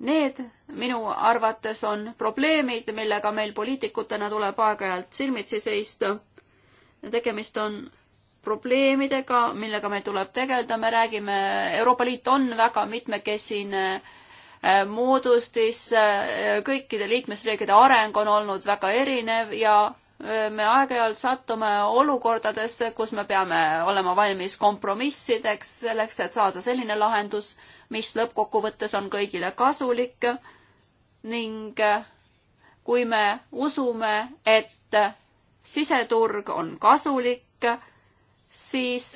Need minu arvates on probleemid, millega meil poliitikutena tuleb aeg-ajalt silmitsi seista. tegemist on probleemidega, millega meil tuleb tegeleda, me räägime, Euroopa Liit on väga mitmekesine eh, moodustis, eh, kõikide liikmesriikide areng on olnud väga erinev ja me aeg-ajalt sattume olukordadesse, kus me peame olema valmis kompromissideks, selleks et saada selline lahendus, mis lõppkokkuvõttes on kõigile kasulik. ning kui me usume, et siseturg on kasulik, siis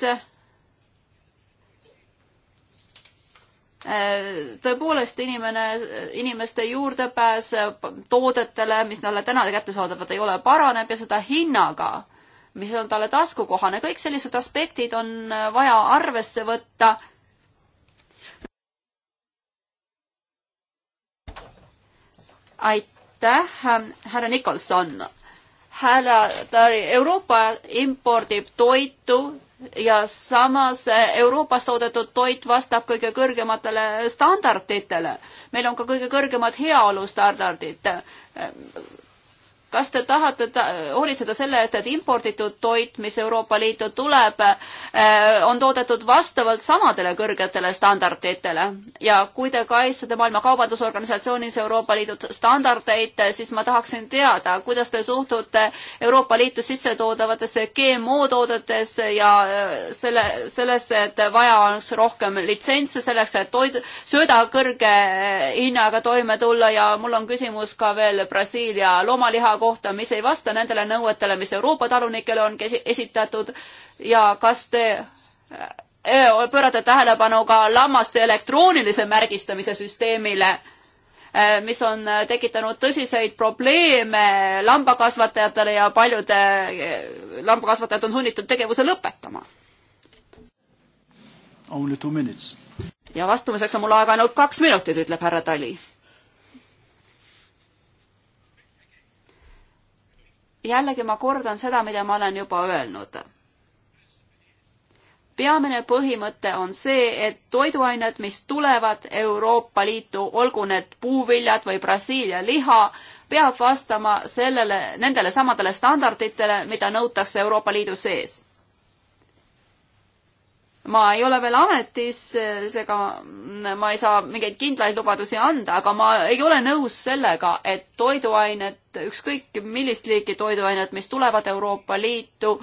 tõepoolest inimene, inimeste juurdepääs toodetele, mis talle täna kättesaadavad ei ole, paraneb ja seda hinnaga, mis on talle taskukohane, kõik sellised aspektid on vaja arvesse võtta. aitäh, härra Nikolson. härra, ta Euroopa impordib toitu ja samas eh, Euroopas toodetud toit vastab kõige kõrgematele standarditele. meil on ka kõige kõrgemad heaolustandardid. Eh, kas te tahate ta hoolitseda selle eest, et imporditud toit, mis Euroopa Liitu tuleb, eh, on toodetud vastavalt samadele kõrgetele standarditele ja kui te kaitsete Maailma Kaubandusorganisatsioonis Euroopa Liidu standardeid, siis ma tahaksin teada, kuidas te suhtute Euroopa Liitu sisse toodavatesse GMO toodetesse ja eh, selle, sellesse, et vaja oleks rohkem litsentse selleks, et toid, sööda kõrge hinnaga toime tulla ja mul on küsimus ka veel Brasiilia loomaliha kohta, mis ei vasta nendele nõuetele, mis Euroopa talunikele on esitatud ja kas te äh, pöörate tähelepanu ka lammaste elektroonilise märgistamise süsteemile, äh, mis on äh, tekitanud tõsiseid probleeme lambakasvatajatele ja paljude lambakasvatajad on sunnitud tegevuse lõpetama. ja vastumiseks on mul aega ainult kaks minutit, ütleb härra Tali jällegi ma kordan seda, mida ma olen juba öelnud. peamine põhimõte on see, et toiduained, mis tulevad Euroopa Liitu, olgu need puuviljad või Brasiilia liha, peab vastama sellele, nendele samadele standarditele, mida nõutakse Euroopa Liidu sees ma ei ole veel ametis, seega ma ei saa mingeid kindlaid lubadusi anda, aga ma ei ole nõus sellega, et toiduained, ükskõik millist liiki toiduained, mis tulevad Euroopa Liitu,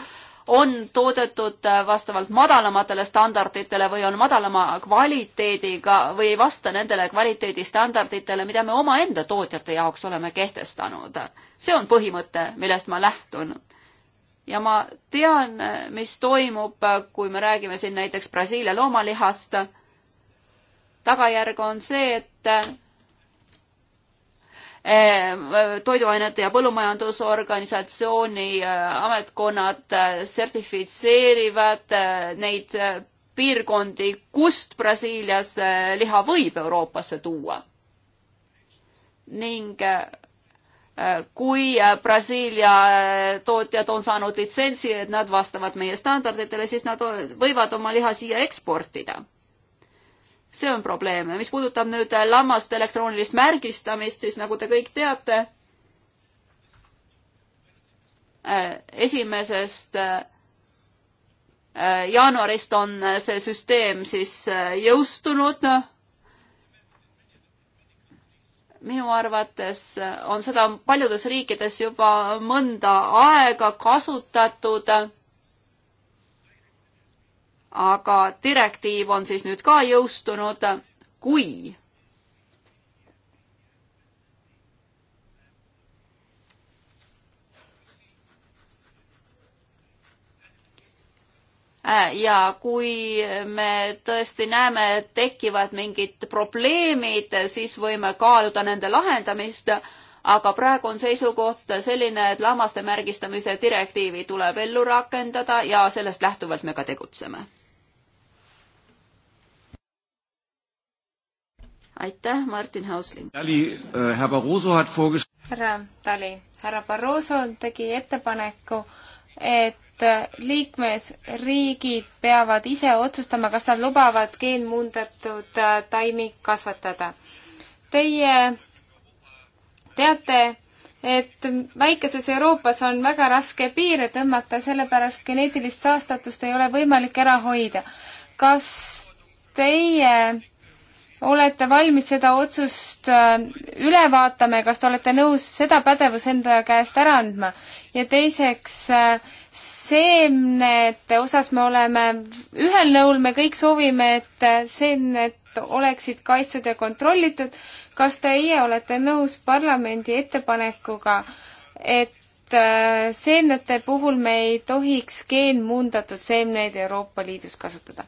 on toodetud vastavalt madalamatele standarditele või on madalama kvaliteediga või ei vasta nendele kvaliteedistandarditele, mida me omaenda tootjate jaoks oleme kehtestanud. see on põhimõte, millest ma lähtun ja ma tean, mis toimub, kui me räägime siin näiteks Brasiilia loomalihast. tagajärg on see, et eh, toiduainete ja põllumajandusorganisatsiooni eh, ametkonnad eh, sertifitseerivad neid piirkondi, kust Brasiilias liha võib Euroopasse tuua. ning Äh, kui äh, Brasiilia äh, tootjad on saanud litsentsi, et nad vastavad meie standarditele, siis nad võivad oma liha siia eksportida. see on probleem. mis puudutab nüüd lammast elektroonilist märgistamist, siis nagu te kõik teate, esimesest jaanuarist on see süsteem siis jõustunud minu arvates on seda paljudes riikides juba mõnda aega kasutatud. aga direktiiv on siis nüüd ka jõustunud, kui Äh, ja kui me tõesti näeme, et tekivad mingid probleemid, siis võime kaaluda nende lahendamist, aga praegu on seisukoht selline, et lammaste märgistamise direktiivi tuleb ellu rakendada ja sellest lähtuvalt me ka tegutseme. aitäh, Martin Hausling. Äh, härra Tali, härra
Barroso tegi ettepaneku, et liikmesriigid peavad ise otsustama, kas nad lubavad geenmuundatud äh, taimi kasvatada. Teie teate, et väikeses Euroopas on väga raske piire tõmmata, sellepärast geneetilist saastatust ei ole võimalik ära hoida. kas teie olete valmis seda otsust äh, üle vaatama ja kas te olete nõus seda pädevus enda käest ära andma? ja teiseks, äh, seemnete osas me oleme ühel nõul, me kõik soovime, et seemned oleksid kaitstud ja kontrollitud. kas teie olete nõus parlamendi ettepanekuga, et äh, seemnete puhul me ei tohiks geenmuundatud seemneid Euroopa
Liidus kasutada?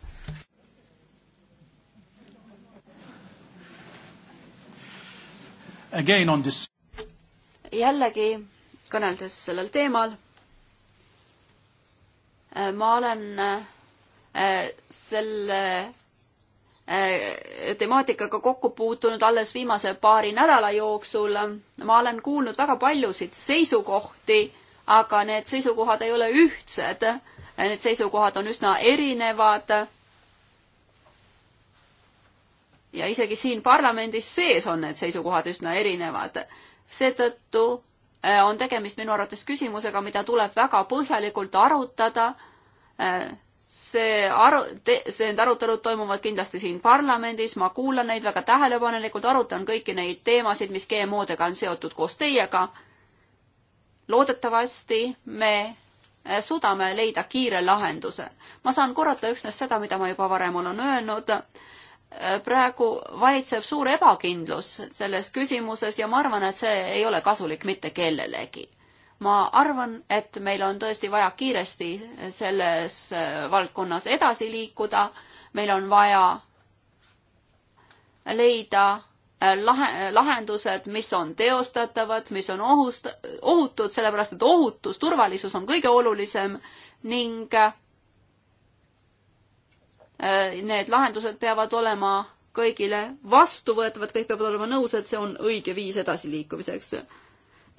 jällegi kõneldes sellel teemal Äh, ma olen äh, selle äh, temaatikaga kokku puutunud alles viimase paari nädala jooksul. ma olen kuulnud väga paljusid seisukohti, aga need seisukohad ei ole ühtsed. Need seisukohad on üsna erinevad. ja isegi siin parlamendis sees on need seisukohad üsna erinevad. seetõttu Äh, on tegemist minu arvates küsimusega, mida tuleb väga põhjalikult arutada. Äh, see aru-, see, need arutelud toimuvad kindlasti siin parlamendis, ma kuulan neid väga tähelepanelikult, arutan kõiki neid teemasid, mis GMO-dega on seotud koos teiega. loodetavasti me äh, suudame leida kiire lahenduse. ma saan korrata üksnes seda, mida ma juba varem olen öelnud praegu valitseb suur ebakindlus selles küsimuses ja ma arvan, et see ei ole kasulik mitte kellelegi. ma arvan, et meil on tõesti vaja kiiresti selles äh, valdkonnas edasi liikuda, meil on vaja leida äh, lahe, lahendused, mis on teostatavad, mis on ohust-, ohutud, sellepärast et ohutus, turvalisus on kõige olulisem ning äh, Äh, need lahendused peavad olema kõigile vastuvõetavad, kõik peavad olema nõus, et see on õige viis edasiliikumiseks.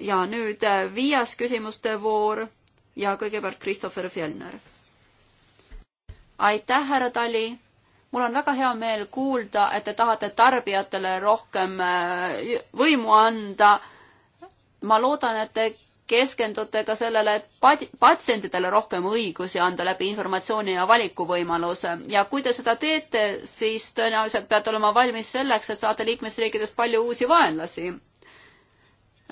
ja nüüd äh, viies küsimuste voor ja kõigepealt Christopher Fjellner. aitäh, härra Tali! mul on väga hea meel kuulda, et te tahate tarbijatele rohkem äh, võimu anda. ma loodan, et te keskendute ka sellele, et pat-, patsientidele rohkem õigusi anda läbi informatsiooni ja valikuvõimaluse ja kui te seda teete, siis tõenäoliselt peate olema valmis selleks, et saate liikmesriikidest palju uusi vaenlasi.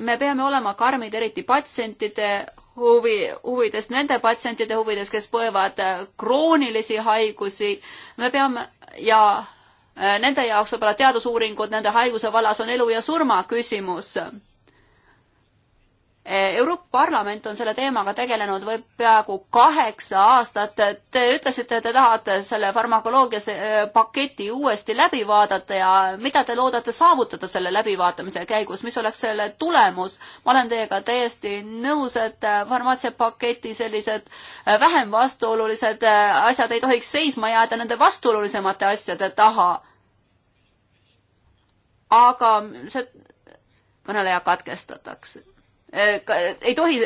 me peame olema karmid eriti patsientide huvi, huvides, nende patsientide huvides, kes põevad kroonilisi haigusi, me peame ja äh, nende jaoks võib-olla teadusuuringud nende haiguse vallas on elu ja surma küsimus Eh, Euroopa Parlament on selle teemaga tegelenud või peaaegu kaheksa aastat. Te ütlesite, te tahate selle farmakoloogias eh, paketi uuesti läbi vaadata ja mida te loodate saavutada selle läbivaatamise käigus, mis oleks selle tulemus? ma olen teiega täiesti nõus, et eh, farmaatsiapaketi sellised vähem vastuolulised asjad ei tohiks seisma jääda nende vastuolulisemate asjade taha. aga see kõneleja katkestatakse Äh, ei tohi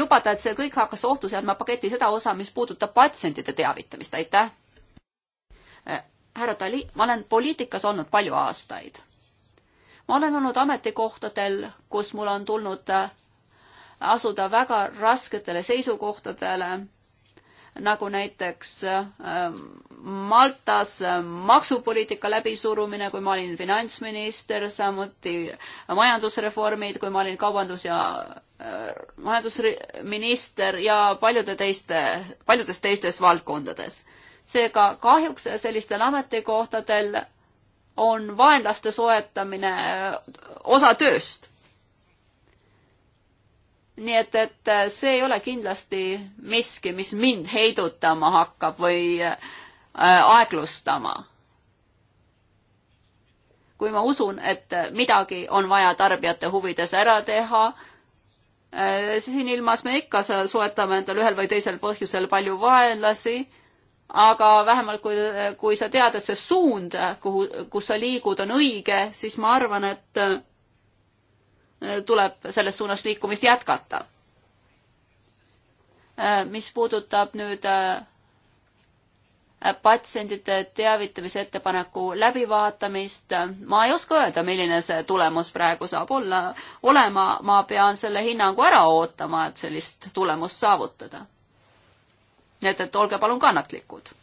lubada, et see kõik hakkas ohtu seadma paketi seda osa, mis puudutab patsientide teavitamist, aitäh. Äh, härra Tali, ma olen poliitikas olnud palju aastaid. ma olen olnud ametikohtadel, kus mul on tulnud äh, asuda väga rasketele seisukohtadele nagu näiteks ähm, Maltas äh, maksupoliitika läbisurumine, kui ma olin finantsminister, samuti majandusreformid, kui ma olin kaubandus- ja äh, majandusminister ja paljude teiste, paljudes teistes valdkondades. seega kahjuks sellistel ametikohtadel on vaenlaste soetamine äh, osa tööst nii et, et äh, see ei ole kindlasti miski, mis mind heidutama hakkab või äh, aeglustama. kui ma usun, et äh, midagi on vaja tarbijate huvides ära teha, siin ilmas me ikka soetame endale ühel või teisel põhjusel palju vaenlasi, aga vähemalt kui, kui sa tead, et see suund, kuhu, kus sa liigud, on õige, siis ma arvan, et tuleb selles suunas liikumist jätkata. mis puudutab nüüd äh, patsientide teavitamise ettepaneku läbivaatamist. ma ei oska öelda, milline see tulemus praegu saab olla, olema, ma pean selle hinnangu ära ootama, et sellist tulemust saavutada. nii et, et olge palun kannatlikud.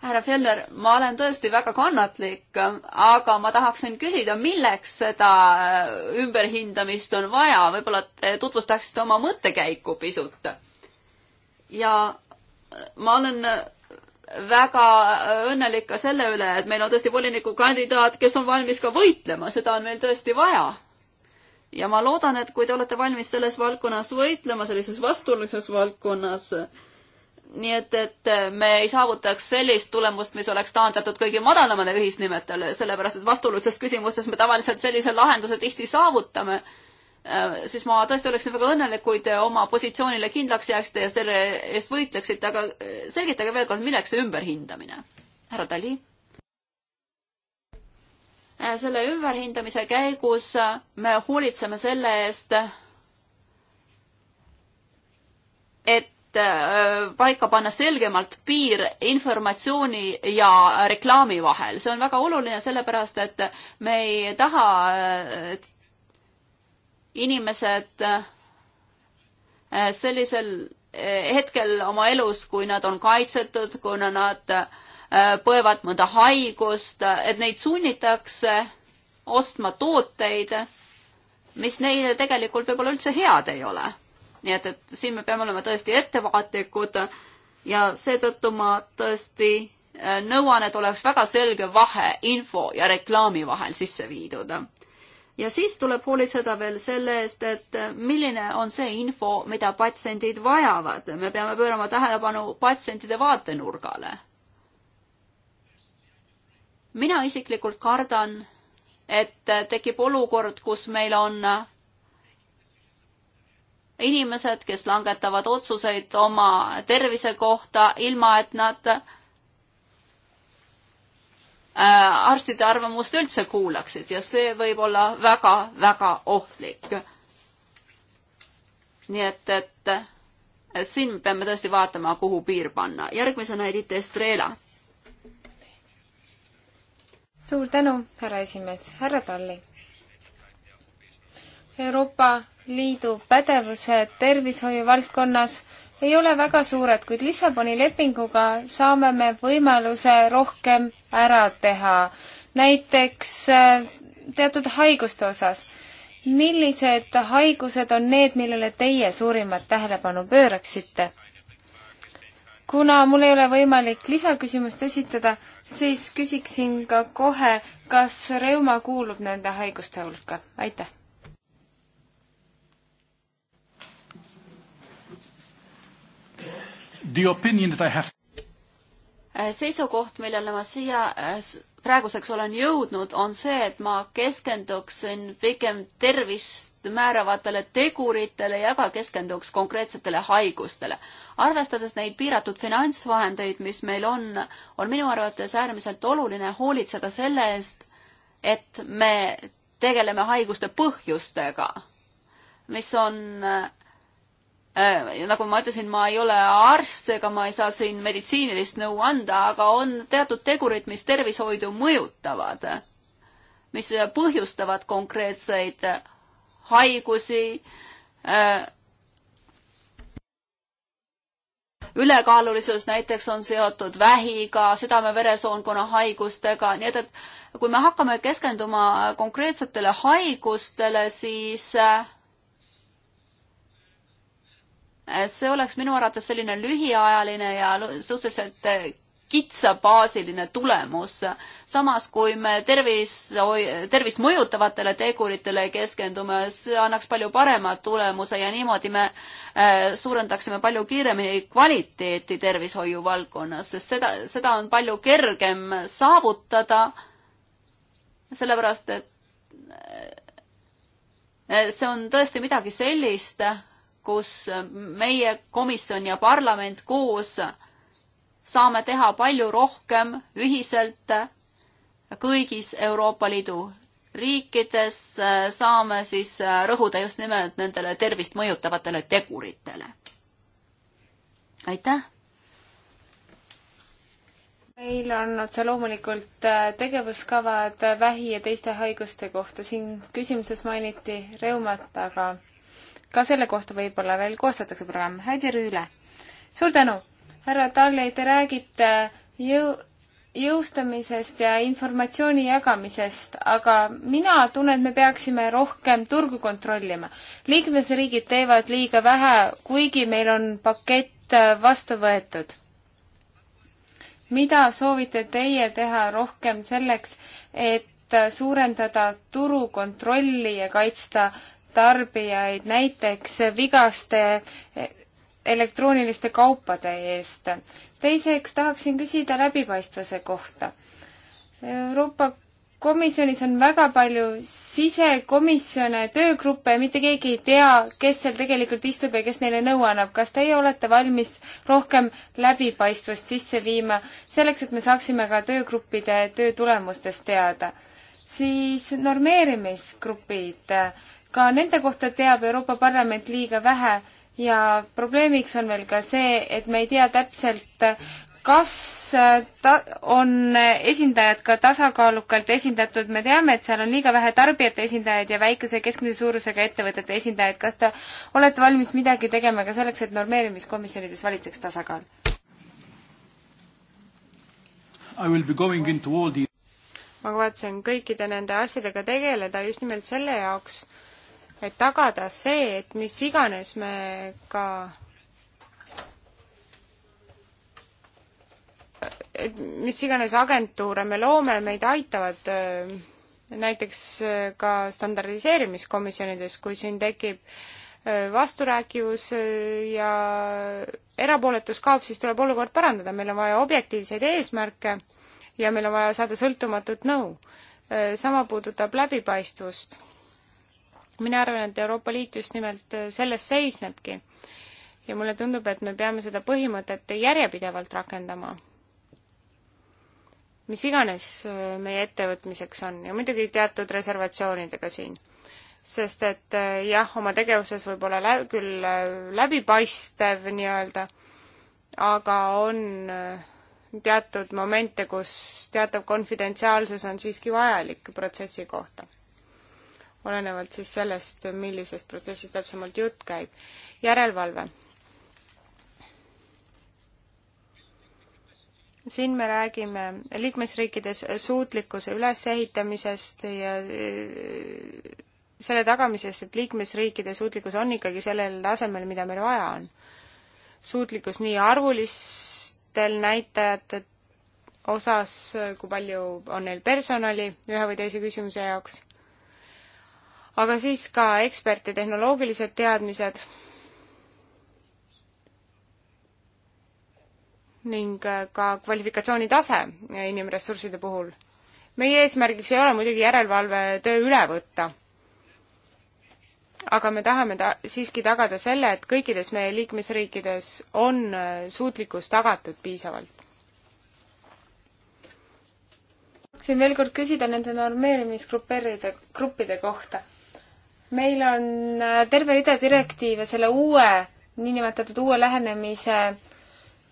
härra Fjellner, ma olen tõesti väga kannatlik, aga ma tahaksin küsida, milleks seda äh, ümberhindamist on vaja, võib-olla te tutvustaksite oma mõttekäiku pisut. ja äh, ma olen äh, väga õnnelik ka selle üle, et meil on tõesti volinikukandidaat, kes on valmis ka võitlema, seda on meil tõesti vaja. ja ma loodan, et kui te olete valmis selles valdkonnas võitlema, sellises vastuolulises valdkonnas, nii et, et me ei saavutaks sellist tulemust, mis oleks taandatud kõige madalamale ühisnimetajale, sellepärast et vastuolulistes küsimustes me tavaliselt sellise lahenduse tihti saavutame äh, siis ma tõesti oleksin väga õnnelik, kui te oma positsioonile kindlaks jääksite ja selle eest võitleksite, aga äh, selgitage veel kord, milleks see ümberhindamine? härra Tali? Äh, selle ümberhindamise käigus me hoolitseme selle eest, et Äh, paika panna selgemalt piir informatsiooni ja reklaami vahel. see on väga oluline, sellepärast et me ei taha, et inimesed äh, sellisel äh, hetkel oma elus, kui nad on kaitsetud, kuna nad põevad mõnda haigust, et neid sunnitakse ostma tooteid, mis neile tegelikult võib-olla üldse head ei ole nii et, et siin me peame olema tõesti ettevaatlikud ja seetõttu ma tõesti äh, nõuan, et oleks väga selge vahe info ja reklaami vahel sisse viidud. ja siis tuleb hoolitseda veel selle eest, et äh, milline on see info, mida patsiendid vajavad. me peame pöörama tähelepanu patsientide vaatenurgale. mina isiklikult kardan, et äh, tekib olukord, kus meil on inimesed, kes langetavad otsuseid oma tervise kohta, ilma et nad äh, arstide arvamust üldse kuulaksid ja see võib olla väga-väga ohtlik. nii et, et, et siin me peame tõesti vaatama, kuhu piir panna. järgmisena Edith Estrela.
suur tänu, härra esimees, härra Talli. Euroopa Liidu pädevused tervishoiu valdkonnas ei ole väga suured, kuid Lissaboni lepinguga saame me võimaluse rohkem ära teha, näiteks äh, teatud haiguste osas. millised haigused on need, millele teie suurimat tähelepanu pööraksite? kuna mul ei ole võimalik lisaküsimust esitada, siis küsiksin ka kohe, kas reuma kuulub
nende haiguste hulka? aitäh!
The opinion that I have äh, seisukoht, millele ma siia äh, praeguseks olen jõudnud, on see, et ma keskenduksin pigem tervist määravatele teguritele ja ka keskenduks konkreetsetele haigustele. arvestades neid piiratud finantsvahendeid, mis meil on, on minu arvates äärmiselt oluline hoolitseda selle eest, et me tegeleme haiguste põhjustega, mis on äh, Äh, nagu ma ütlesin, ma ei ole arst, ega ma ei saa siin meditsiinilist nõu anda, aga on teatud tegurid, mis tervishoidu mõjutavad, mis põhjustavad konkreetseid haigusi, äh, ülekaalulisus näiteks on seotud vähiga, südame-veresoonkonna haigustega, nii et, et kui me hakkame keskenduma konkreetsetele haigustele, siis äh, see oleks minu arvates selline lühiajaline ja suhteliselt äh, kitsabaasiline tulemus. samas, kui me tervis, tervist mõjutavatele teguritele keskendume, see annaks palju parema tulemuse ja niimoodi me äh, suurendaksime palju kiiremini kvaliteeti tervishoiu valdkonnas, sest seda, seda on palju kergem saavutada, sellepärast et äh, see on tõesti midagi sellist, kus meie komisjon ja parlament koos saame teha palju rohkem ühiselt kõigis Euroopa Liidu riikides, saame siis rõhuda just nimelt nendele tervist mõjutavatele teguritele. aitäh!
meil on otse loomulikult äh, tegevuskavad äh, vähi ja teiste haiguste kohta. siin küsimuses mainiti reumat, aga ka selle kohta võib-olla veel koostatakse programm. Heidi Rüüle, suur tänu! härra Talli, te räägite jõu-, jõustamisest ja informatsiooni jagamisest, aga mina tunnen, et me peaksime rohkem turgu kontrollima. liikmesriigid teevad liiga vähe, kuigi meil on pakett vastu võetud. mida soovite teie teha rohkem selleks, et suurendada turukontrolli ja kaitsta tarbijaid näiteks vigaste e, elektrooniliste kaupade eest. teiseks tahaksin küsida läbipaistvuse kohta. Euroopa Komisjonis on väga palju sisekomisjone, töögruppe ja mitte keegi ei tea, kes seal tegelikult istub ja kes neile nõu annab. kas teie olete valmis rohkem läbipaistvust sisse viima, selleks et me saaksime ka töögruppide töö tulemustest teada? siis normeerimisgrupid ka nende kohta teab Euroopa Parlament liiga vähe ja probleemiks on veel ka see, et me ei tea täpselt, kas äh, ta-, on esindajad ka tasakaalukalt esindatud, me teame, et seal on liiga vähe tarbijate esindajaid ja väikese keskmise suurusega ettevõtete esindajaid, kas te olete valmis
midagi tegema ka selleks, et normeerimiskomisjonides valitseks tasakaal?
The...
ma kavatsen kõikide nende asjadega tegeleda just nimelt selle jaoks, et tagada see, et mis iganes me ka et mis iganes agentuure me loome, meid aitavad äh, näiteks äh, ka standardiseerimiskomisjonides, kui siin tekib äh, vasturääkivus ja erapooletus kaob, siis tuleb olukord parandada, meil on vaja objektiivseid eesmärke ja meil on vaja saada sõltumatut nõu. sama puudutab läbipaistvust mina arvan, et Euroopa Liit just nimelt äh, selles seisnebki. ja mulle tundub, et me peame seda põhimõtet järjepidevalt rakendama. mis iganes äh, meie ettevõtmiseks on ja muidugi teatud reservatsioonidega siin. sest et äh, jah, oma tegevuses võib olla lä-, küll läbipaistev nii-öelda, aga on teatud momente, kus teatav konfidentsiaalsus on siiski vajalik protsessi kohta olenevalt siis sellest, millisest protsessist täpsemalt jutt käib. järelevalve. siin me räägime liikmesriikides suutlikkuse ülesehitamisest ja äh, selle tagamisest, et liikmesriikide suutlikkus on ikkagi sellel tasemel, mida meil vaja on. suutlikkus nii arvulistel näitajate osas, kui palju on neil personali ühe või teise küsimuse jaoks aga siis ka eksperti tehnoloogilised teadmised ning äh, ka kvalifikatsioonitase äh, inimressursside puhul. meie eesmärgiks ei ole muidugi järelevalvetöö üle võtta. aga me tahame ta-, siiski tagada selle, et kõikides meie liikmesriikides on äh, suutlikkus tagatud piisavalt. tahaksin veel kord küsida nende normeerimisgrupeeride,
gruppide kohta meil on äh, terve rida direktiive selle uue, niinimetatud uue lähenemise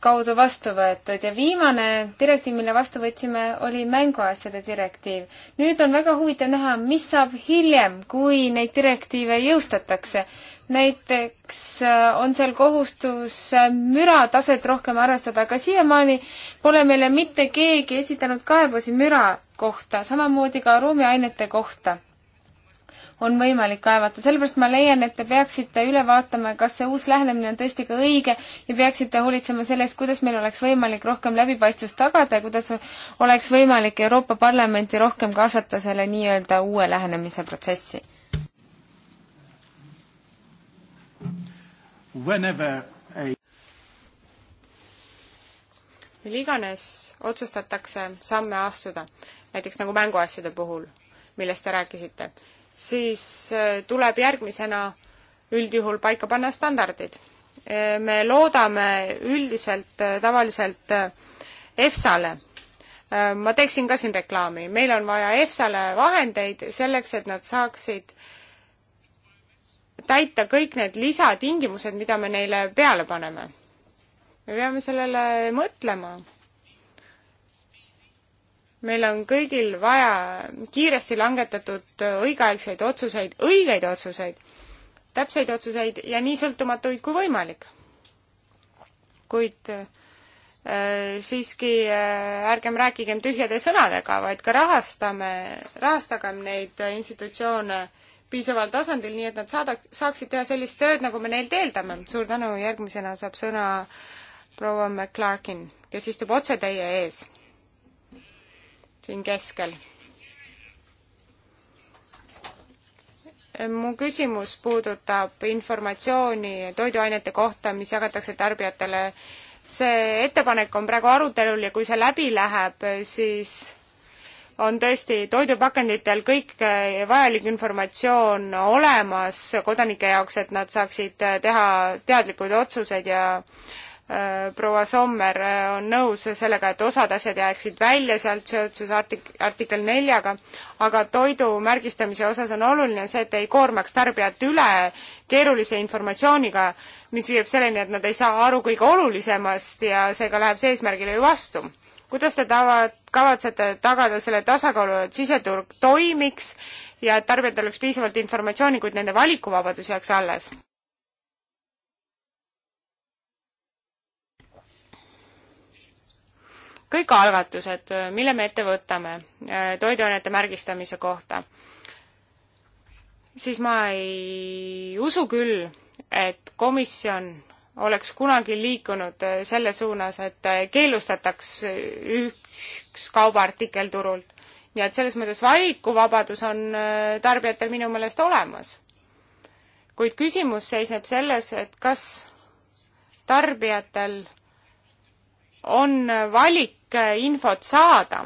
kaudu vastu võetud ja viimane direktiiv, mille vastu võtsime, oli mänguasjade direktiiv. nüüd on väga huvitav näha, mis saab hiljem, kui neid direktiive jõustatakse. näiteks äh, on seal kohustus äh, mürataset rohkem arvestada, aga siiamaani pole meile mitte keegi esitanud kaebusi müra kohta, samamoodi ka ruumiainete kohta on võimalik kaevata. sellepärast ma leian, et te peaksite üle vaatama, kas see uus lähenemine on tõesti ka õige ja peaksite hoolitsema selle eest, kuidas meil oleks võimalik rohkem läbipaistvust tagada ja kuidas oleks võimalik Euroopa Parlamenti rohkem kaasata selle nii-öelda uue
lähenemise protsessi.
Whenever a
mil iganes otsustatakse samme astuda, näiteks nagu mänguasjade puhul, millest te rääkisite, siis äh, tuleb järgmisena üldjuhul paika panna standardid. Äh, me loodame üldiselt äh, tavaliselt EFSA-le. ma teeksin ka siin reklaami, meil on vaja EFSA-le vahendeid selleks, et nad saaksid täita kõik need lisatingimused, mida me neile peale paneme. me peame sellele mõtlema meil on kõigil vaja kiiresti langetatud õigeaegseid otsuseid, õigeid otsuseid, täpseid otsuseid ja nii sõltumatuid kui võimalik. kuid äh, siiski äh, ärgem rääkigem tühjade sõnadega, vaid ka rahastame, rahastagem neid institutsioone piisaval tasandil, nii et nad saada, saaksid teha sellist tööd, nagu me neilt eeldame. suur tänu, järgmisena saab sõna proua McClarkin, kes istub otse teie ees siin keskel. mu küsimus puudutab informatsiooni toiduainete kohta, mis jagatakse tarbijatele. see ettepanek on praegu arutelul ja kui see läbi läheb, siis on tõesti toidupakenditel kõik vajalik informatsioon olemas kodanike jaoks, et nad saaksid teha teadlikud otsuseid ja äh, Äh, proua Sommer äh, on nõus sellega, et osad asjad jääksid välja sealt seoses artik-, artikkel neljaga, aga toidu märgistamise osas on oluline see, et ei koormaks tarbijat üle keerulise informatsiooniga, mis viib selleni, et nad ei saa aru kõige olulisemast ja seega läheb see eesmärgile ju vastu kuidas te tavad, kavatsete tagada selle tasakaalu, et siseturg toimiks ja et tarbijatel oleks piisavalt informatsiooni, kuid nende valikuvabadus jääks alles? kõik algatused, mille me ette võtame äh, toiduainete märgistamise kohta, siis ma ei usu küll, et komisjon oleks kunagi liikunud äh, selle suunas, et äh, keelustataks üks kaubaartikkel turult. nii et selles mõttes valikuvabadus on tarbijatel minu meelest olemas. kuid küsimus seisneb selles, et kas tarbijatel on valik infot saada,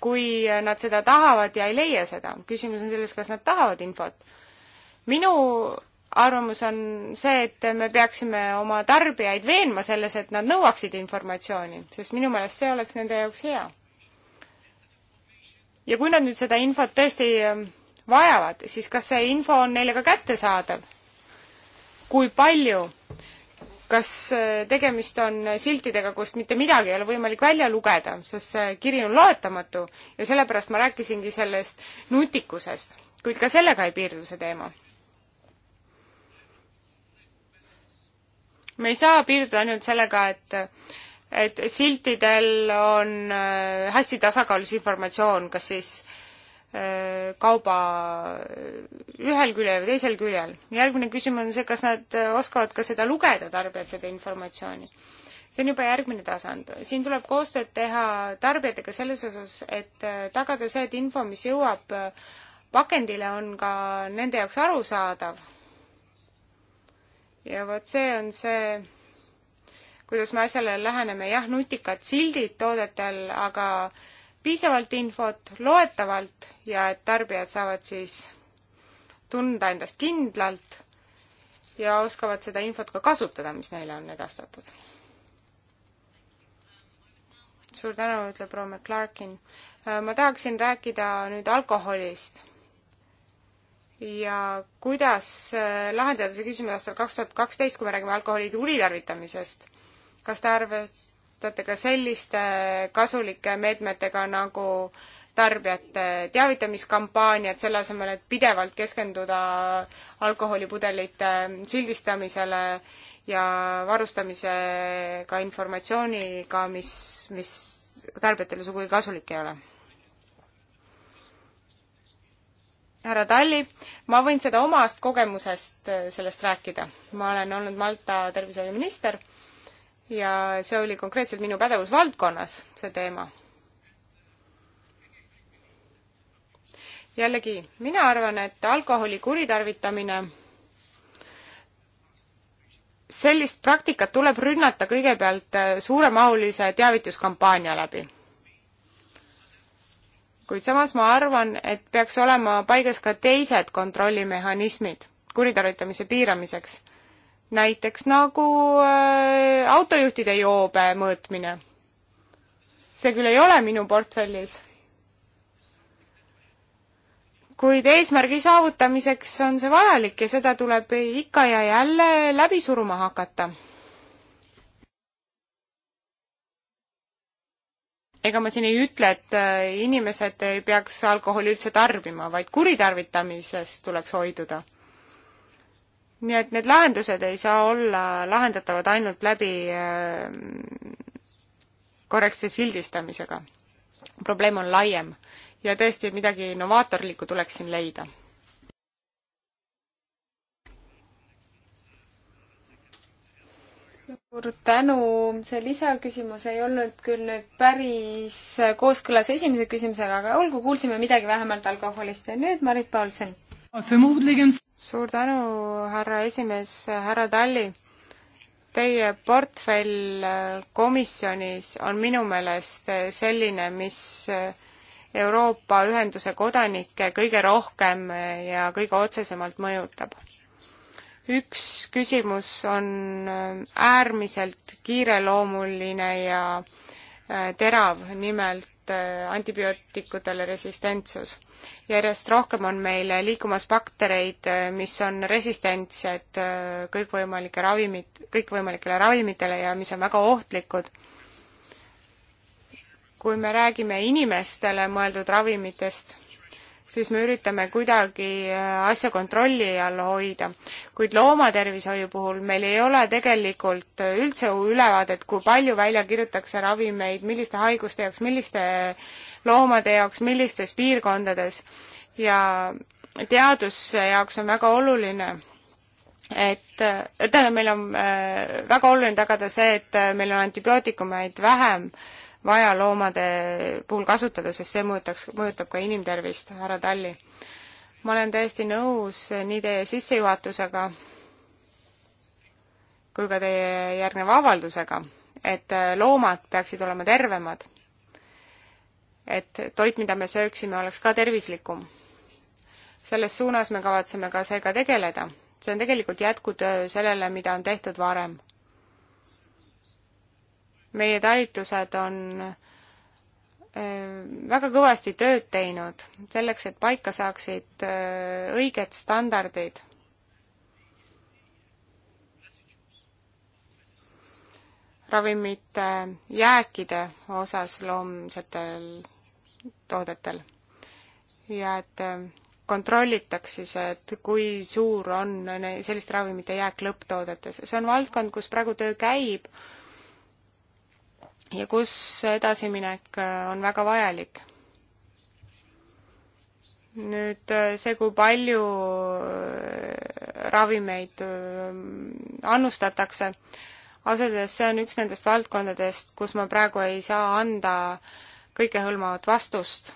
kui nad seda tahavad ja ei leia seda. küsimus on selles, kas nad tahavad infot. minu arvamus on see, et me peaksime oma tarbijaid veenma selles, et nad nõuaksid informatsiooni, sest minu meelest see oleks nende jaoks hea. ja kui nad nüüd seda infot tõesti ähm, vajavad, siis kas see info on neile ka kättesaadav? kui palju kas äh, tegemist on siltidega, kust mitte midagi ei ole võimalik välja lugeda, sest see kiri on loetamatu ja sellepärast ma rääkisingi sellest nutikusest, kuid ka sellega ei piirdu see teema. me ei saa piirduda ainult sellega, et et siltidel on äh, hästi tasakaalus informatsioon, kas siis äh, kauba ühel küljel või teisel küljel. järgmine küsimus on see, kas nad oskavad ka seda lugeda, tarbijad, seda informatsiooni. see on juba järgmine tasand. siin tuleb koostööd teha tarbijatega selles osas, et äh, tagada see, et info, mis jõuab äh, pakendile, on ka nende jaoks arusaadav. ja vot see on see, kuidas me asjale läheneme, jah, nutikad sildid toodetel, aga äh, piisavalt infot loetavalt ja et tarbijad saavad siis tunda endast kindlalt ja oskavad seda infot ka kasutada, mis neile on edastatud. suur tänu, ütleb proua McClarkin. Äh, ma tahaksin rääkida nüüd alkoholist ja kuidas äh, lahendada see küsimus aastal kaks tuhat kaksteist, kui me räägime alkoholi tulitarvitamisest. kas te arvate, arvestate ka selliste kasulike meetmetega nagu tarbijate teavitamiskampaaniad, selle asemel, et pidevalt keskenduda alkoholipudelite sildistamisele ja varustamisega informatsiooniga, mis, mis tarbijatele sugugi kasulik ei ole. härra Talli, ma võin seda omast kogemusest sellest rääkida. ma olen olnud Malta tervishoiuminister ja see oli konkreetselt minu pädevusvaldkonnas, see teema. jällegi, mina arvan, et alkoholi kuritarvitamine sellist praktikat tuleb rünnata kõigepealt äh, suuremahulise teavituskampaania läbi. kuid samas ma arvan, et peaks olema paigas ka teised kontrollimehhanismid kuritarvitamise piiramiseks näiteks nagu äh, autojuhtide joobe mõõtmine. see küll ei ole minu portfellis, kuid eesmärgi saavutamiseks on see vajalik ja seda tuleb ikka ja jälle läbi suruma hakata. ega ma siin ei ütle, et äh, inimesed ei peaks alkoholi üldse tarbima, vaid kuritarvitamisest tuleks hoiduda nii et need lahendused ei saa olla lahendatavad ainult läbi äh, korrektse sildistamisega. probleem on laiem ja tõesti midagi novaatorlikku tuleks siin leida.
suur tänu, see lisaküsimus ei olnud küll nüüd päris kooskõlas esimese küsimusega, aga olgu, kuulsime midagi vähemalt alkoholist ja nüüd Marit
Paulsen suur tänu, härra esimees, härra Talli. Teie portfell äh, komisjonis on minu meelest äh, selline, mis äh, Euroopa Ühenduse kodanikke kõige rohkem ja kõige otsesemalt mõjutab. üks küsimus on äärmiselt kiireloomuline ja terav, nimelt Äh, antibiootikutele resistentsus. järjest rohkem on meil liikumas baktereid, äh, mis on resistentsed äh, kõikvõimalike ravimit, kõikvõimalikele ravimitele ja mis on väga ohtlikud. kui me räägime inimestele mõeldud ravimitest siis me üritame kuidagi äh, asja kontrolli all hoida. kuid loomatervishoiu puhul meil ei ole tegelikult äh, üldse ülevaadet, kui palju välja kirjutatakse ravimeid, milliste haiguste jaoks, milliste loomade jaoks, millistes piirkondades ja teaduse jaoks on väga oluline et äh, tähendab, meil on äh, väga oluline tagada see, et meil on antibiootikumeid vähem äh, vaja loomade puhul kasutada, sest see mõjutaks, mõjutab ka inimtervist, härra Talli. ma olen täiesti nõus nii teie sissejuhatusega kui ka teie järgneva avaldusega, et loomad peaksid olema tervemad. et toit, mida me sööksime, oleks ka tervislikum. selles suunas me kavatseme ka seega tegeleda. see on tegelikult jätkutöö sellele, mida on tehtud varem meie talitused on väga kõvasti tööd teinud selleks, et paika saaksid õiged standardid. ravimite jääkide osas loomsetel toodetel ja et kontrollitaks siis, et kui suur on selliste ravimite jääk lõpptoodetes. see on valdkond, kus praegu töö käib ja kus edasiminek äh, on väga vajalik. nüüd äh, see, kui palju äh, ravimeid annustatakse, ausalt öeldes see on üks nendest valdkondadest, kus ma praegu ei saa anda kõikehõlmavat vastust.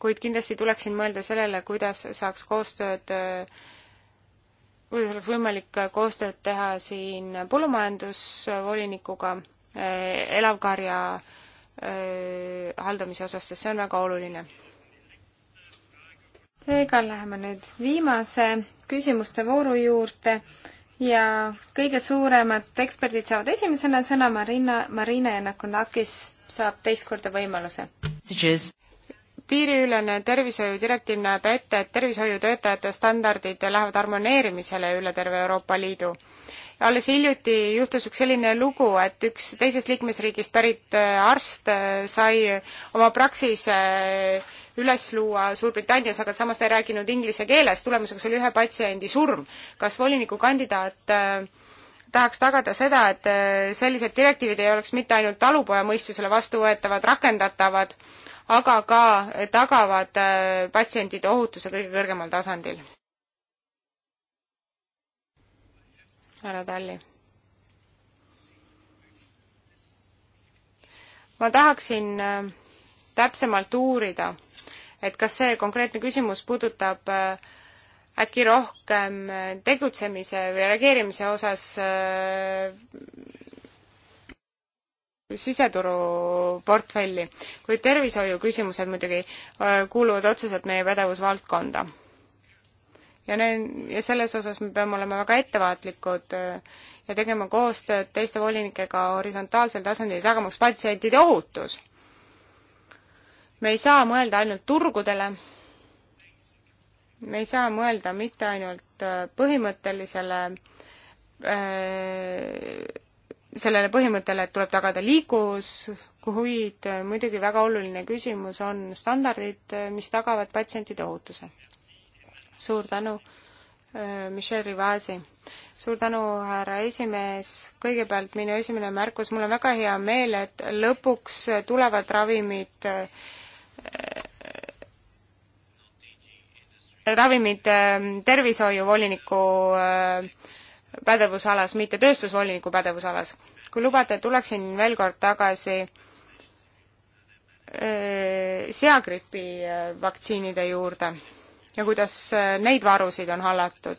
kuid kindlasti tuleksin mõelda sellele, kuidas saaks koostööd kuidas oleks võimalik koostööd teha siin põllumajandusvolinikuga Äh, elavkarja äh, haldamise osas, sest see on väga oluline.
seega läheme nüüd viimase küsimuste vooru juurde ja kõige suuremad eksperdid saavad esimesena sõna, Marina, Marina Janakunakis
saab teist korda võimaluse. piiriülene tervishoiudirektiiv näeb ette, et tervishoiutöötajate standardid lähevad harmoneerimisele üle terve Euroopa Liidu alles hiljuti juhtus üks selline lugu, et üks teisest liikmesriigist pärit äh, arst äh, sai äh, oma praksise üles luua Suurbritannias, aga samas ta ei rääkinud inglise keeles, tulemuseks oli ühe patsiendi surm. kas volinikukandidaat tahaks tagada seda, et sellised direktiivid ei oleks mitte ainult talupoja mõistusele vastuvõetavad, rakendatavad, aga ka tagavad patsientide ohutuse kõige kõrgemal tasandil? härra Talli. ma tahaksin äh, täpsemalt uurida, et kas see konkreetne küsimus puudutab äh, äkki rohkem äh, tegutsemise või reageerimise osas siseturuportfelli, kuid tervishoiu küsimused muidugi kuuluvad otseselt meie pädevusvaldkonda ja ne-, ja selles osas me peame olema väga ettevaatlikud äh, ja tegema koostööd teiste volinikega horisontaalsel tasandil, tagamaks patsientide ohutus. me ei saa mõelda ainult turgudele, me ei saa mõelda mitte ainult äh, põhimõttelisele äh, sellele põhimõttele, et tuleb tagada liiklus, kuid muidugi väga oluline küsimus on standardid, mis tagavad patsientide ohutuse suur tänu, äh, Michelle Rivasi. suur tänu, härra esimees, kõigepealt minu esimene märkus, mul on väga hea meel, et lõpuks tulevad ravimid äh, äh, ravimid tervishoiuvoliniku pädevusalas, mitte tööstusvoliniku pädevusalas. kui lubate, tuleksin veel kord tagasi seagripi vaktsiinide juurde ja kuidas äh, neid varusid on hallatud.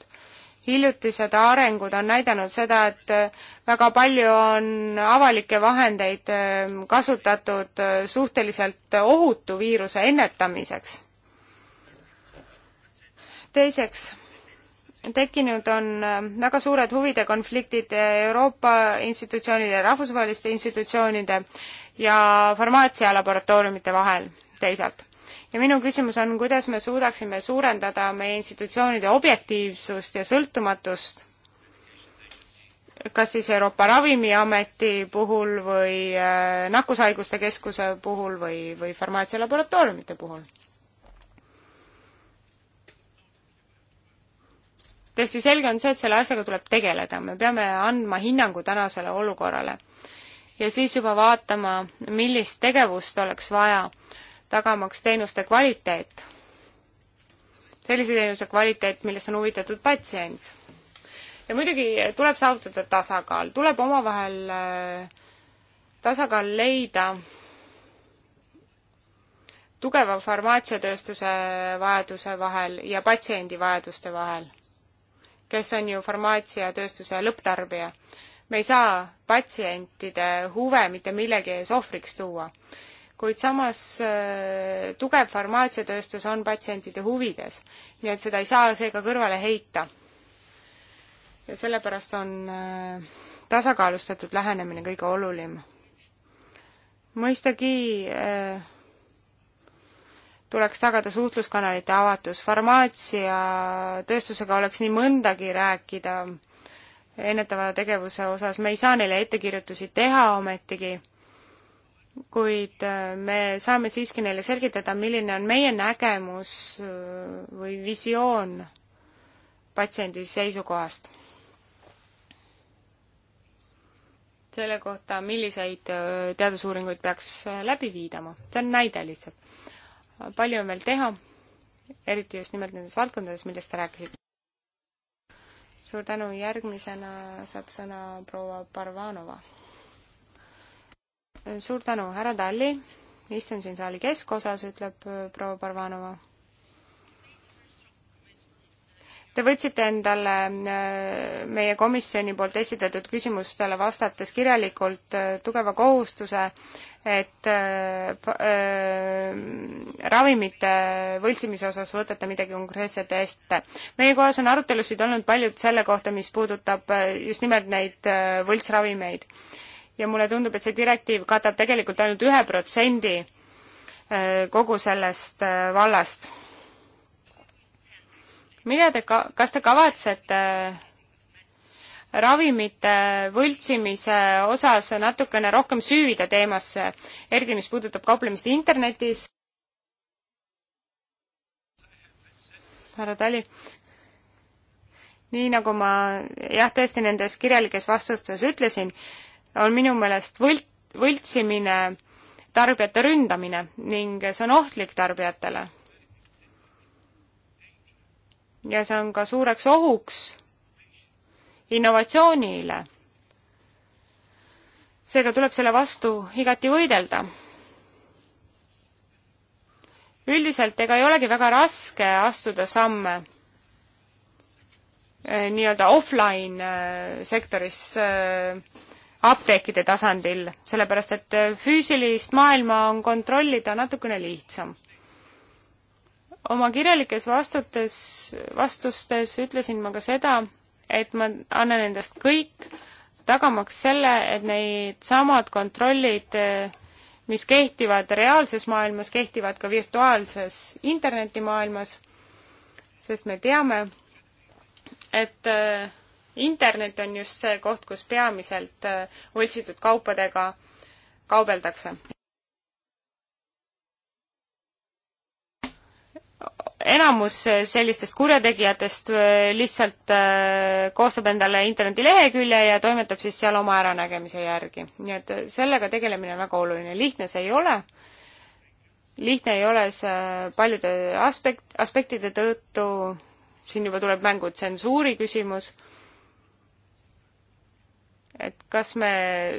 hiljutised arengud on näidanud seda, et äh, väga palju on avalikke vahendeid äh, kasutatud suhteliselt ohutu viiruse ennetamiseks. teiseks, tekkinud on väga suured huvide konfliktid Euroopa institutsioonide ja rahvusvaheliste institutsioonide ja farmaatsialaboratooriumite vahel teisalt ja minu küsimus on, kuidas me suudaksime suurendada meie institutsioonide objektiivsust ja sõltumatust, kas siis Euroopa Ravimiameti puhul või äh, Nakkushaiguste Keskuse puhul või, või farmaatsialaboratooriumite puhul? tõesti selge on see, et selle asjaga tuleb tegeleda, me peame andma hinnangu tänasele olukorrale ja siis juba vaatama, millist tegevust oleks vaja tagamaks teenuste kvaliteet. sellise teenuse kvaliteet, millest on huvitatud patsient. ja muidugi tuleb saavutada tasakaal, tuleb omavahel äh, tasakaal leida tugeva farmaatsiatööstuse vajaduse vahel ja patsiendi vajaduste vahel, kes on ju farmaatsiatööstuse lõpptarbija. me ei saa patsientide huve mitte millegi ees ohvriks tuua kuid samas äh, tugev farmaatsiatööstus on patsientide huvides, nii et seda ei saa seega kõrvale heita. ja sellepärast on äh, tasakaalustatud lähenemine kõige olulim. mõistagi äh, tuleks tagada suhtluskanalite avatus, farmaatsiatööstusega oleks nii mõndagi rääkida ennetava tegevuse osas, me ei saa neile ettekirjutusi teha ometigi kuid äh, me saame siiski neile selgitada, milline on meie nägemus äh, või visioon patsiendi seisukohast. selle kohta, milliseid äh, teadusuuringuid peaks läbi viidama, see on näide lihtsalt. palju on veel teha, eriti just nimelt nendes valdkondades, millest te rääkisite. suur tänu, järgmisena saab sõna proua Parvanova suur tänu, härra Talli, istun siin saali keskosas, ütleb äh, proua Parvanova. Te võtsite endale äh, meie komisjoni poolt esitatud küsimustele vastates kirjalikult äh, tugeva kohustuse, et äh, ravimite võltsimise osas võtate midagi konkreetset ette. meie kohas on arutelusid olnud paljud selle kohta, mis puudutab just nimelt neid võltsravimeid äh, ja mulle tundub, et see direktiiv katab tegelikult ainult ühe protsendi äh, kogu sellest äh, vallast. mida te ka-, kas te kavatsete äh, ravimite võltsimise osas natukene rohkem süüvida teemasse, eriti mis puudutab kauplemist internetis. härra Tali, nii nagu ma jah, tõesti nendes kirjalikes vastustes ütlesin, on minu meelest võlt-, võltsimine, tarbijate ründamine ning see on ohtlik tarbijatele. ja see on ka suureks ohuks innovatsioonile. seega tuleb selle vastu igati võidelda. üldiselt ega ei olegi väga raske astuda samme eh, nii-öelda offline eh, sektoris äh, apteekide tasandil, sellepärast et füüsilist maailma on kontrollida natukene lihtsam. oma kirjalikes vastutes, vastustes ütlesin ma ka seda, et ma annan endast kõik, tagamaks selle, et need samad kontrollid, mis kehtivad reaalses maailmas, kehtivad ka virtuaalses internetimaailmas, sest me teame, et äh, internet on just see koht, kus peamiselt äh, võltsitud kaupadega kaubeldakse. enamus äh, sellistest kurjategijatest äh, lihtsalt koostab endale internetilehekülje ja toimetab siis seal oma äranägemise järgi. nii et sellega tegelemine on väga oluline, lihtne see ei ole, lihtne ei ole see paljude aspekt, aspektide tõttu, siin juba tuleb mängu tsensuuri küsimus et kas me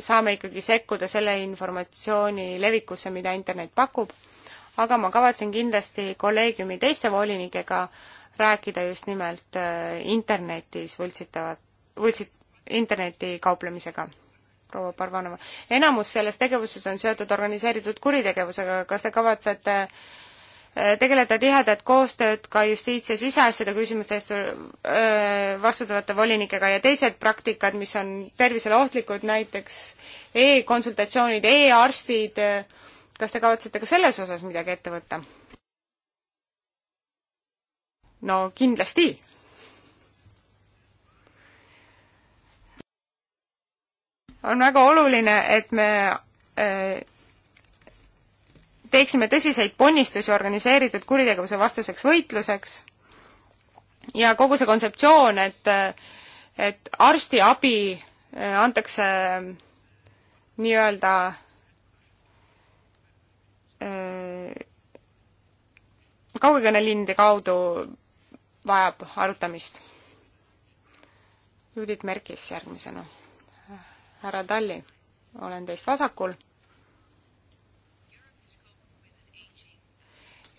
saame ikkagi sekkuda selle informatsiooni levikusse, mida internet pakub, aga ma kavatsen kindlasti kolleegiumi teiste volinikega rääkida just nimelt äh, internetis võltsitavat, võltsit-, interneti kauplemisega proua Parvanova. enamus selles tegevuses on seotud organiseeritud kuritegevusega, kas te kavatsete tegeleda tihedat koostööd ka justiits- ja siseasjade küsimuste eest vastutavate volinikega ja teised praktikad, mis on tervisele ohtlikud, näiteks e-konsultatsioonid e, e-arstid, kas te kavatsete ka selles osas midagi ette võtta? no kindlasti on väga oluline, et me äh, teeksime tõsiseid ponnistusi organiseeritud kuritegevuse vastaseks võitluseks ja kogu see kontseptsioon, et, et arstiabi eh, antakse nii-öelda eh, kaugekõnelinde kaudu vajab arutamist. Judith Merkis järgmisena. härra Talli, olen teist vasakul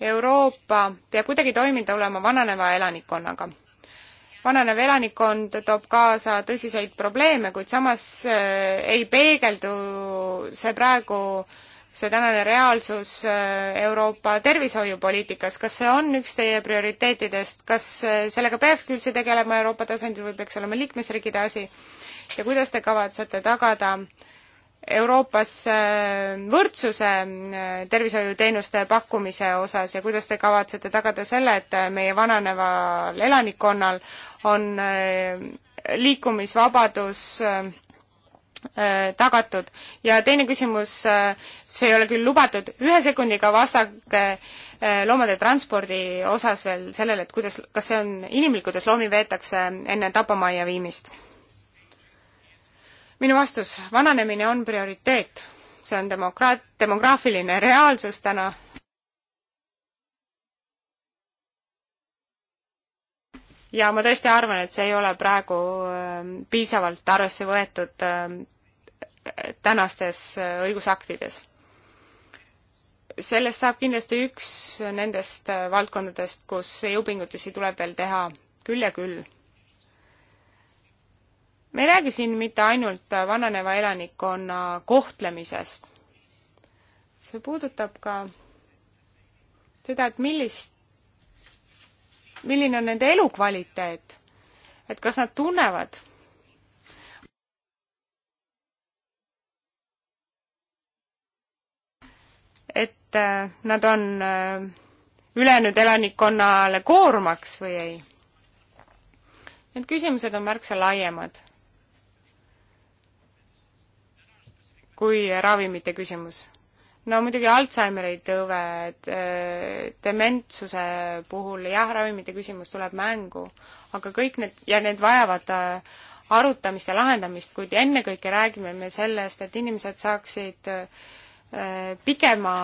Euroopa peab kuidagi toimida olema vananeva elanikkonnaga. vananev elanikkond toob kaasa tõsiseid probleeme, kuid samas äh, ei peegeldu see praegu see tänane reaalsus äh, Euroopa tervishoiupoliitikas, kas see on üks teie prioriteetidest, kas äh, sellega peakski üldse tegelema Euroopa tasandil või peaks olema liikmesriikide asi ja kuidas te kavatsete tagada äh, Euroopas võrdsuse äh, tervishoiuteenuste pakkumise osas ja kuidas te kavatsete tagada selle, et meie vananeval elanikkonnal on äh, liikumisvabadus äh, tagatud. ja teine küsimus, see ei ole küll lubatud, ühe sekundiga vastake loomade transpordi osas veel sellele, et kuidas, kas see on inimlik, kuidas loomi veetakse enne tapamajja viimist? minu vastus, vananemine on prioriteet, see on demokraat-, demograafiline reaalsus täna. ja ma tõesti arvan, et see ei ole praegu ähm, piisavalt arvesse võetud ähm, tänastes äh, õigusaktides sellest saab kindlasti üks nendest äh, valdkondadest, kus jõupingutusi tuleb veel teha küll ja küll me ei räägi siin mitte ainult vananeva elanikkonna kohtlemisest. see puudutab ka seda, et millist, milline on nende elukvaliteet, et kas nad tunnevad et äh, nad on äh, ülejäänud elanikkonnale koormaks või ei. Need küsimused on märksa laiemad kui ravimite küsimus. no muidugi Alžeimeri tõve, äh, dementsuse puhul jah, ravimite küsimus tuleb mängu, aga kõik need ja need vajavad äh, arutamist ja lahendamist, kuid ennekõike räägime me sellest, et inimesed saaksid äh, pikema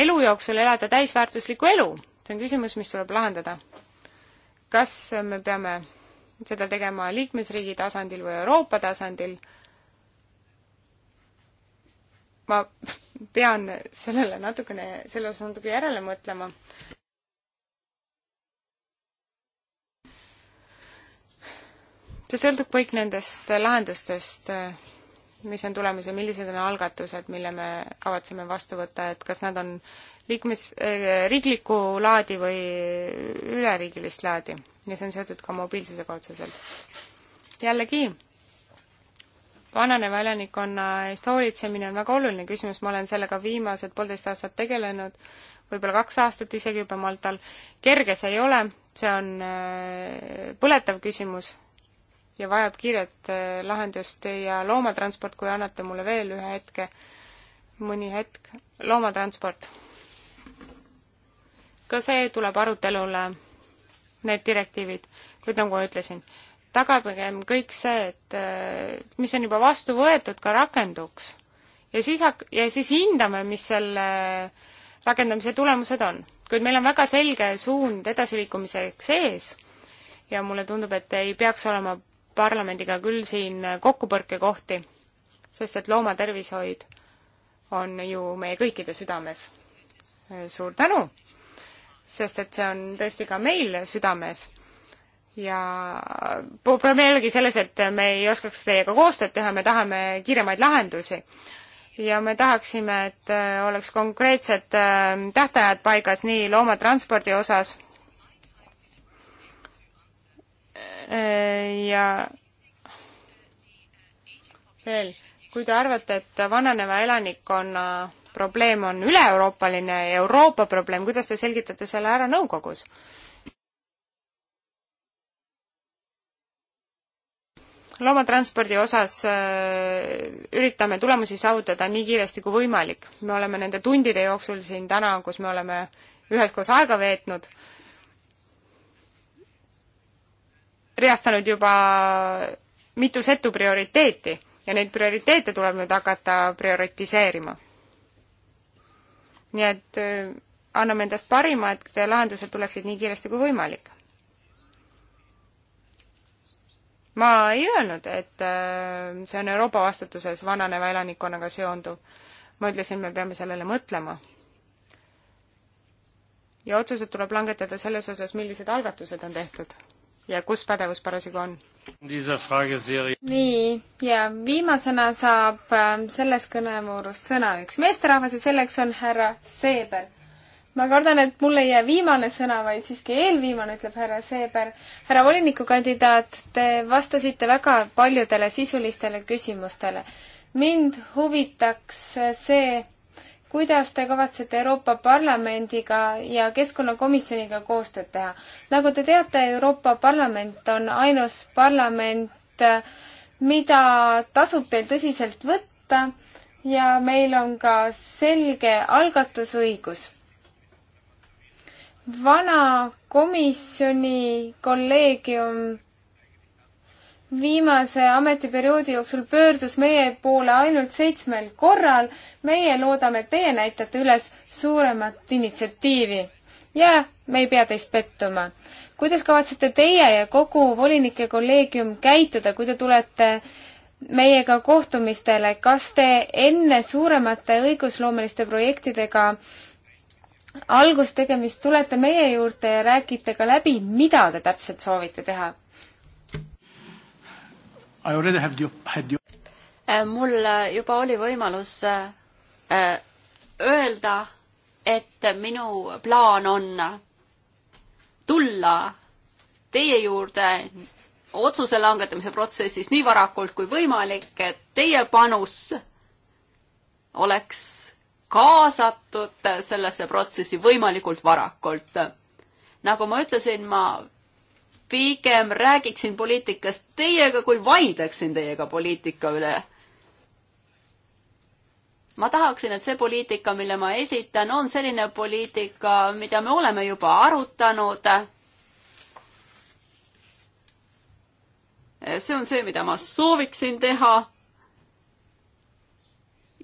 elu jooksul elada täisväärtuslikku elu. see on küsimus, mis tuleb lahendada. kas me peame seda tegema liikmesriigi tasandil või Euroopa tasandil ma pean sellele natukene, selle osas natuke järele mõtlema. see sõltub kõik nendest lahendustest, mis on tulemas ja millised on algatused, mille me kavatseme vastu võtta, et kas nad on liikmes äh,, riiklikku laadi või üleriigilist laadi ja see on seotud ka mobiilsusega otseselt. jällegi vananeva elanikkonna eest hoolitsemine on väga oluline küsimus, ma olen sellega viimased poolteist aastat tegelenud, võib-olla kaks aastat isegi juba Maltal. kerge see ei ole, see on äh, põletav küsimus ja vajab kiiret äh, lahendust ja loomatransport, kui annate mulle veel ühe hetke, mõni hetk, loomatransport. ka see tuleb arutelule, need direktiivid, kuid nagu ma ütlesin, tagagem kõik see, et äh, mis on juba vastu võetud, ka rakenduks. ja siis hak-, ja siis hindame, mis selle rakendamise tulemused on. kuid meil on väga selge suund edasiliikumiseks ees ja mulle tundub, et ei peaks olema parlamendiga küll siin kokkupõrkekohti, sest et loomatervishoid on ju meie kõikide südames. suur tänu, sest et see on tõesti ka meil südames ja probleem ei olegi selles, et me ei oskaks teiega koostööd teha, me tahame kiiremaid lahendusi. ja me tahaksime, et äh, oleks konkreetsed äh, tähtajad paigas nii loomatranspordi osas äh, ja veel, kui te arvate, et vananeva elanikkonna probleem on üle-euroopaline Euroopa probleem, kuidas te selgitate selle ära nõukogus? loomatranspordi osas äh, üritame tulemusi saavutada nii kiiresti kui võimalik. me oleme nende tundide jooksul siin täna, kus me oleme üheskoos aega veetnud, reastanud juba mitu setu prioriteeti ja neid prioriteete tuleb nüüd hakata prioritiseerima. nii et äh, anname endast parima, et lahendused tuleksid nii kiiresti kui võimalik ma ei öelnud, et äh, see on Euroopa vastutuses vananeva elanikkonnaga seonduv. ma ütlesin, me peame sellele mõtlema. ja otsused tuleb langetada selles osas, millised algatused on tehtud ja kus pädevus parasjagu on. nii, ja
viimasena saab äh, selles kõnevoorus sõna üks meesterahvas ja selleks on härra Seeber ma kardan, et mul ei jää viimane sõna, vaid siiski eelviimane, ütleb härra Seeber. härra volinikukandidaat, te vastasite väga paljudele sisulistele küsimustele. mind huvitaks see, kuidas te kavatsete Euroopa Parlamendiga ja Keskkonnakomisjoniga koostööd teha. nagu te teate, Euroopa Parlament on ainus parlament, mida tasub teil tõsiselt võtta ja meil on ka selge algatusõigus vana komisjoni kolleegium viimase ametiperioodi jooksul pöördus meie poole ainult seitsmel korral. meie loodame, et teie näitate üles suuremat initsiatiivi ja me ei pea teist pettuma. kuidas kavatsete teie ja kogu volinike kolleegium käituda, kui te tulete meiega kohtumistele, kas te enne suuremate õigusloomeliste projektidega äh, algustegemist tulete meie juurde ja räägite ka läbi, mida
te täpselt soovite teha? Äh, mul äh, juba oli võimalus äh, öelda, et minu plaan on tulla teie juurde otsuse langetamise protsessis nii varakult kui võimalik, et teie panus oleks kaasatud sellesse protsessi võimalikult varakult. nagu ma ütlesin, ma pigem räägiksin poliitikast teiega, kui vaidleksin teiega poliitika üle. ma tahaksin, et see poliitika, mille ma esitan, on selline poliitika, mida me oleme juba arutanud. see on see, mida ma sooviksin teha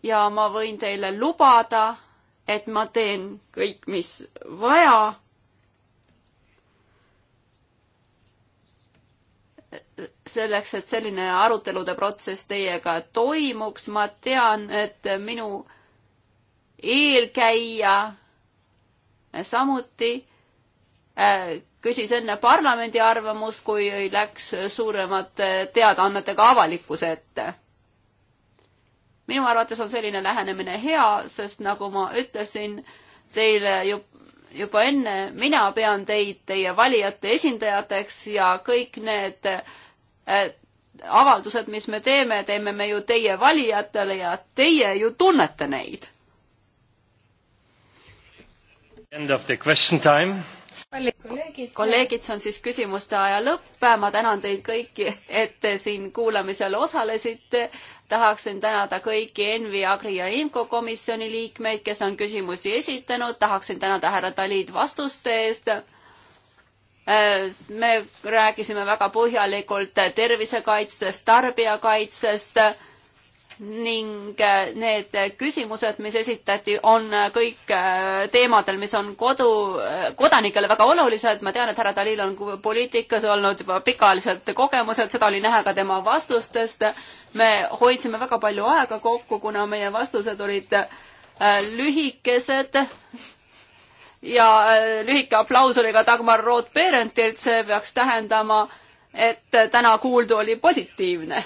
ja ma võin teile lubada, et ma teen kõik, mis vaja. selleks, et selline arutelude protsess teiega toimuks, ma tean, et minu eelkäija samuti äh, küsis enne parlamendi arvamust, kui läks suuremate teadaannetega avalikkuse ette minu arvates on selline lähenemine hea, sest nagu ma ütlesin teile ju juba enne, mina pean teid teie valijate esindajateks ja kõik need äh, avaldused, mis me teeme, teeme me ju teie valijatele ja teie ju tunnete neid.
End of the question time
kallid kolleegid. kolleegid, see on siis küsimuste aja lõpp. ma tänan teid kõiki, et te siin kuulamisel osalesite. tahaksin tänada kõiki Envi, Agri ja Imko komisjoni liikmeid, kes on küsimusi esitanud. tahaksin tänada härra Talid vastuste eest. me rääkisime väga põhjalikult tervisekaitsest, tarbijakaitsest ning äh, need küsimused, mis esitati, on äh, kõik äh, teemadel, mis on kodu, kodanikele väga olulised. ma tean, et härra Dalil on poliitikas olnud juba pikaajalised kogemused, seda oli näha ka tema vastustest. me hoidsime väga palju aega kokku, kuna meie vastused olid lühikesed ja lühike aplaus oli ka Dagmar Roth-Berendtilt, see peaks tähendama, et täna kuuldu oli positiivne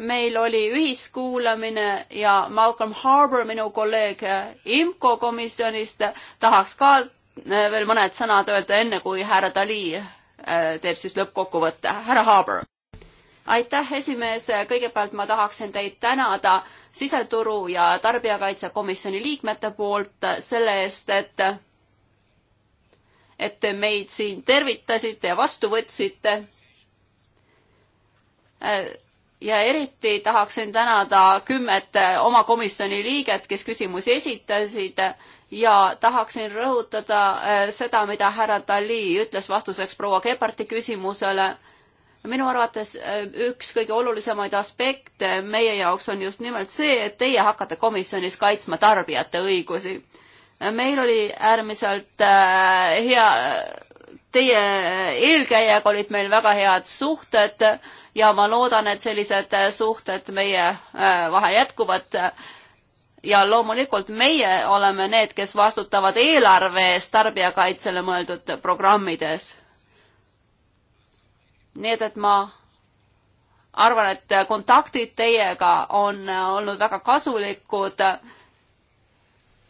meil oli ühiskuulamine ja Malcolm Harbour, minu kolleeg IMCO komisjonist, tahaks ka äh, veel mõned sõnad öelda, enne kui härra Dali äh, teeb siis lõppkokkuvõtte. härra Harbour. aitäh, esimees, kõigepealt ma tahaksin teid tänada siseturu ja tarbijakaitsekomisjoni liikmete poolt selle eest, et et te meid siin tervitasite ja vastu võtsite äh, ja eriti tahaksin tänada kümmet oma komisjoni liiget, kes küsimusi esitasid ja tahaksin rõhutada eh, seda, mida härra Dali ütles vastuseks proua Keparti küsimusele. minu arvates eh, üks kõige olulisemaid aspekte meie jaoks on just nimelt see, et teie hakkate komisjonis kaitsma tarbijate õigusi. meil oli äärmiselt eh, hea teie eelkäijaga olid meil väga head suhted ja ma loodan, et sellised suhted meie äh, vahe jätkuvad. ja loomulikult meie oleme need, kes vastutavad eelarve eest tarbijakaitsele mõeldud programmides. nii et, et ma arvan, et kontaktid teiega on olnud väga kasulikud.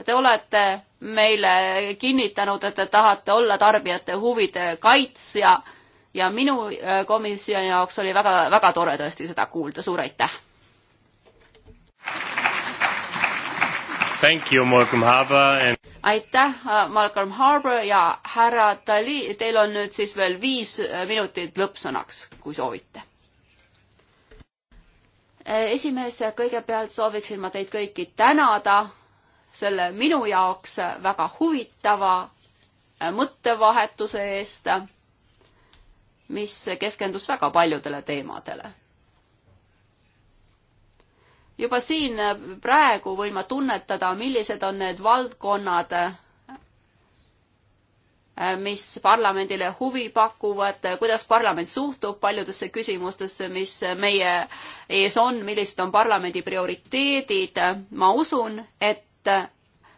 Te olete meile kinnitanud, et te tahate olla tarbijate huvide kaitsja ja minu äh, komisjoni jaoks oli väga, väga tore tõesti seda kuulda, suur aitäh! Thank you, Malcolm Harbour and... aitäh, äh, Malcolm Harbour ja härra Dali, teil on nüüd siis veel viis äh, minutit lõppsõnaks, kui soovite. esimees, kõigepealt sooviksin ma teid kõiki tänada selle minu jaoks väga huvitava äh, mõttevahetuse eest, mis keskendus väga paljudele teemadele. juba siin äh, praegu võin ma tunnetada, millised on need valdkonnad, äh, mis parlamendile huvi pakuvad, kuidas parlament suhtub paljudesse küsimustesse, mis meie ees on, millised on parlamendi prioriteedid. ma usun, et et äh,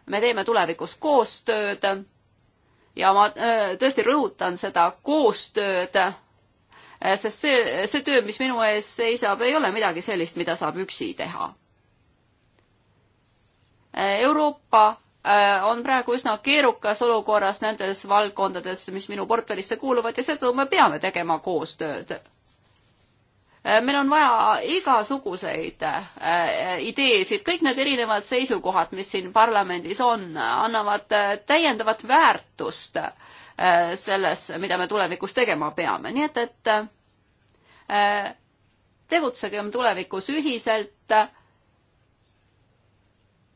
me teeme tulevikus koostööd ja ma äh, tõesti rõhutan seda koostööd, äh, sest see, see töö, mis minu ees seisab, ei ole midagi sellist, mida saab üksi teha. Euroopa on praegu üsna keerukas olukorras nendes valdkondades, mis minu portfellisse kuuluvad ja seetõttu me peame tegema koostööd Äh, meil on vaja igasuguseid äh, ideesid, kõik need erinevad seisukohad, mis siin parlamendis on, annavad äh, täiendavat väärtust selles, mida me tulevikus tegema peame, nii et, et tegutsegem tulevikus ühiselt.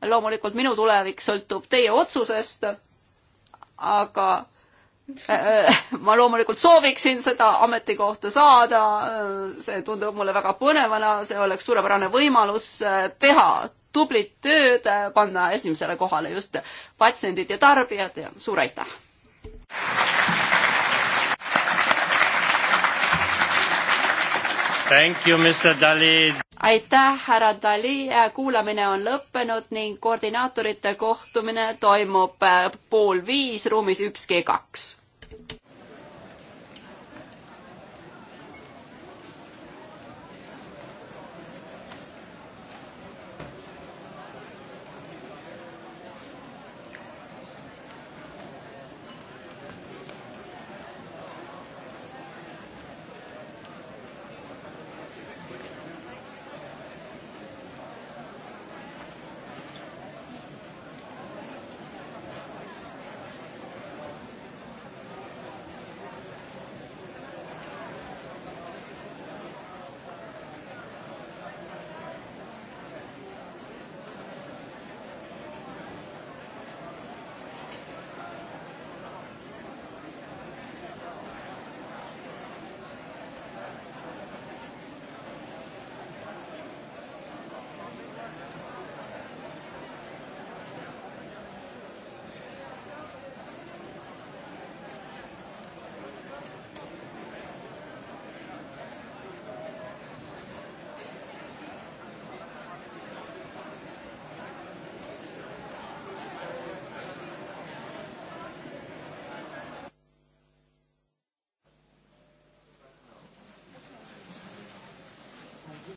loomulikult minu tulevik sõltub teie otsusest, aga ma loomulikult sooviksin seda ametikohta saada, see tundub mulle väga põnevana, see oleks suurepärane võimalus teha tublit tööd, panna esimesele kohale just patsiendid ja tarbijad ja suur aitäh! You, aitäh, härra Dali, kuulamine on lõppenud ning koordinaatorite kohtumine toimub äh, pool viis ruumis üks G kaks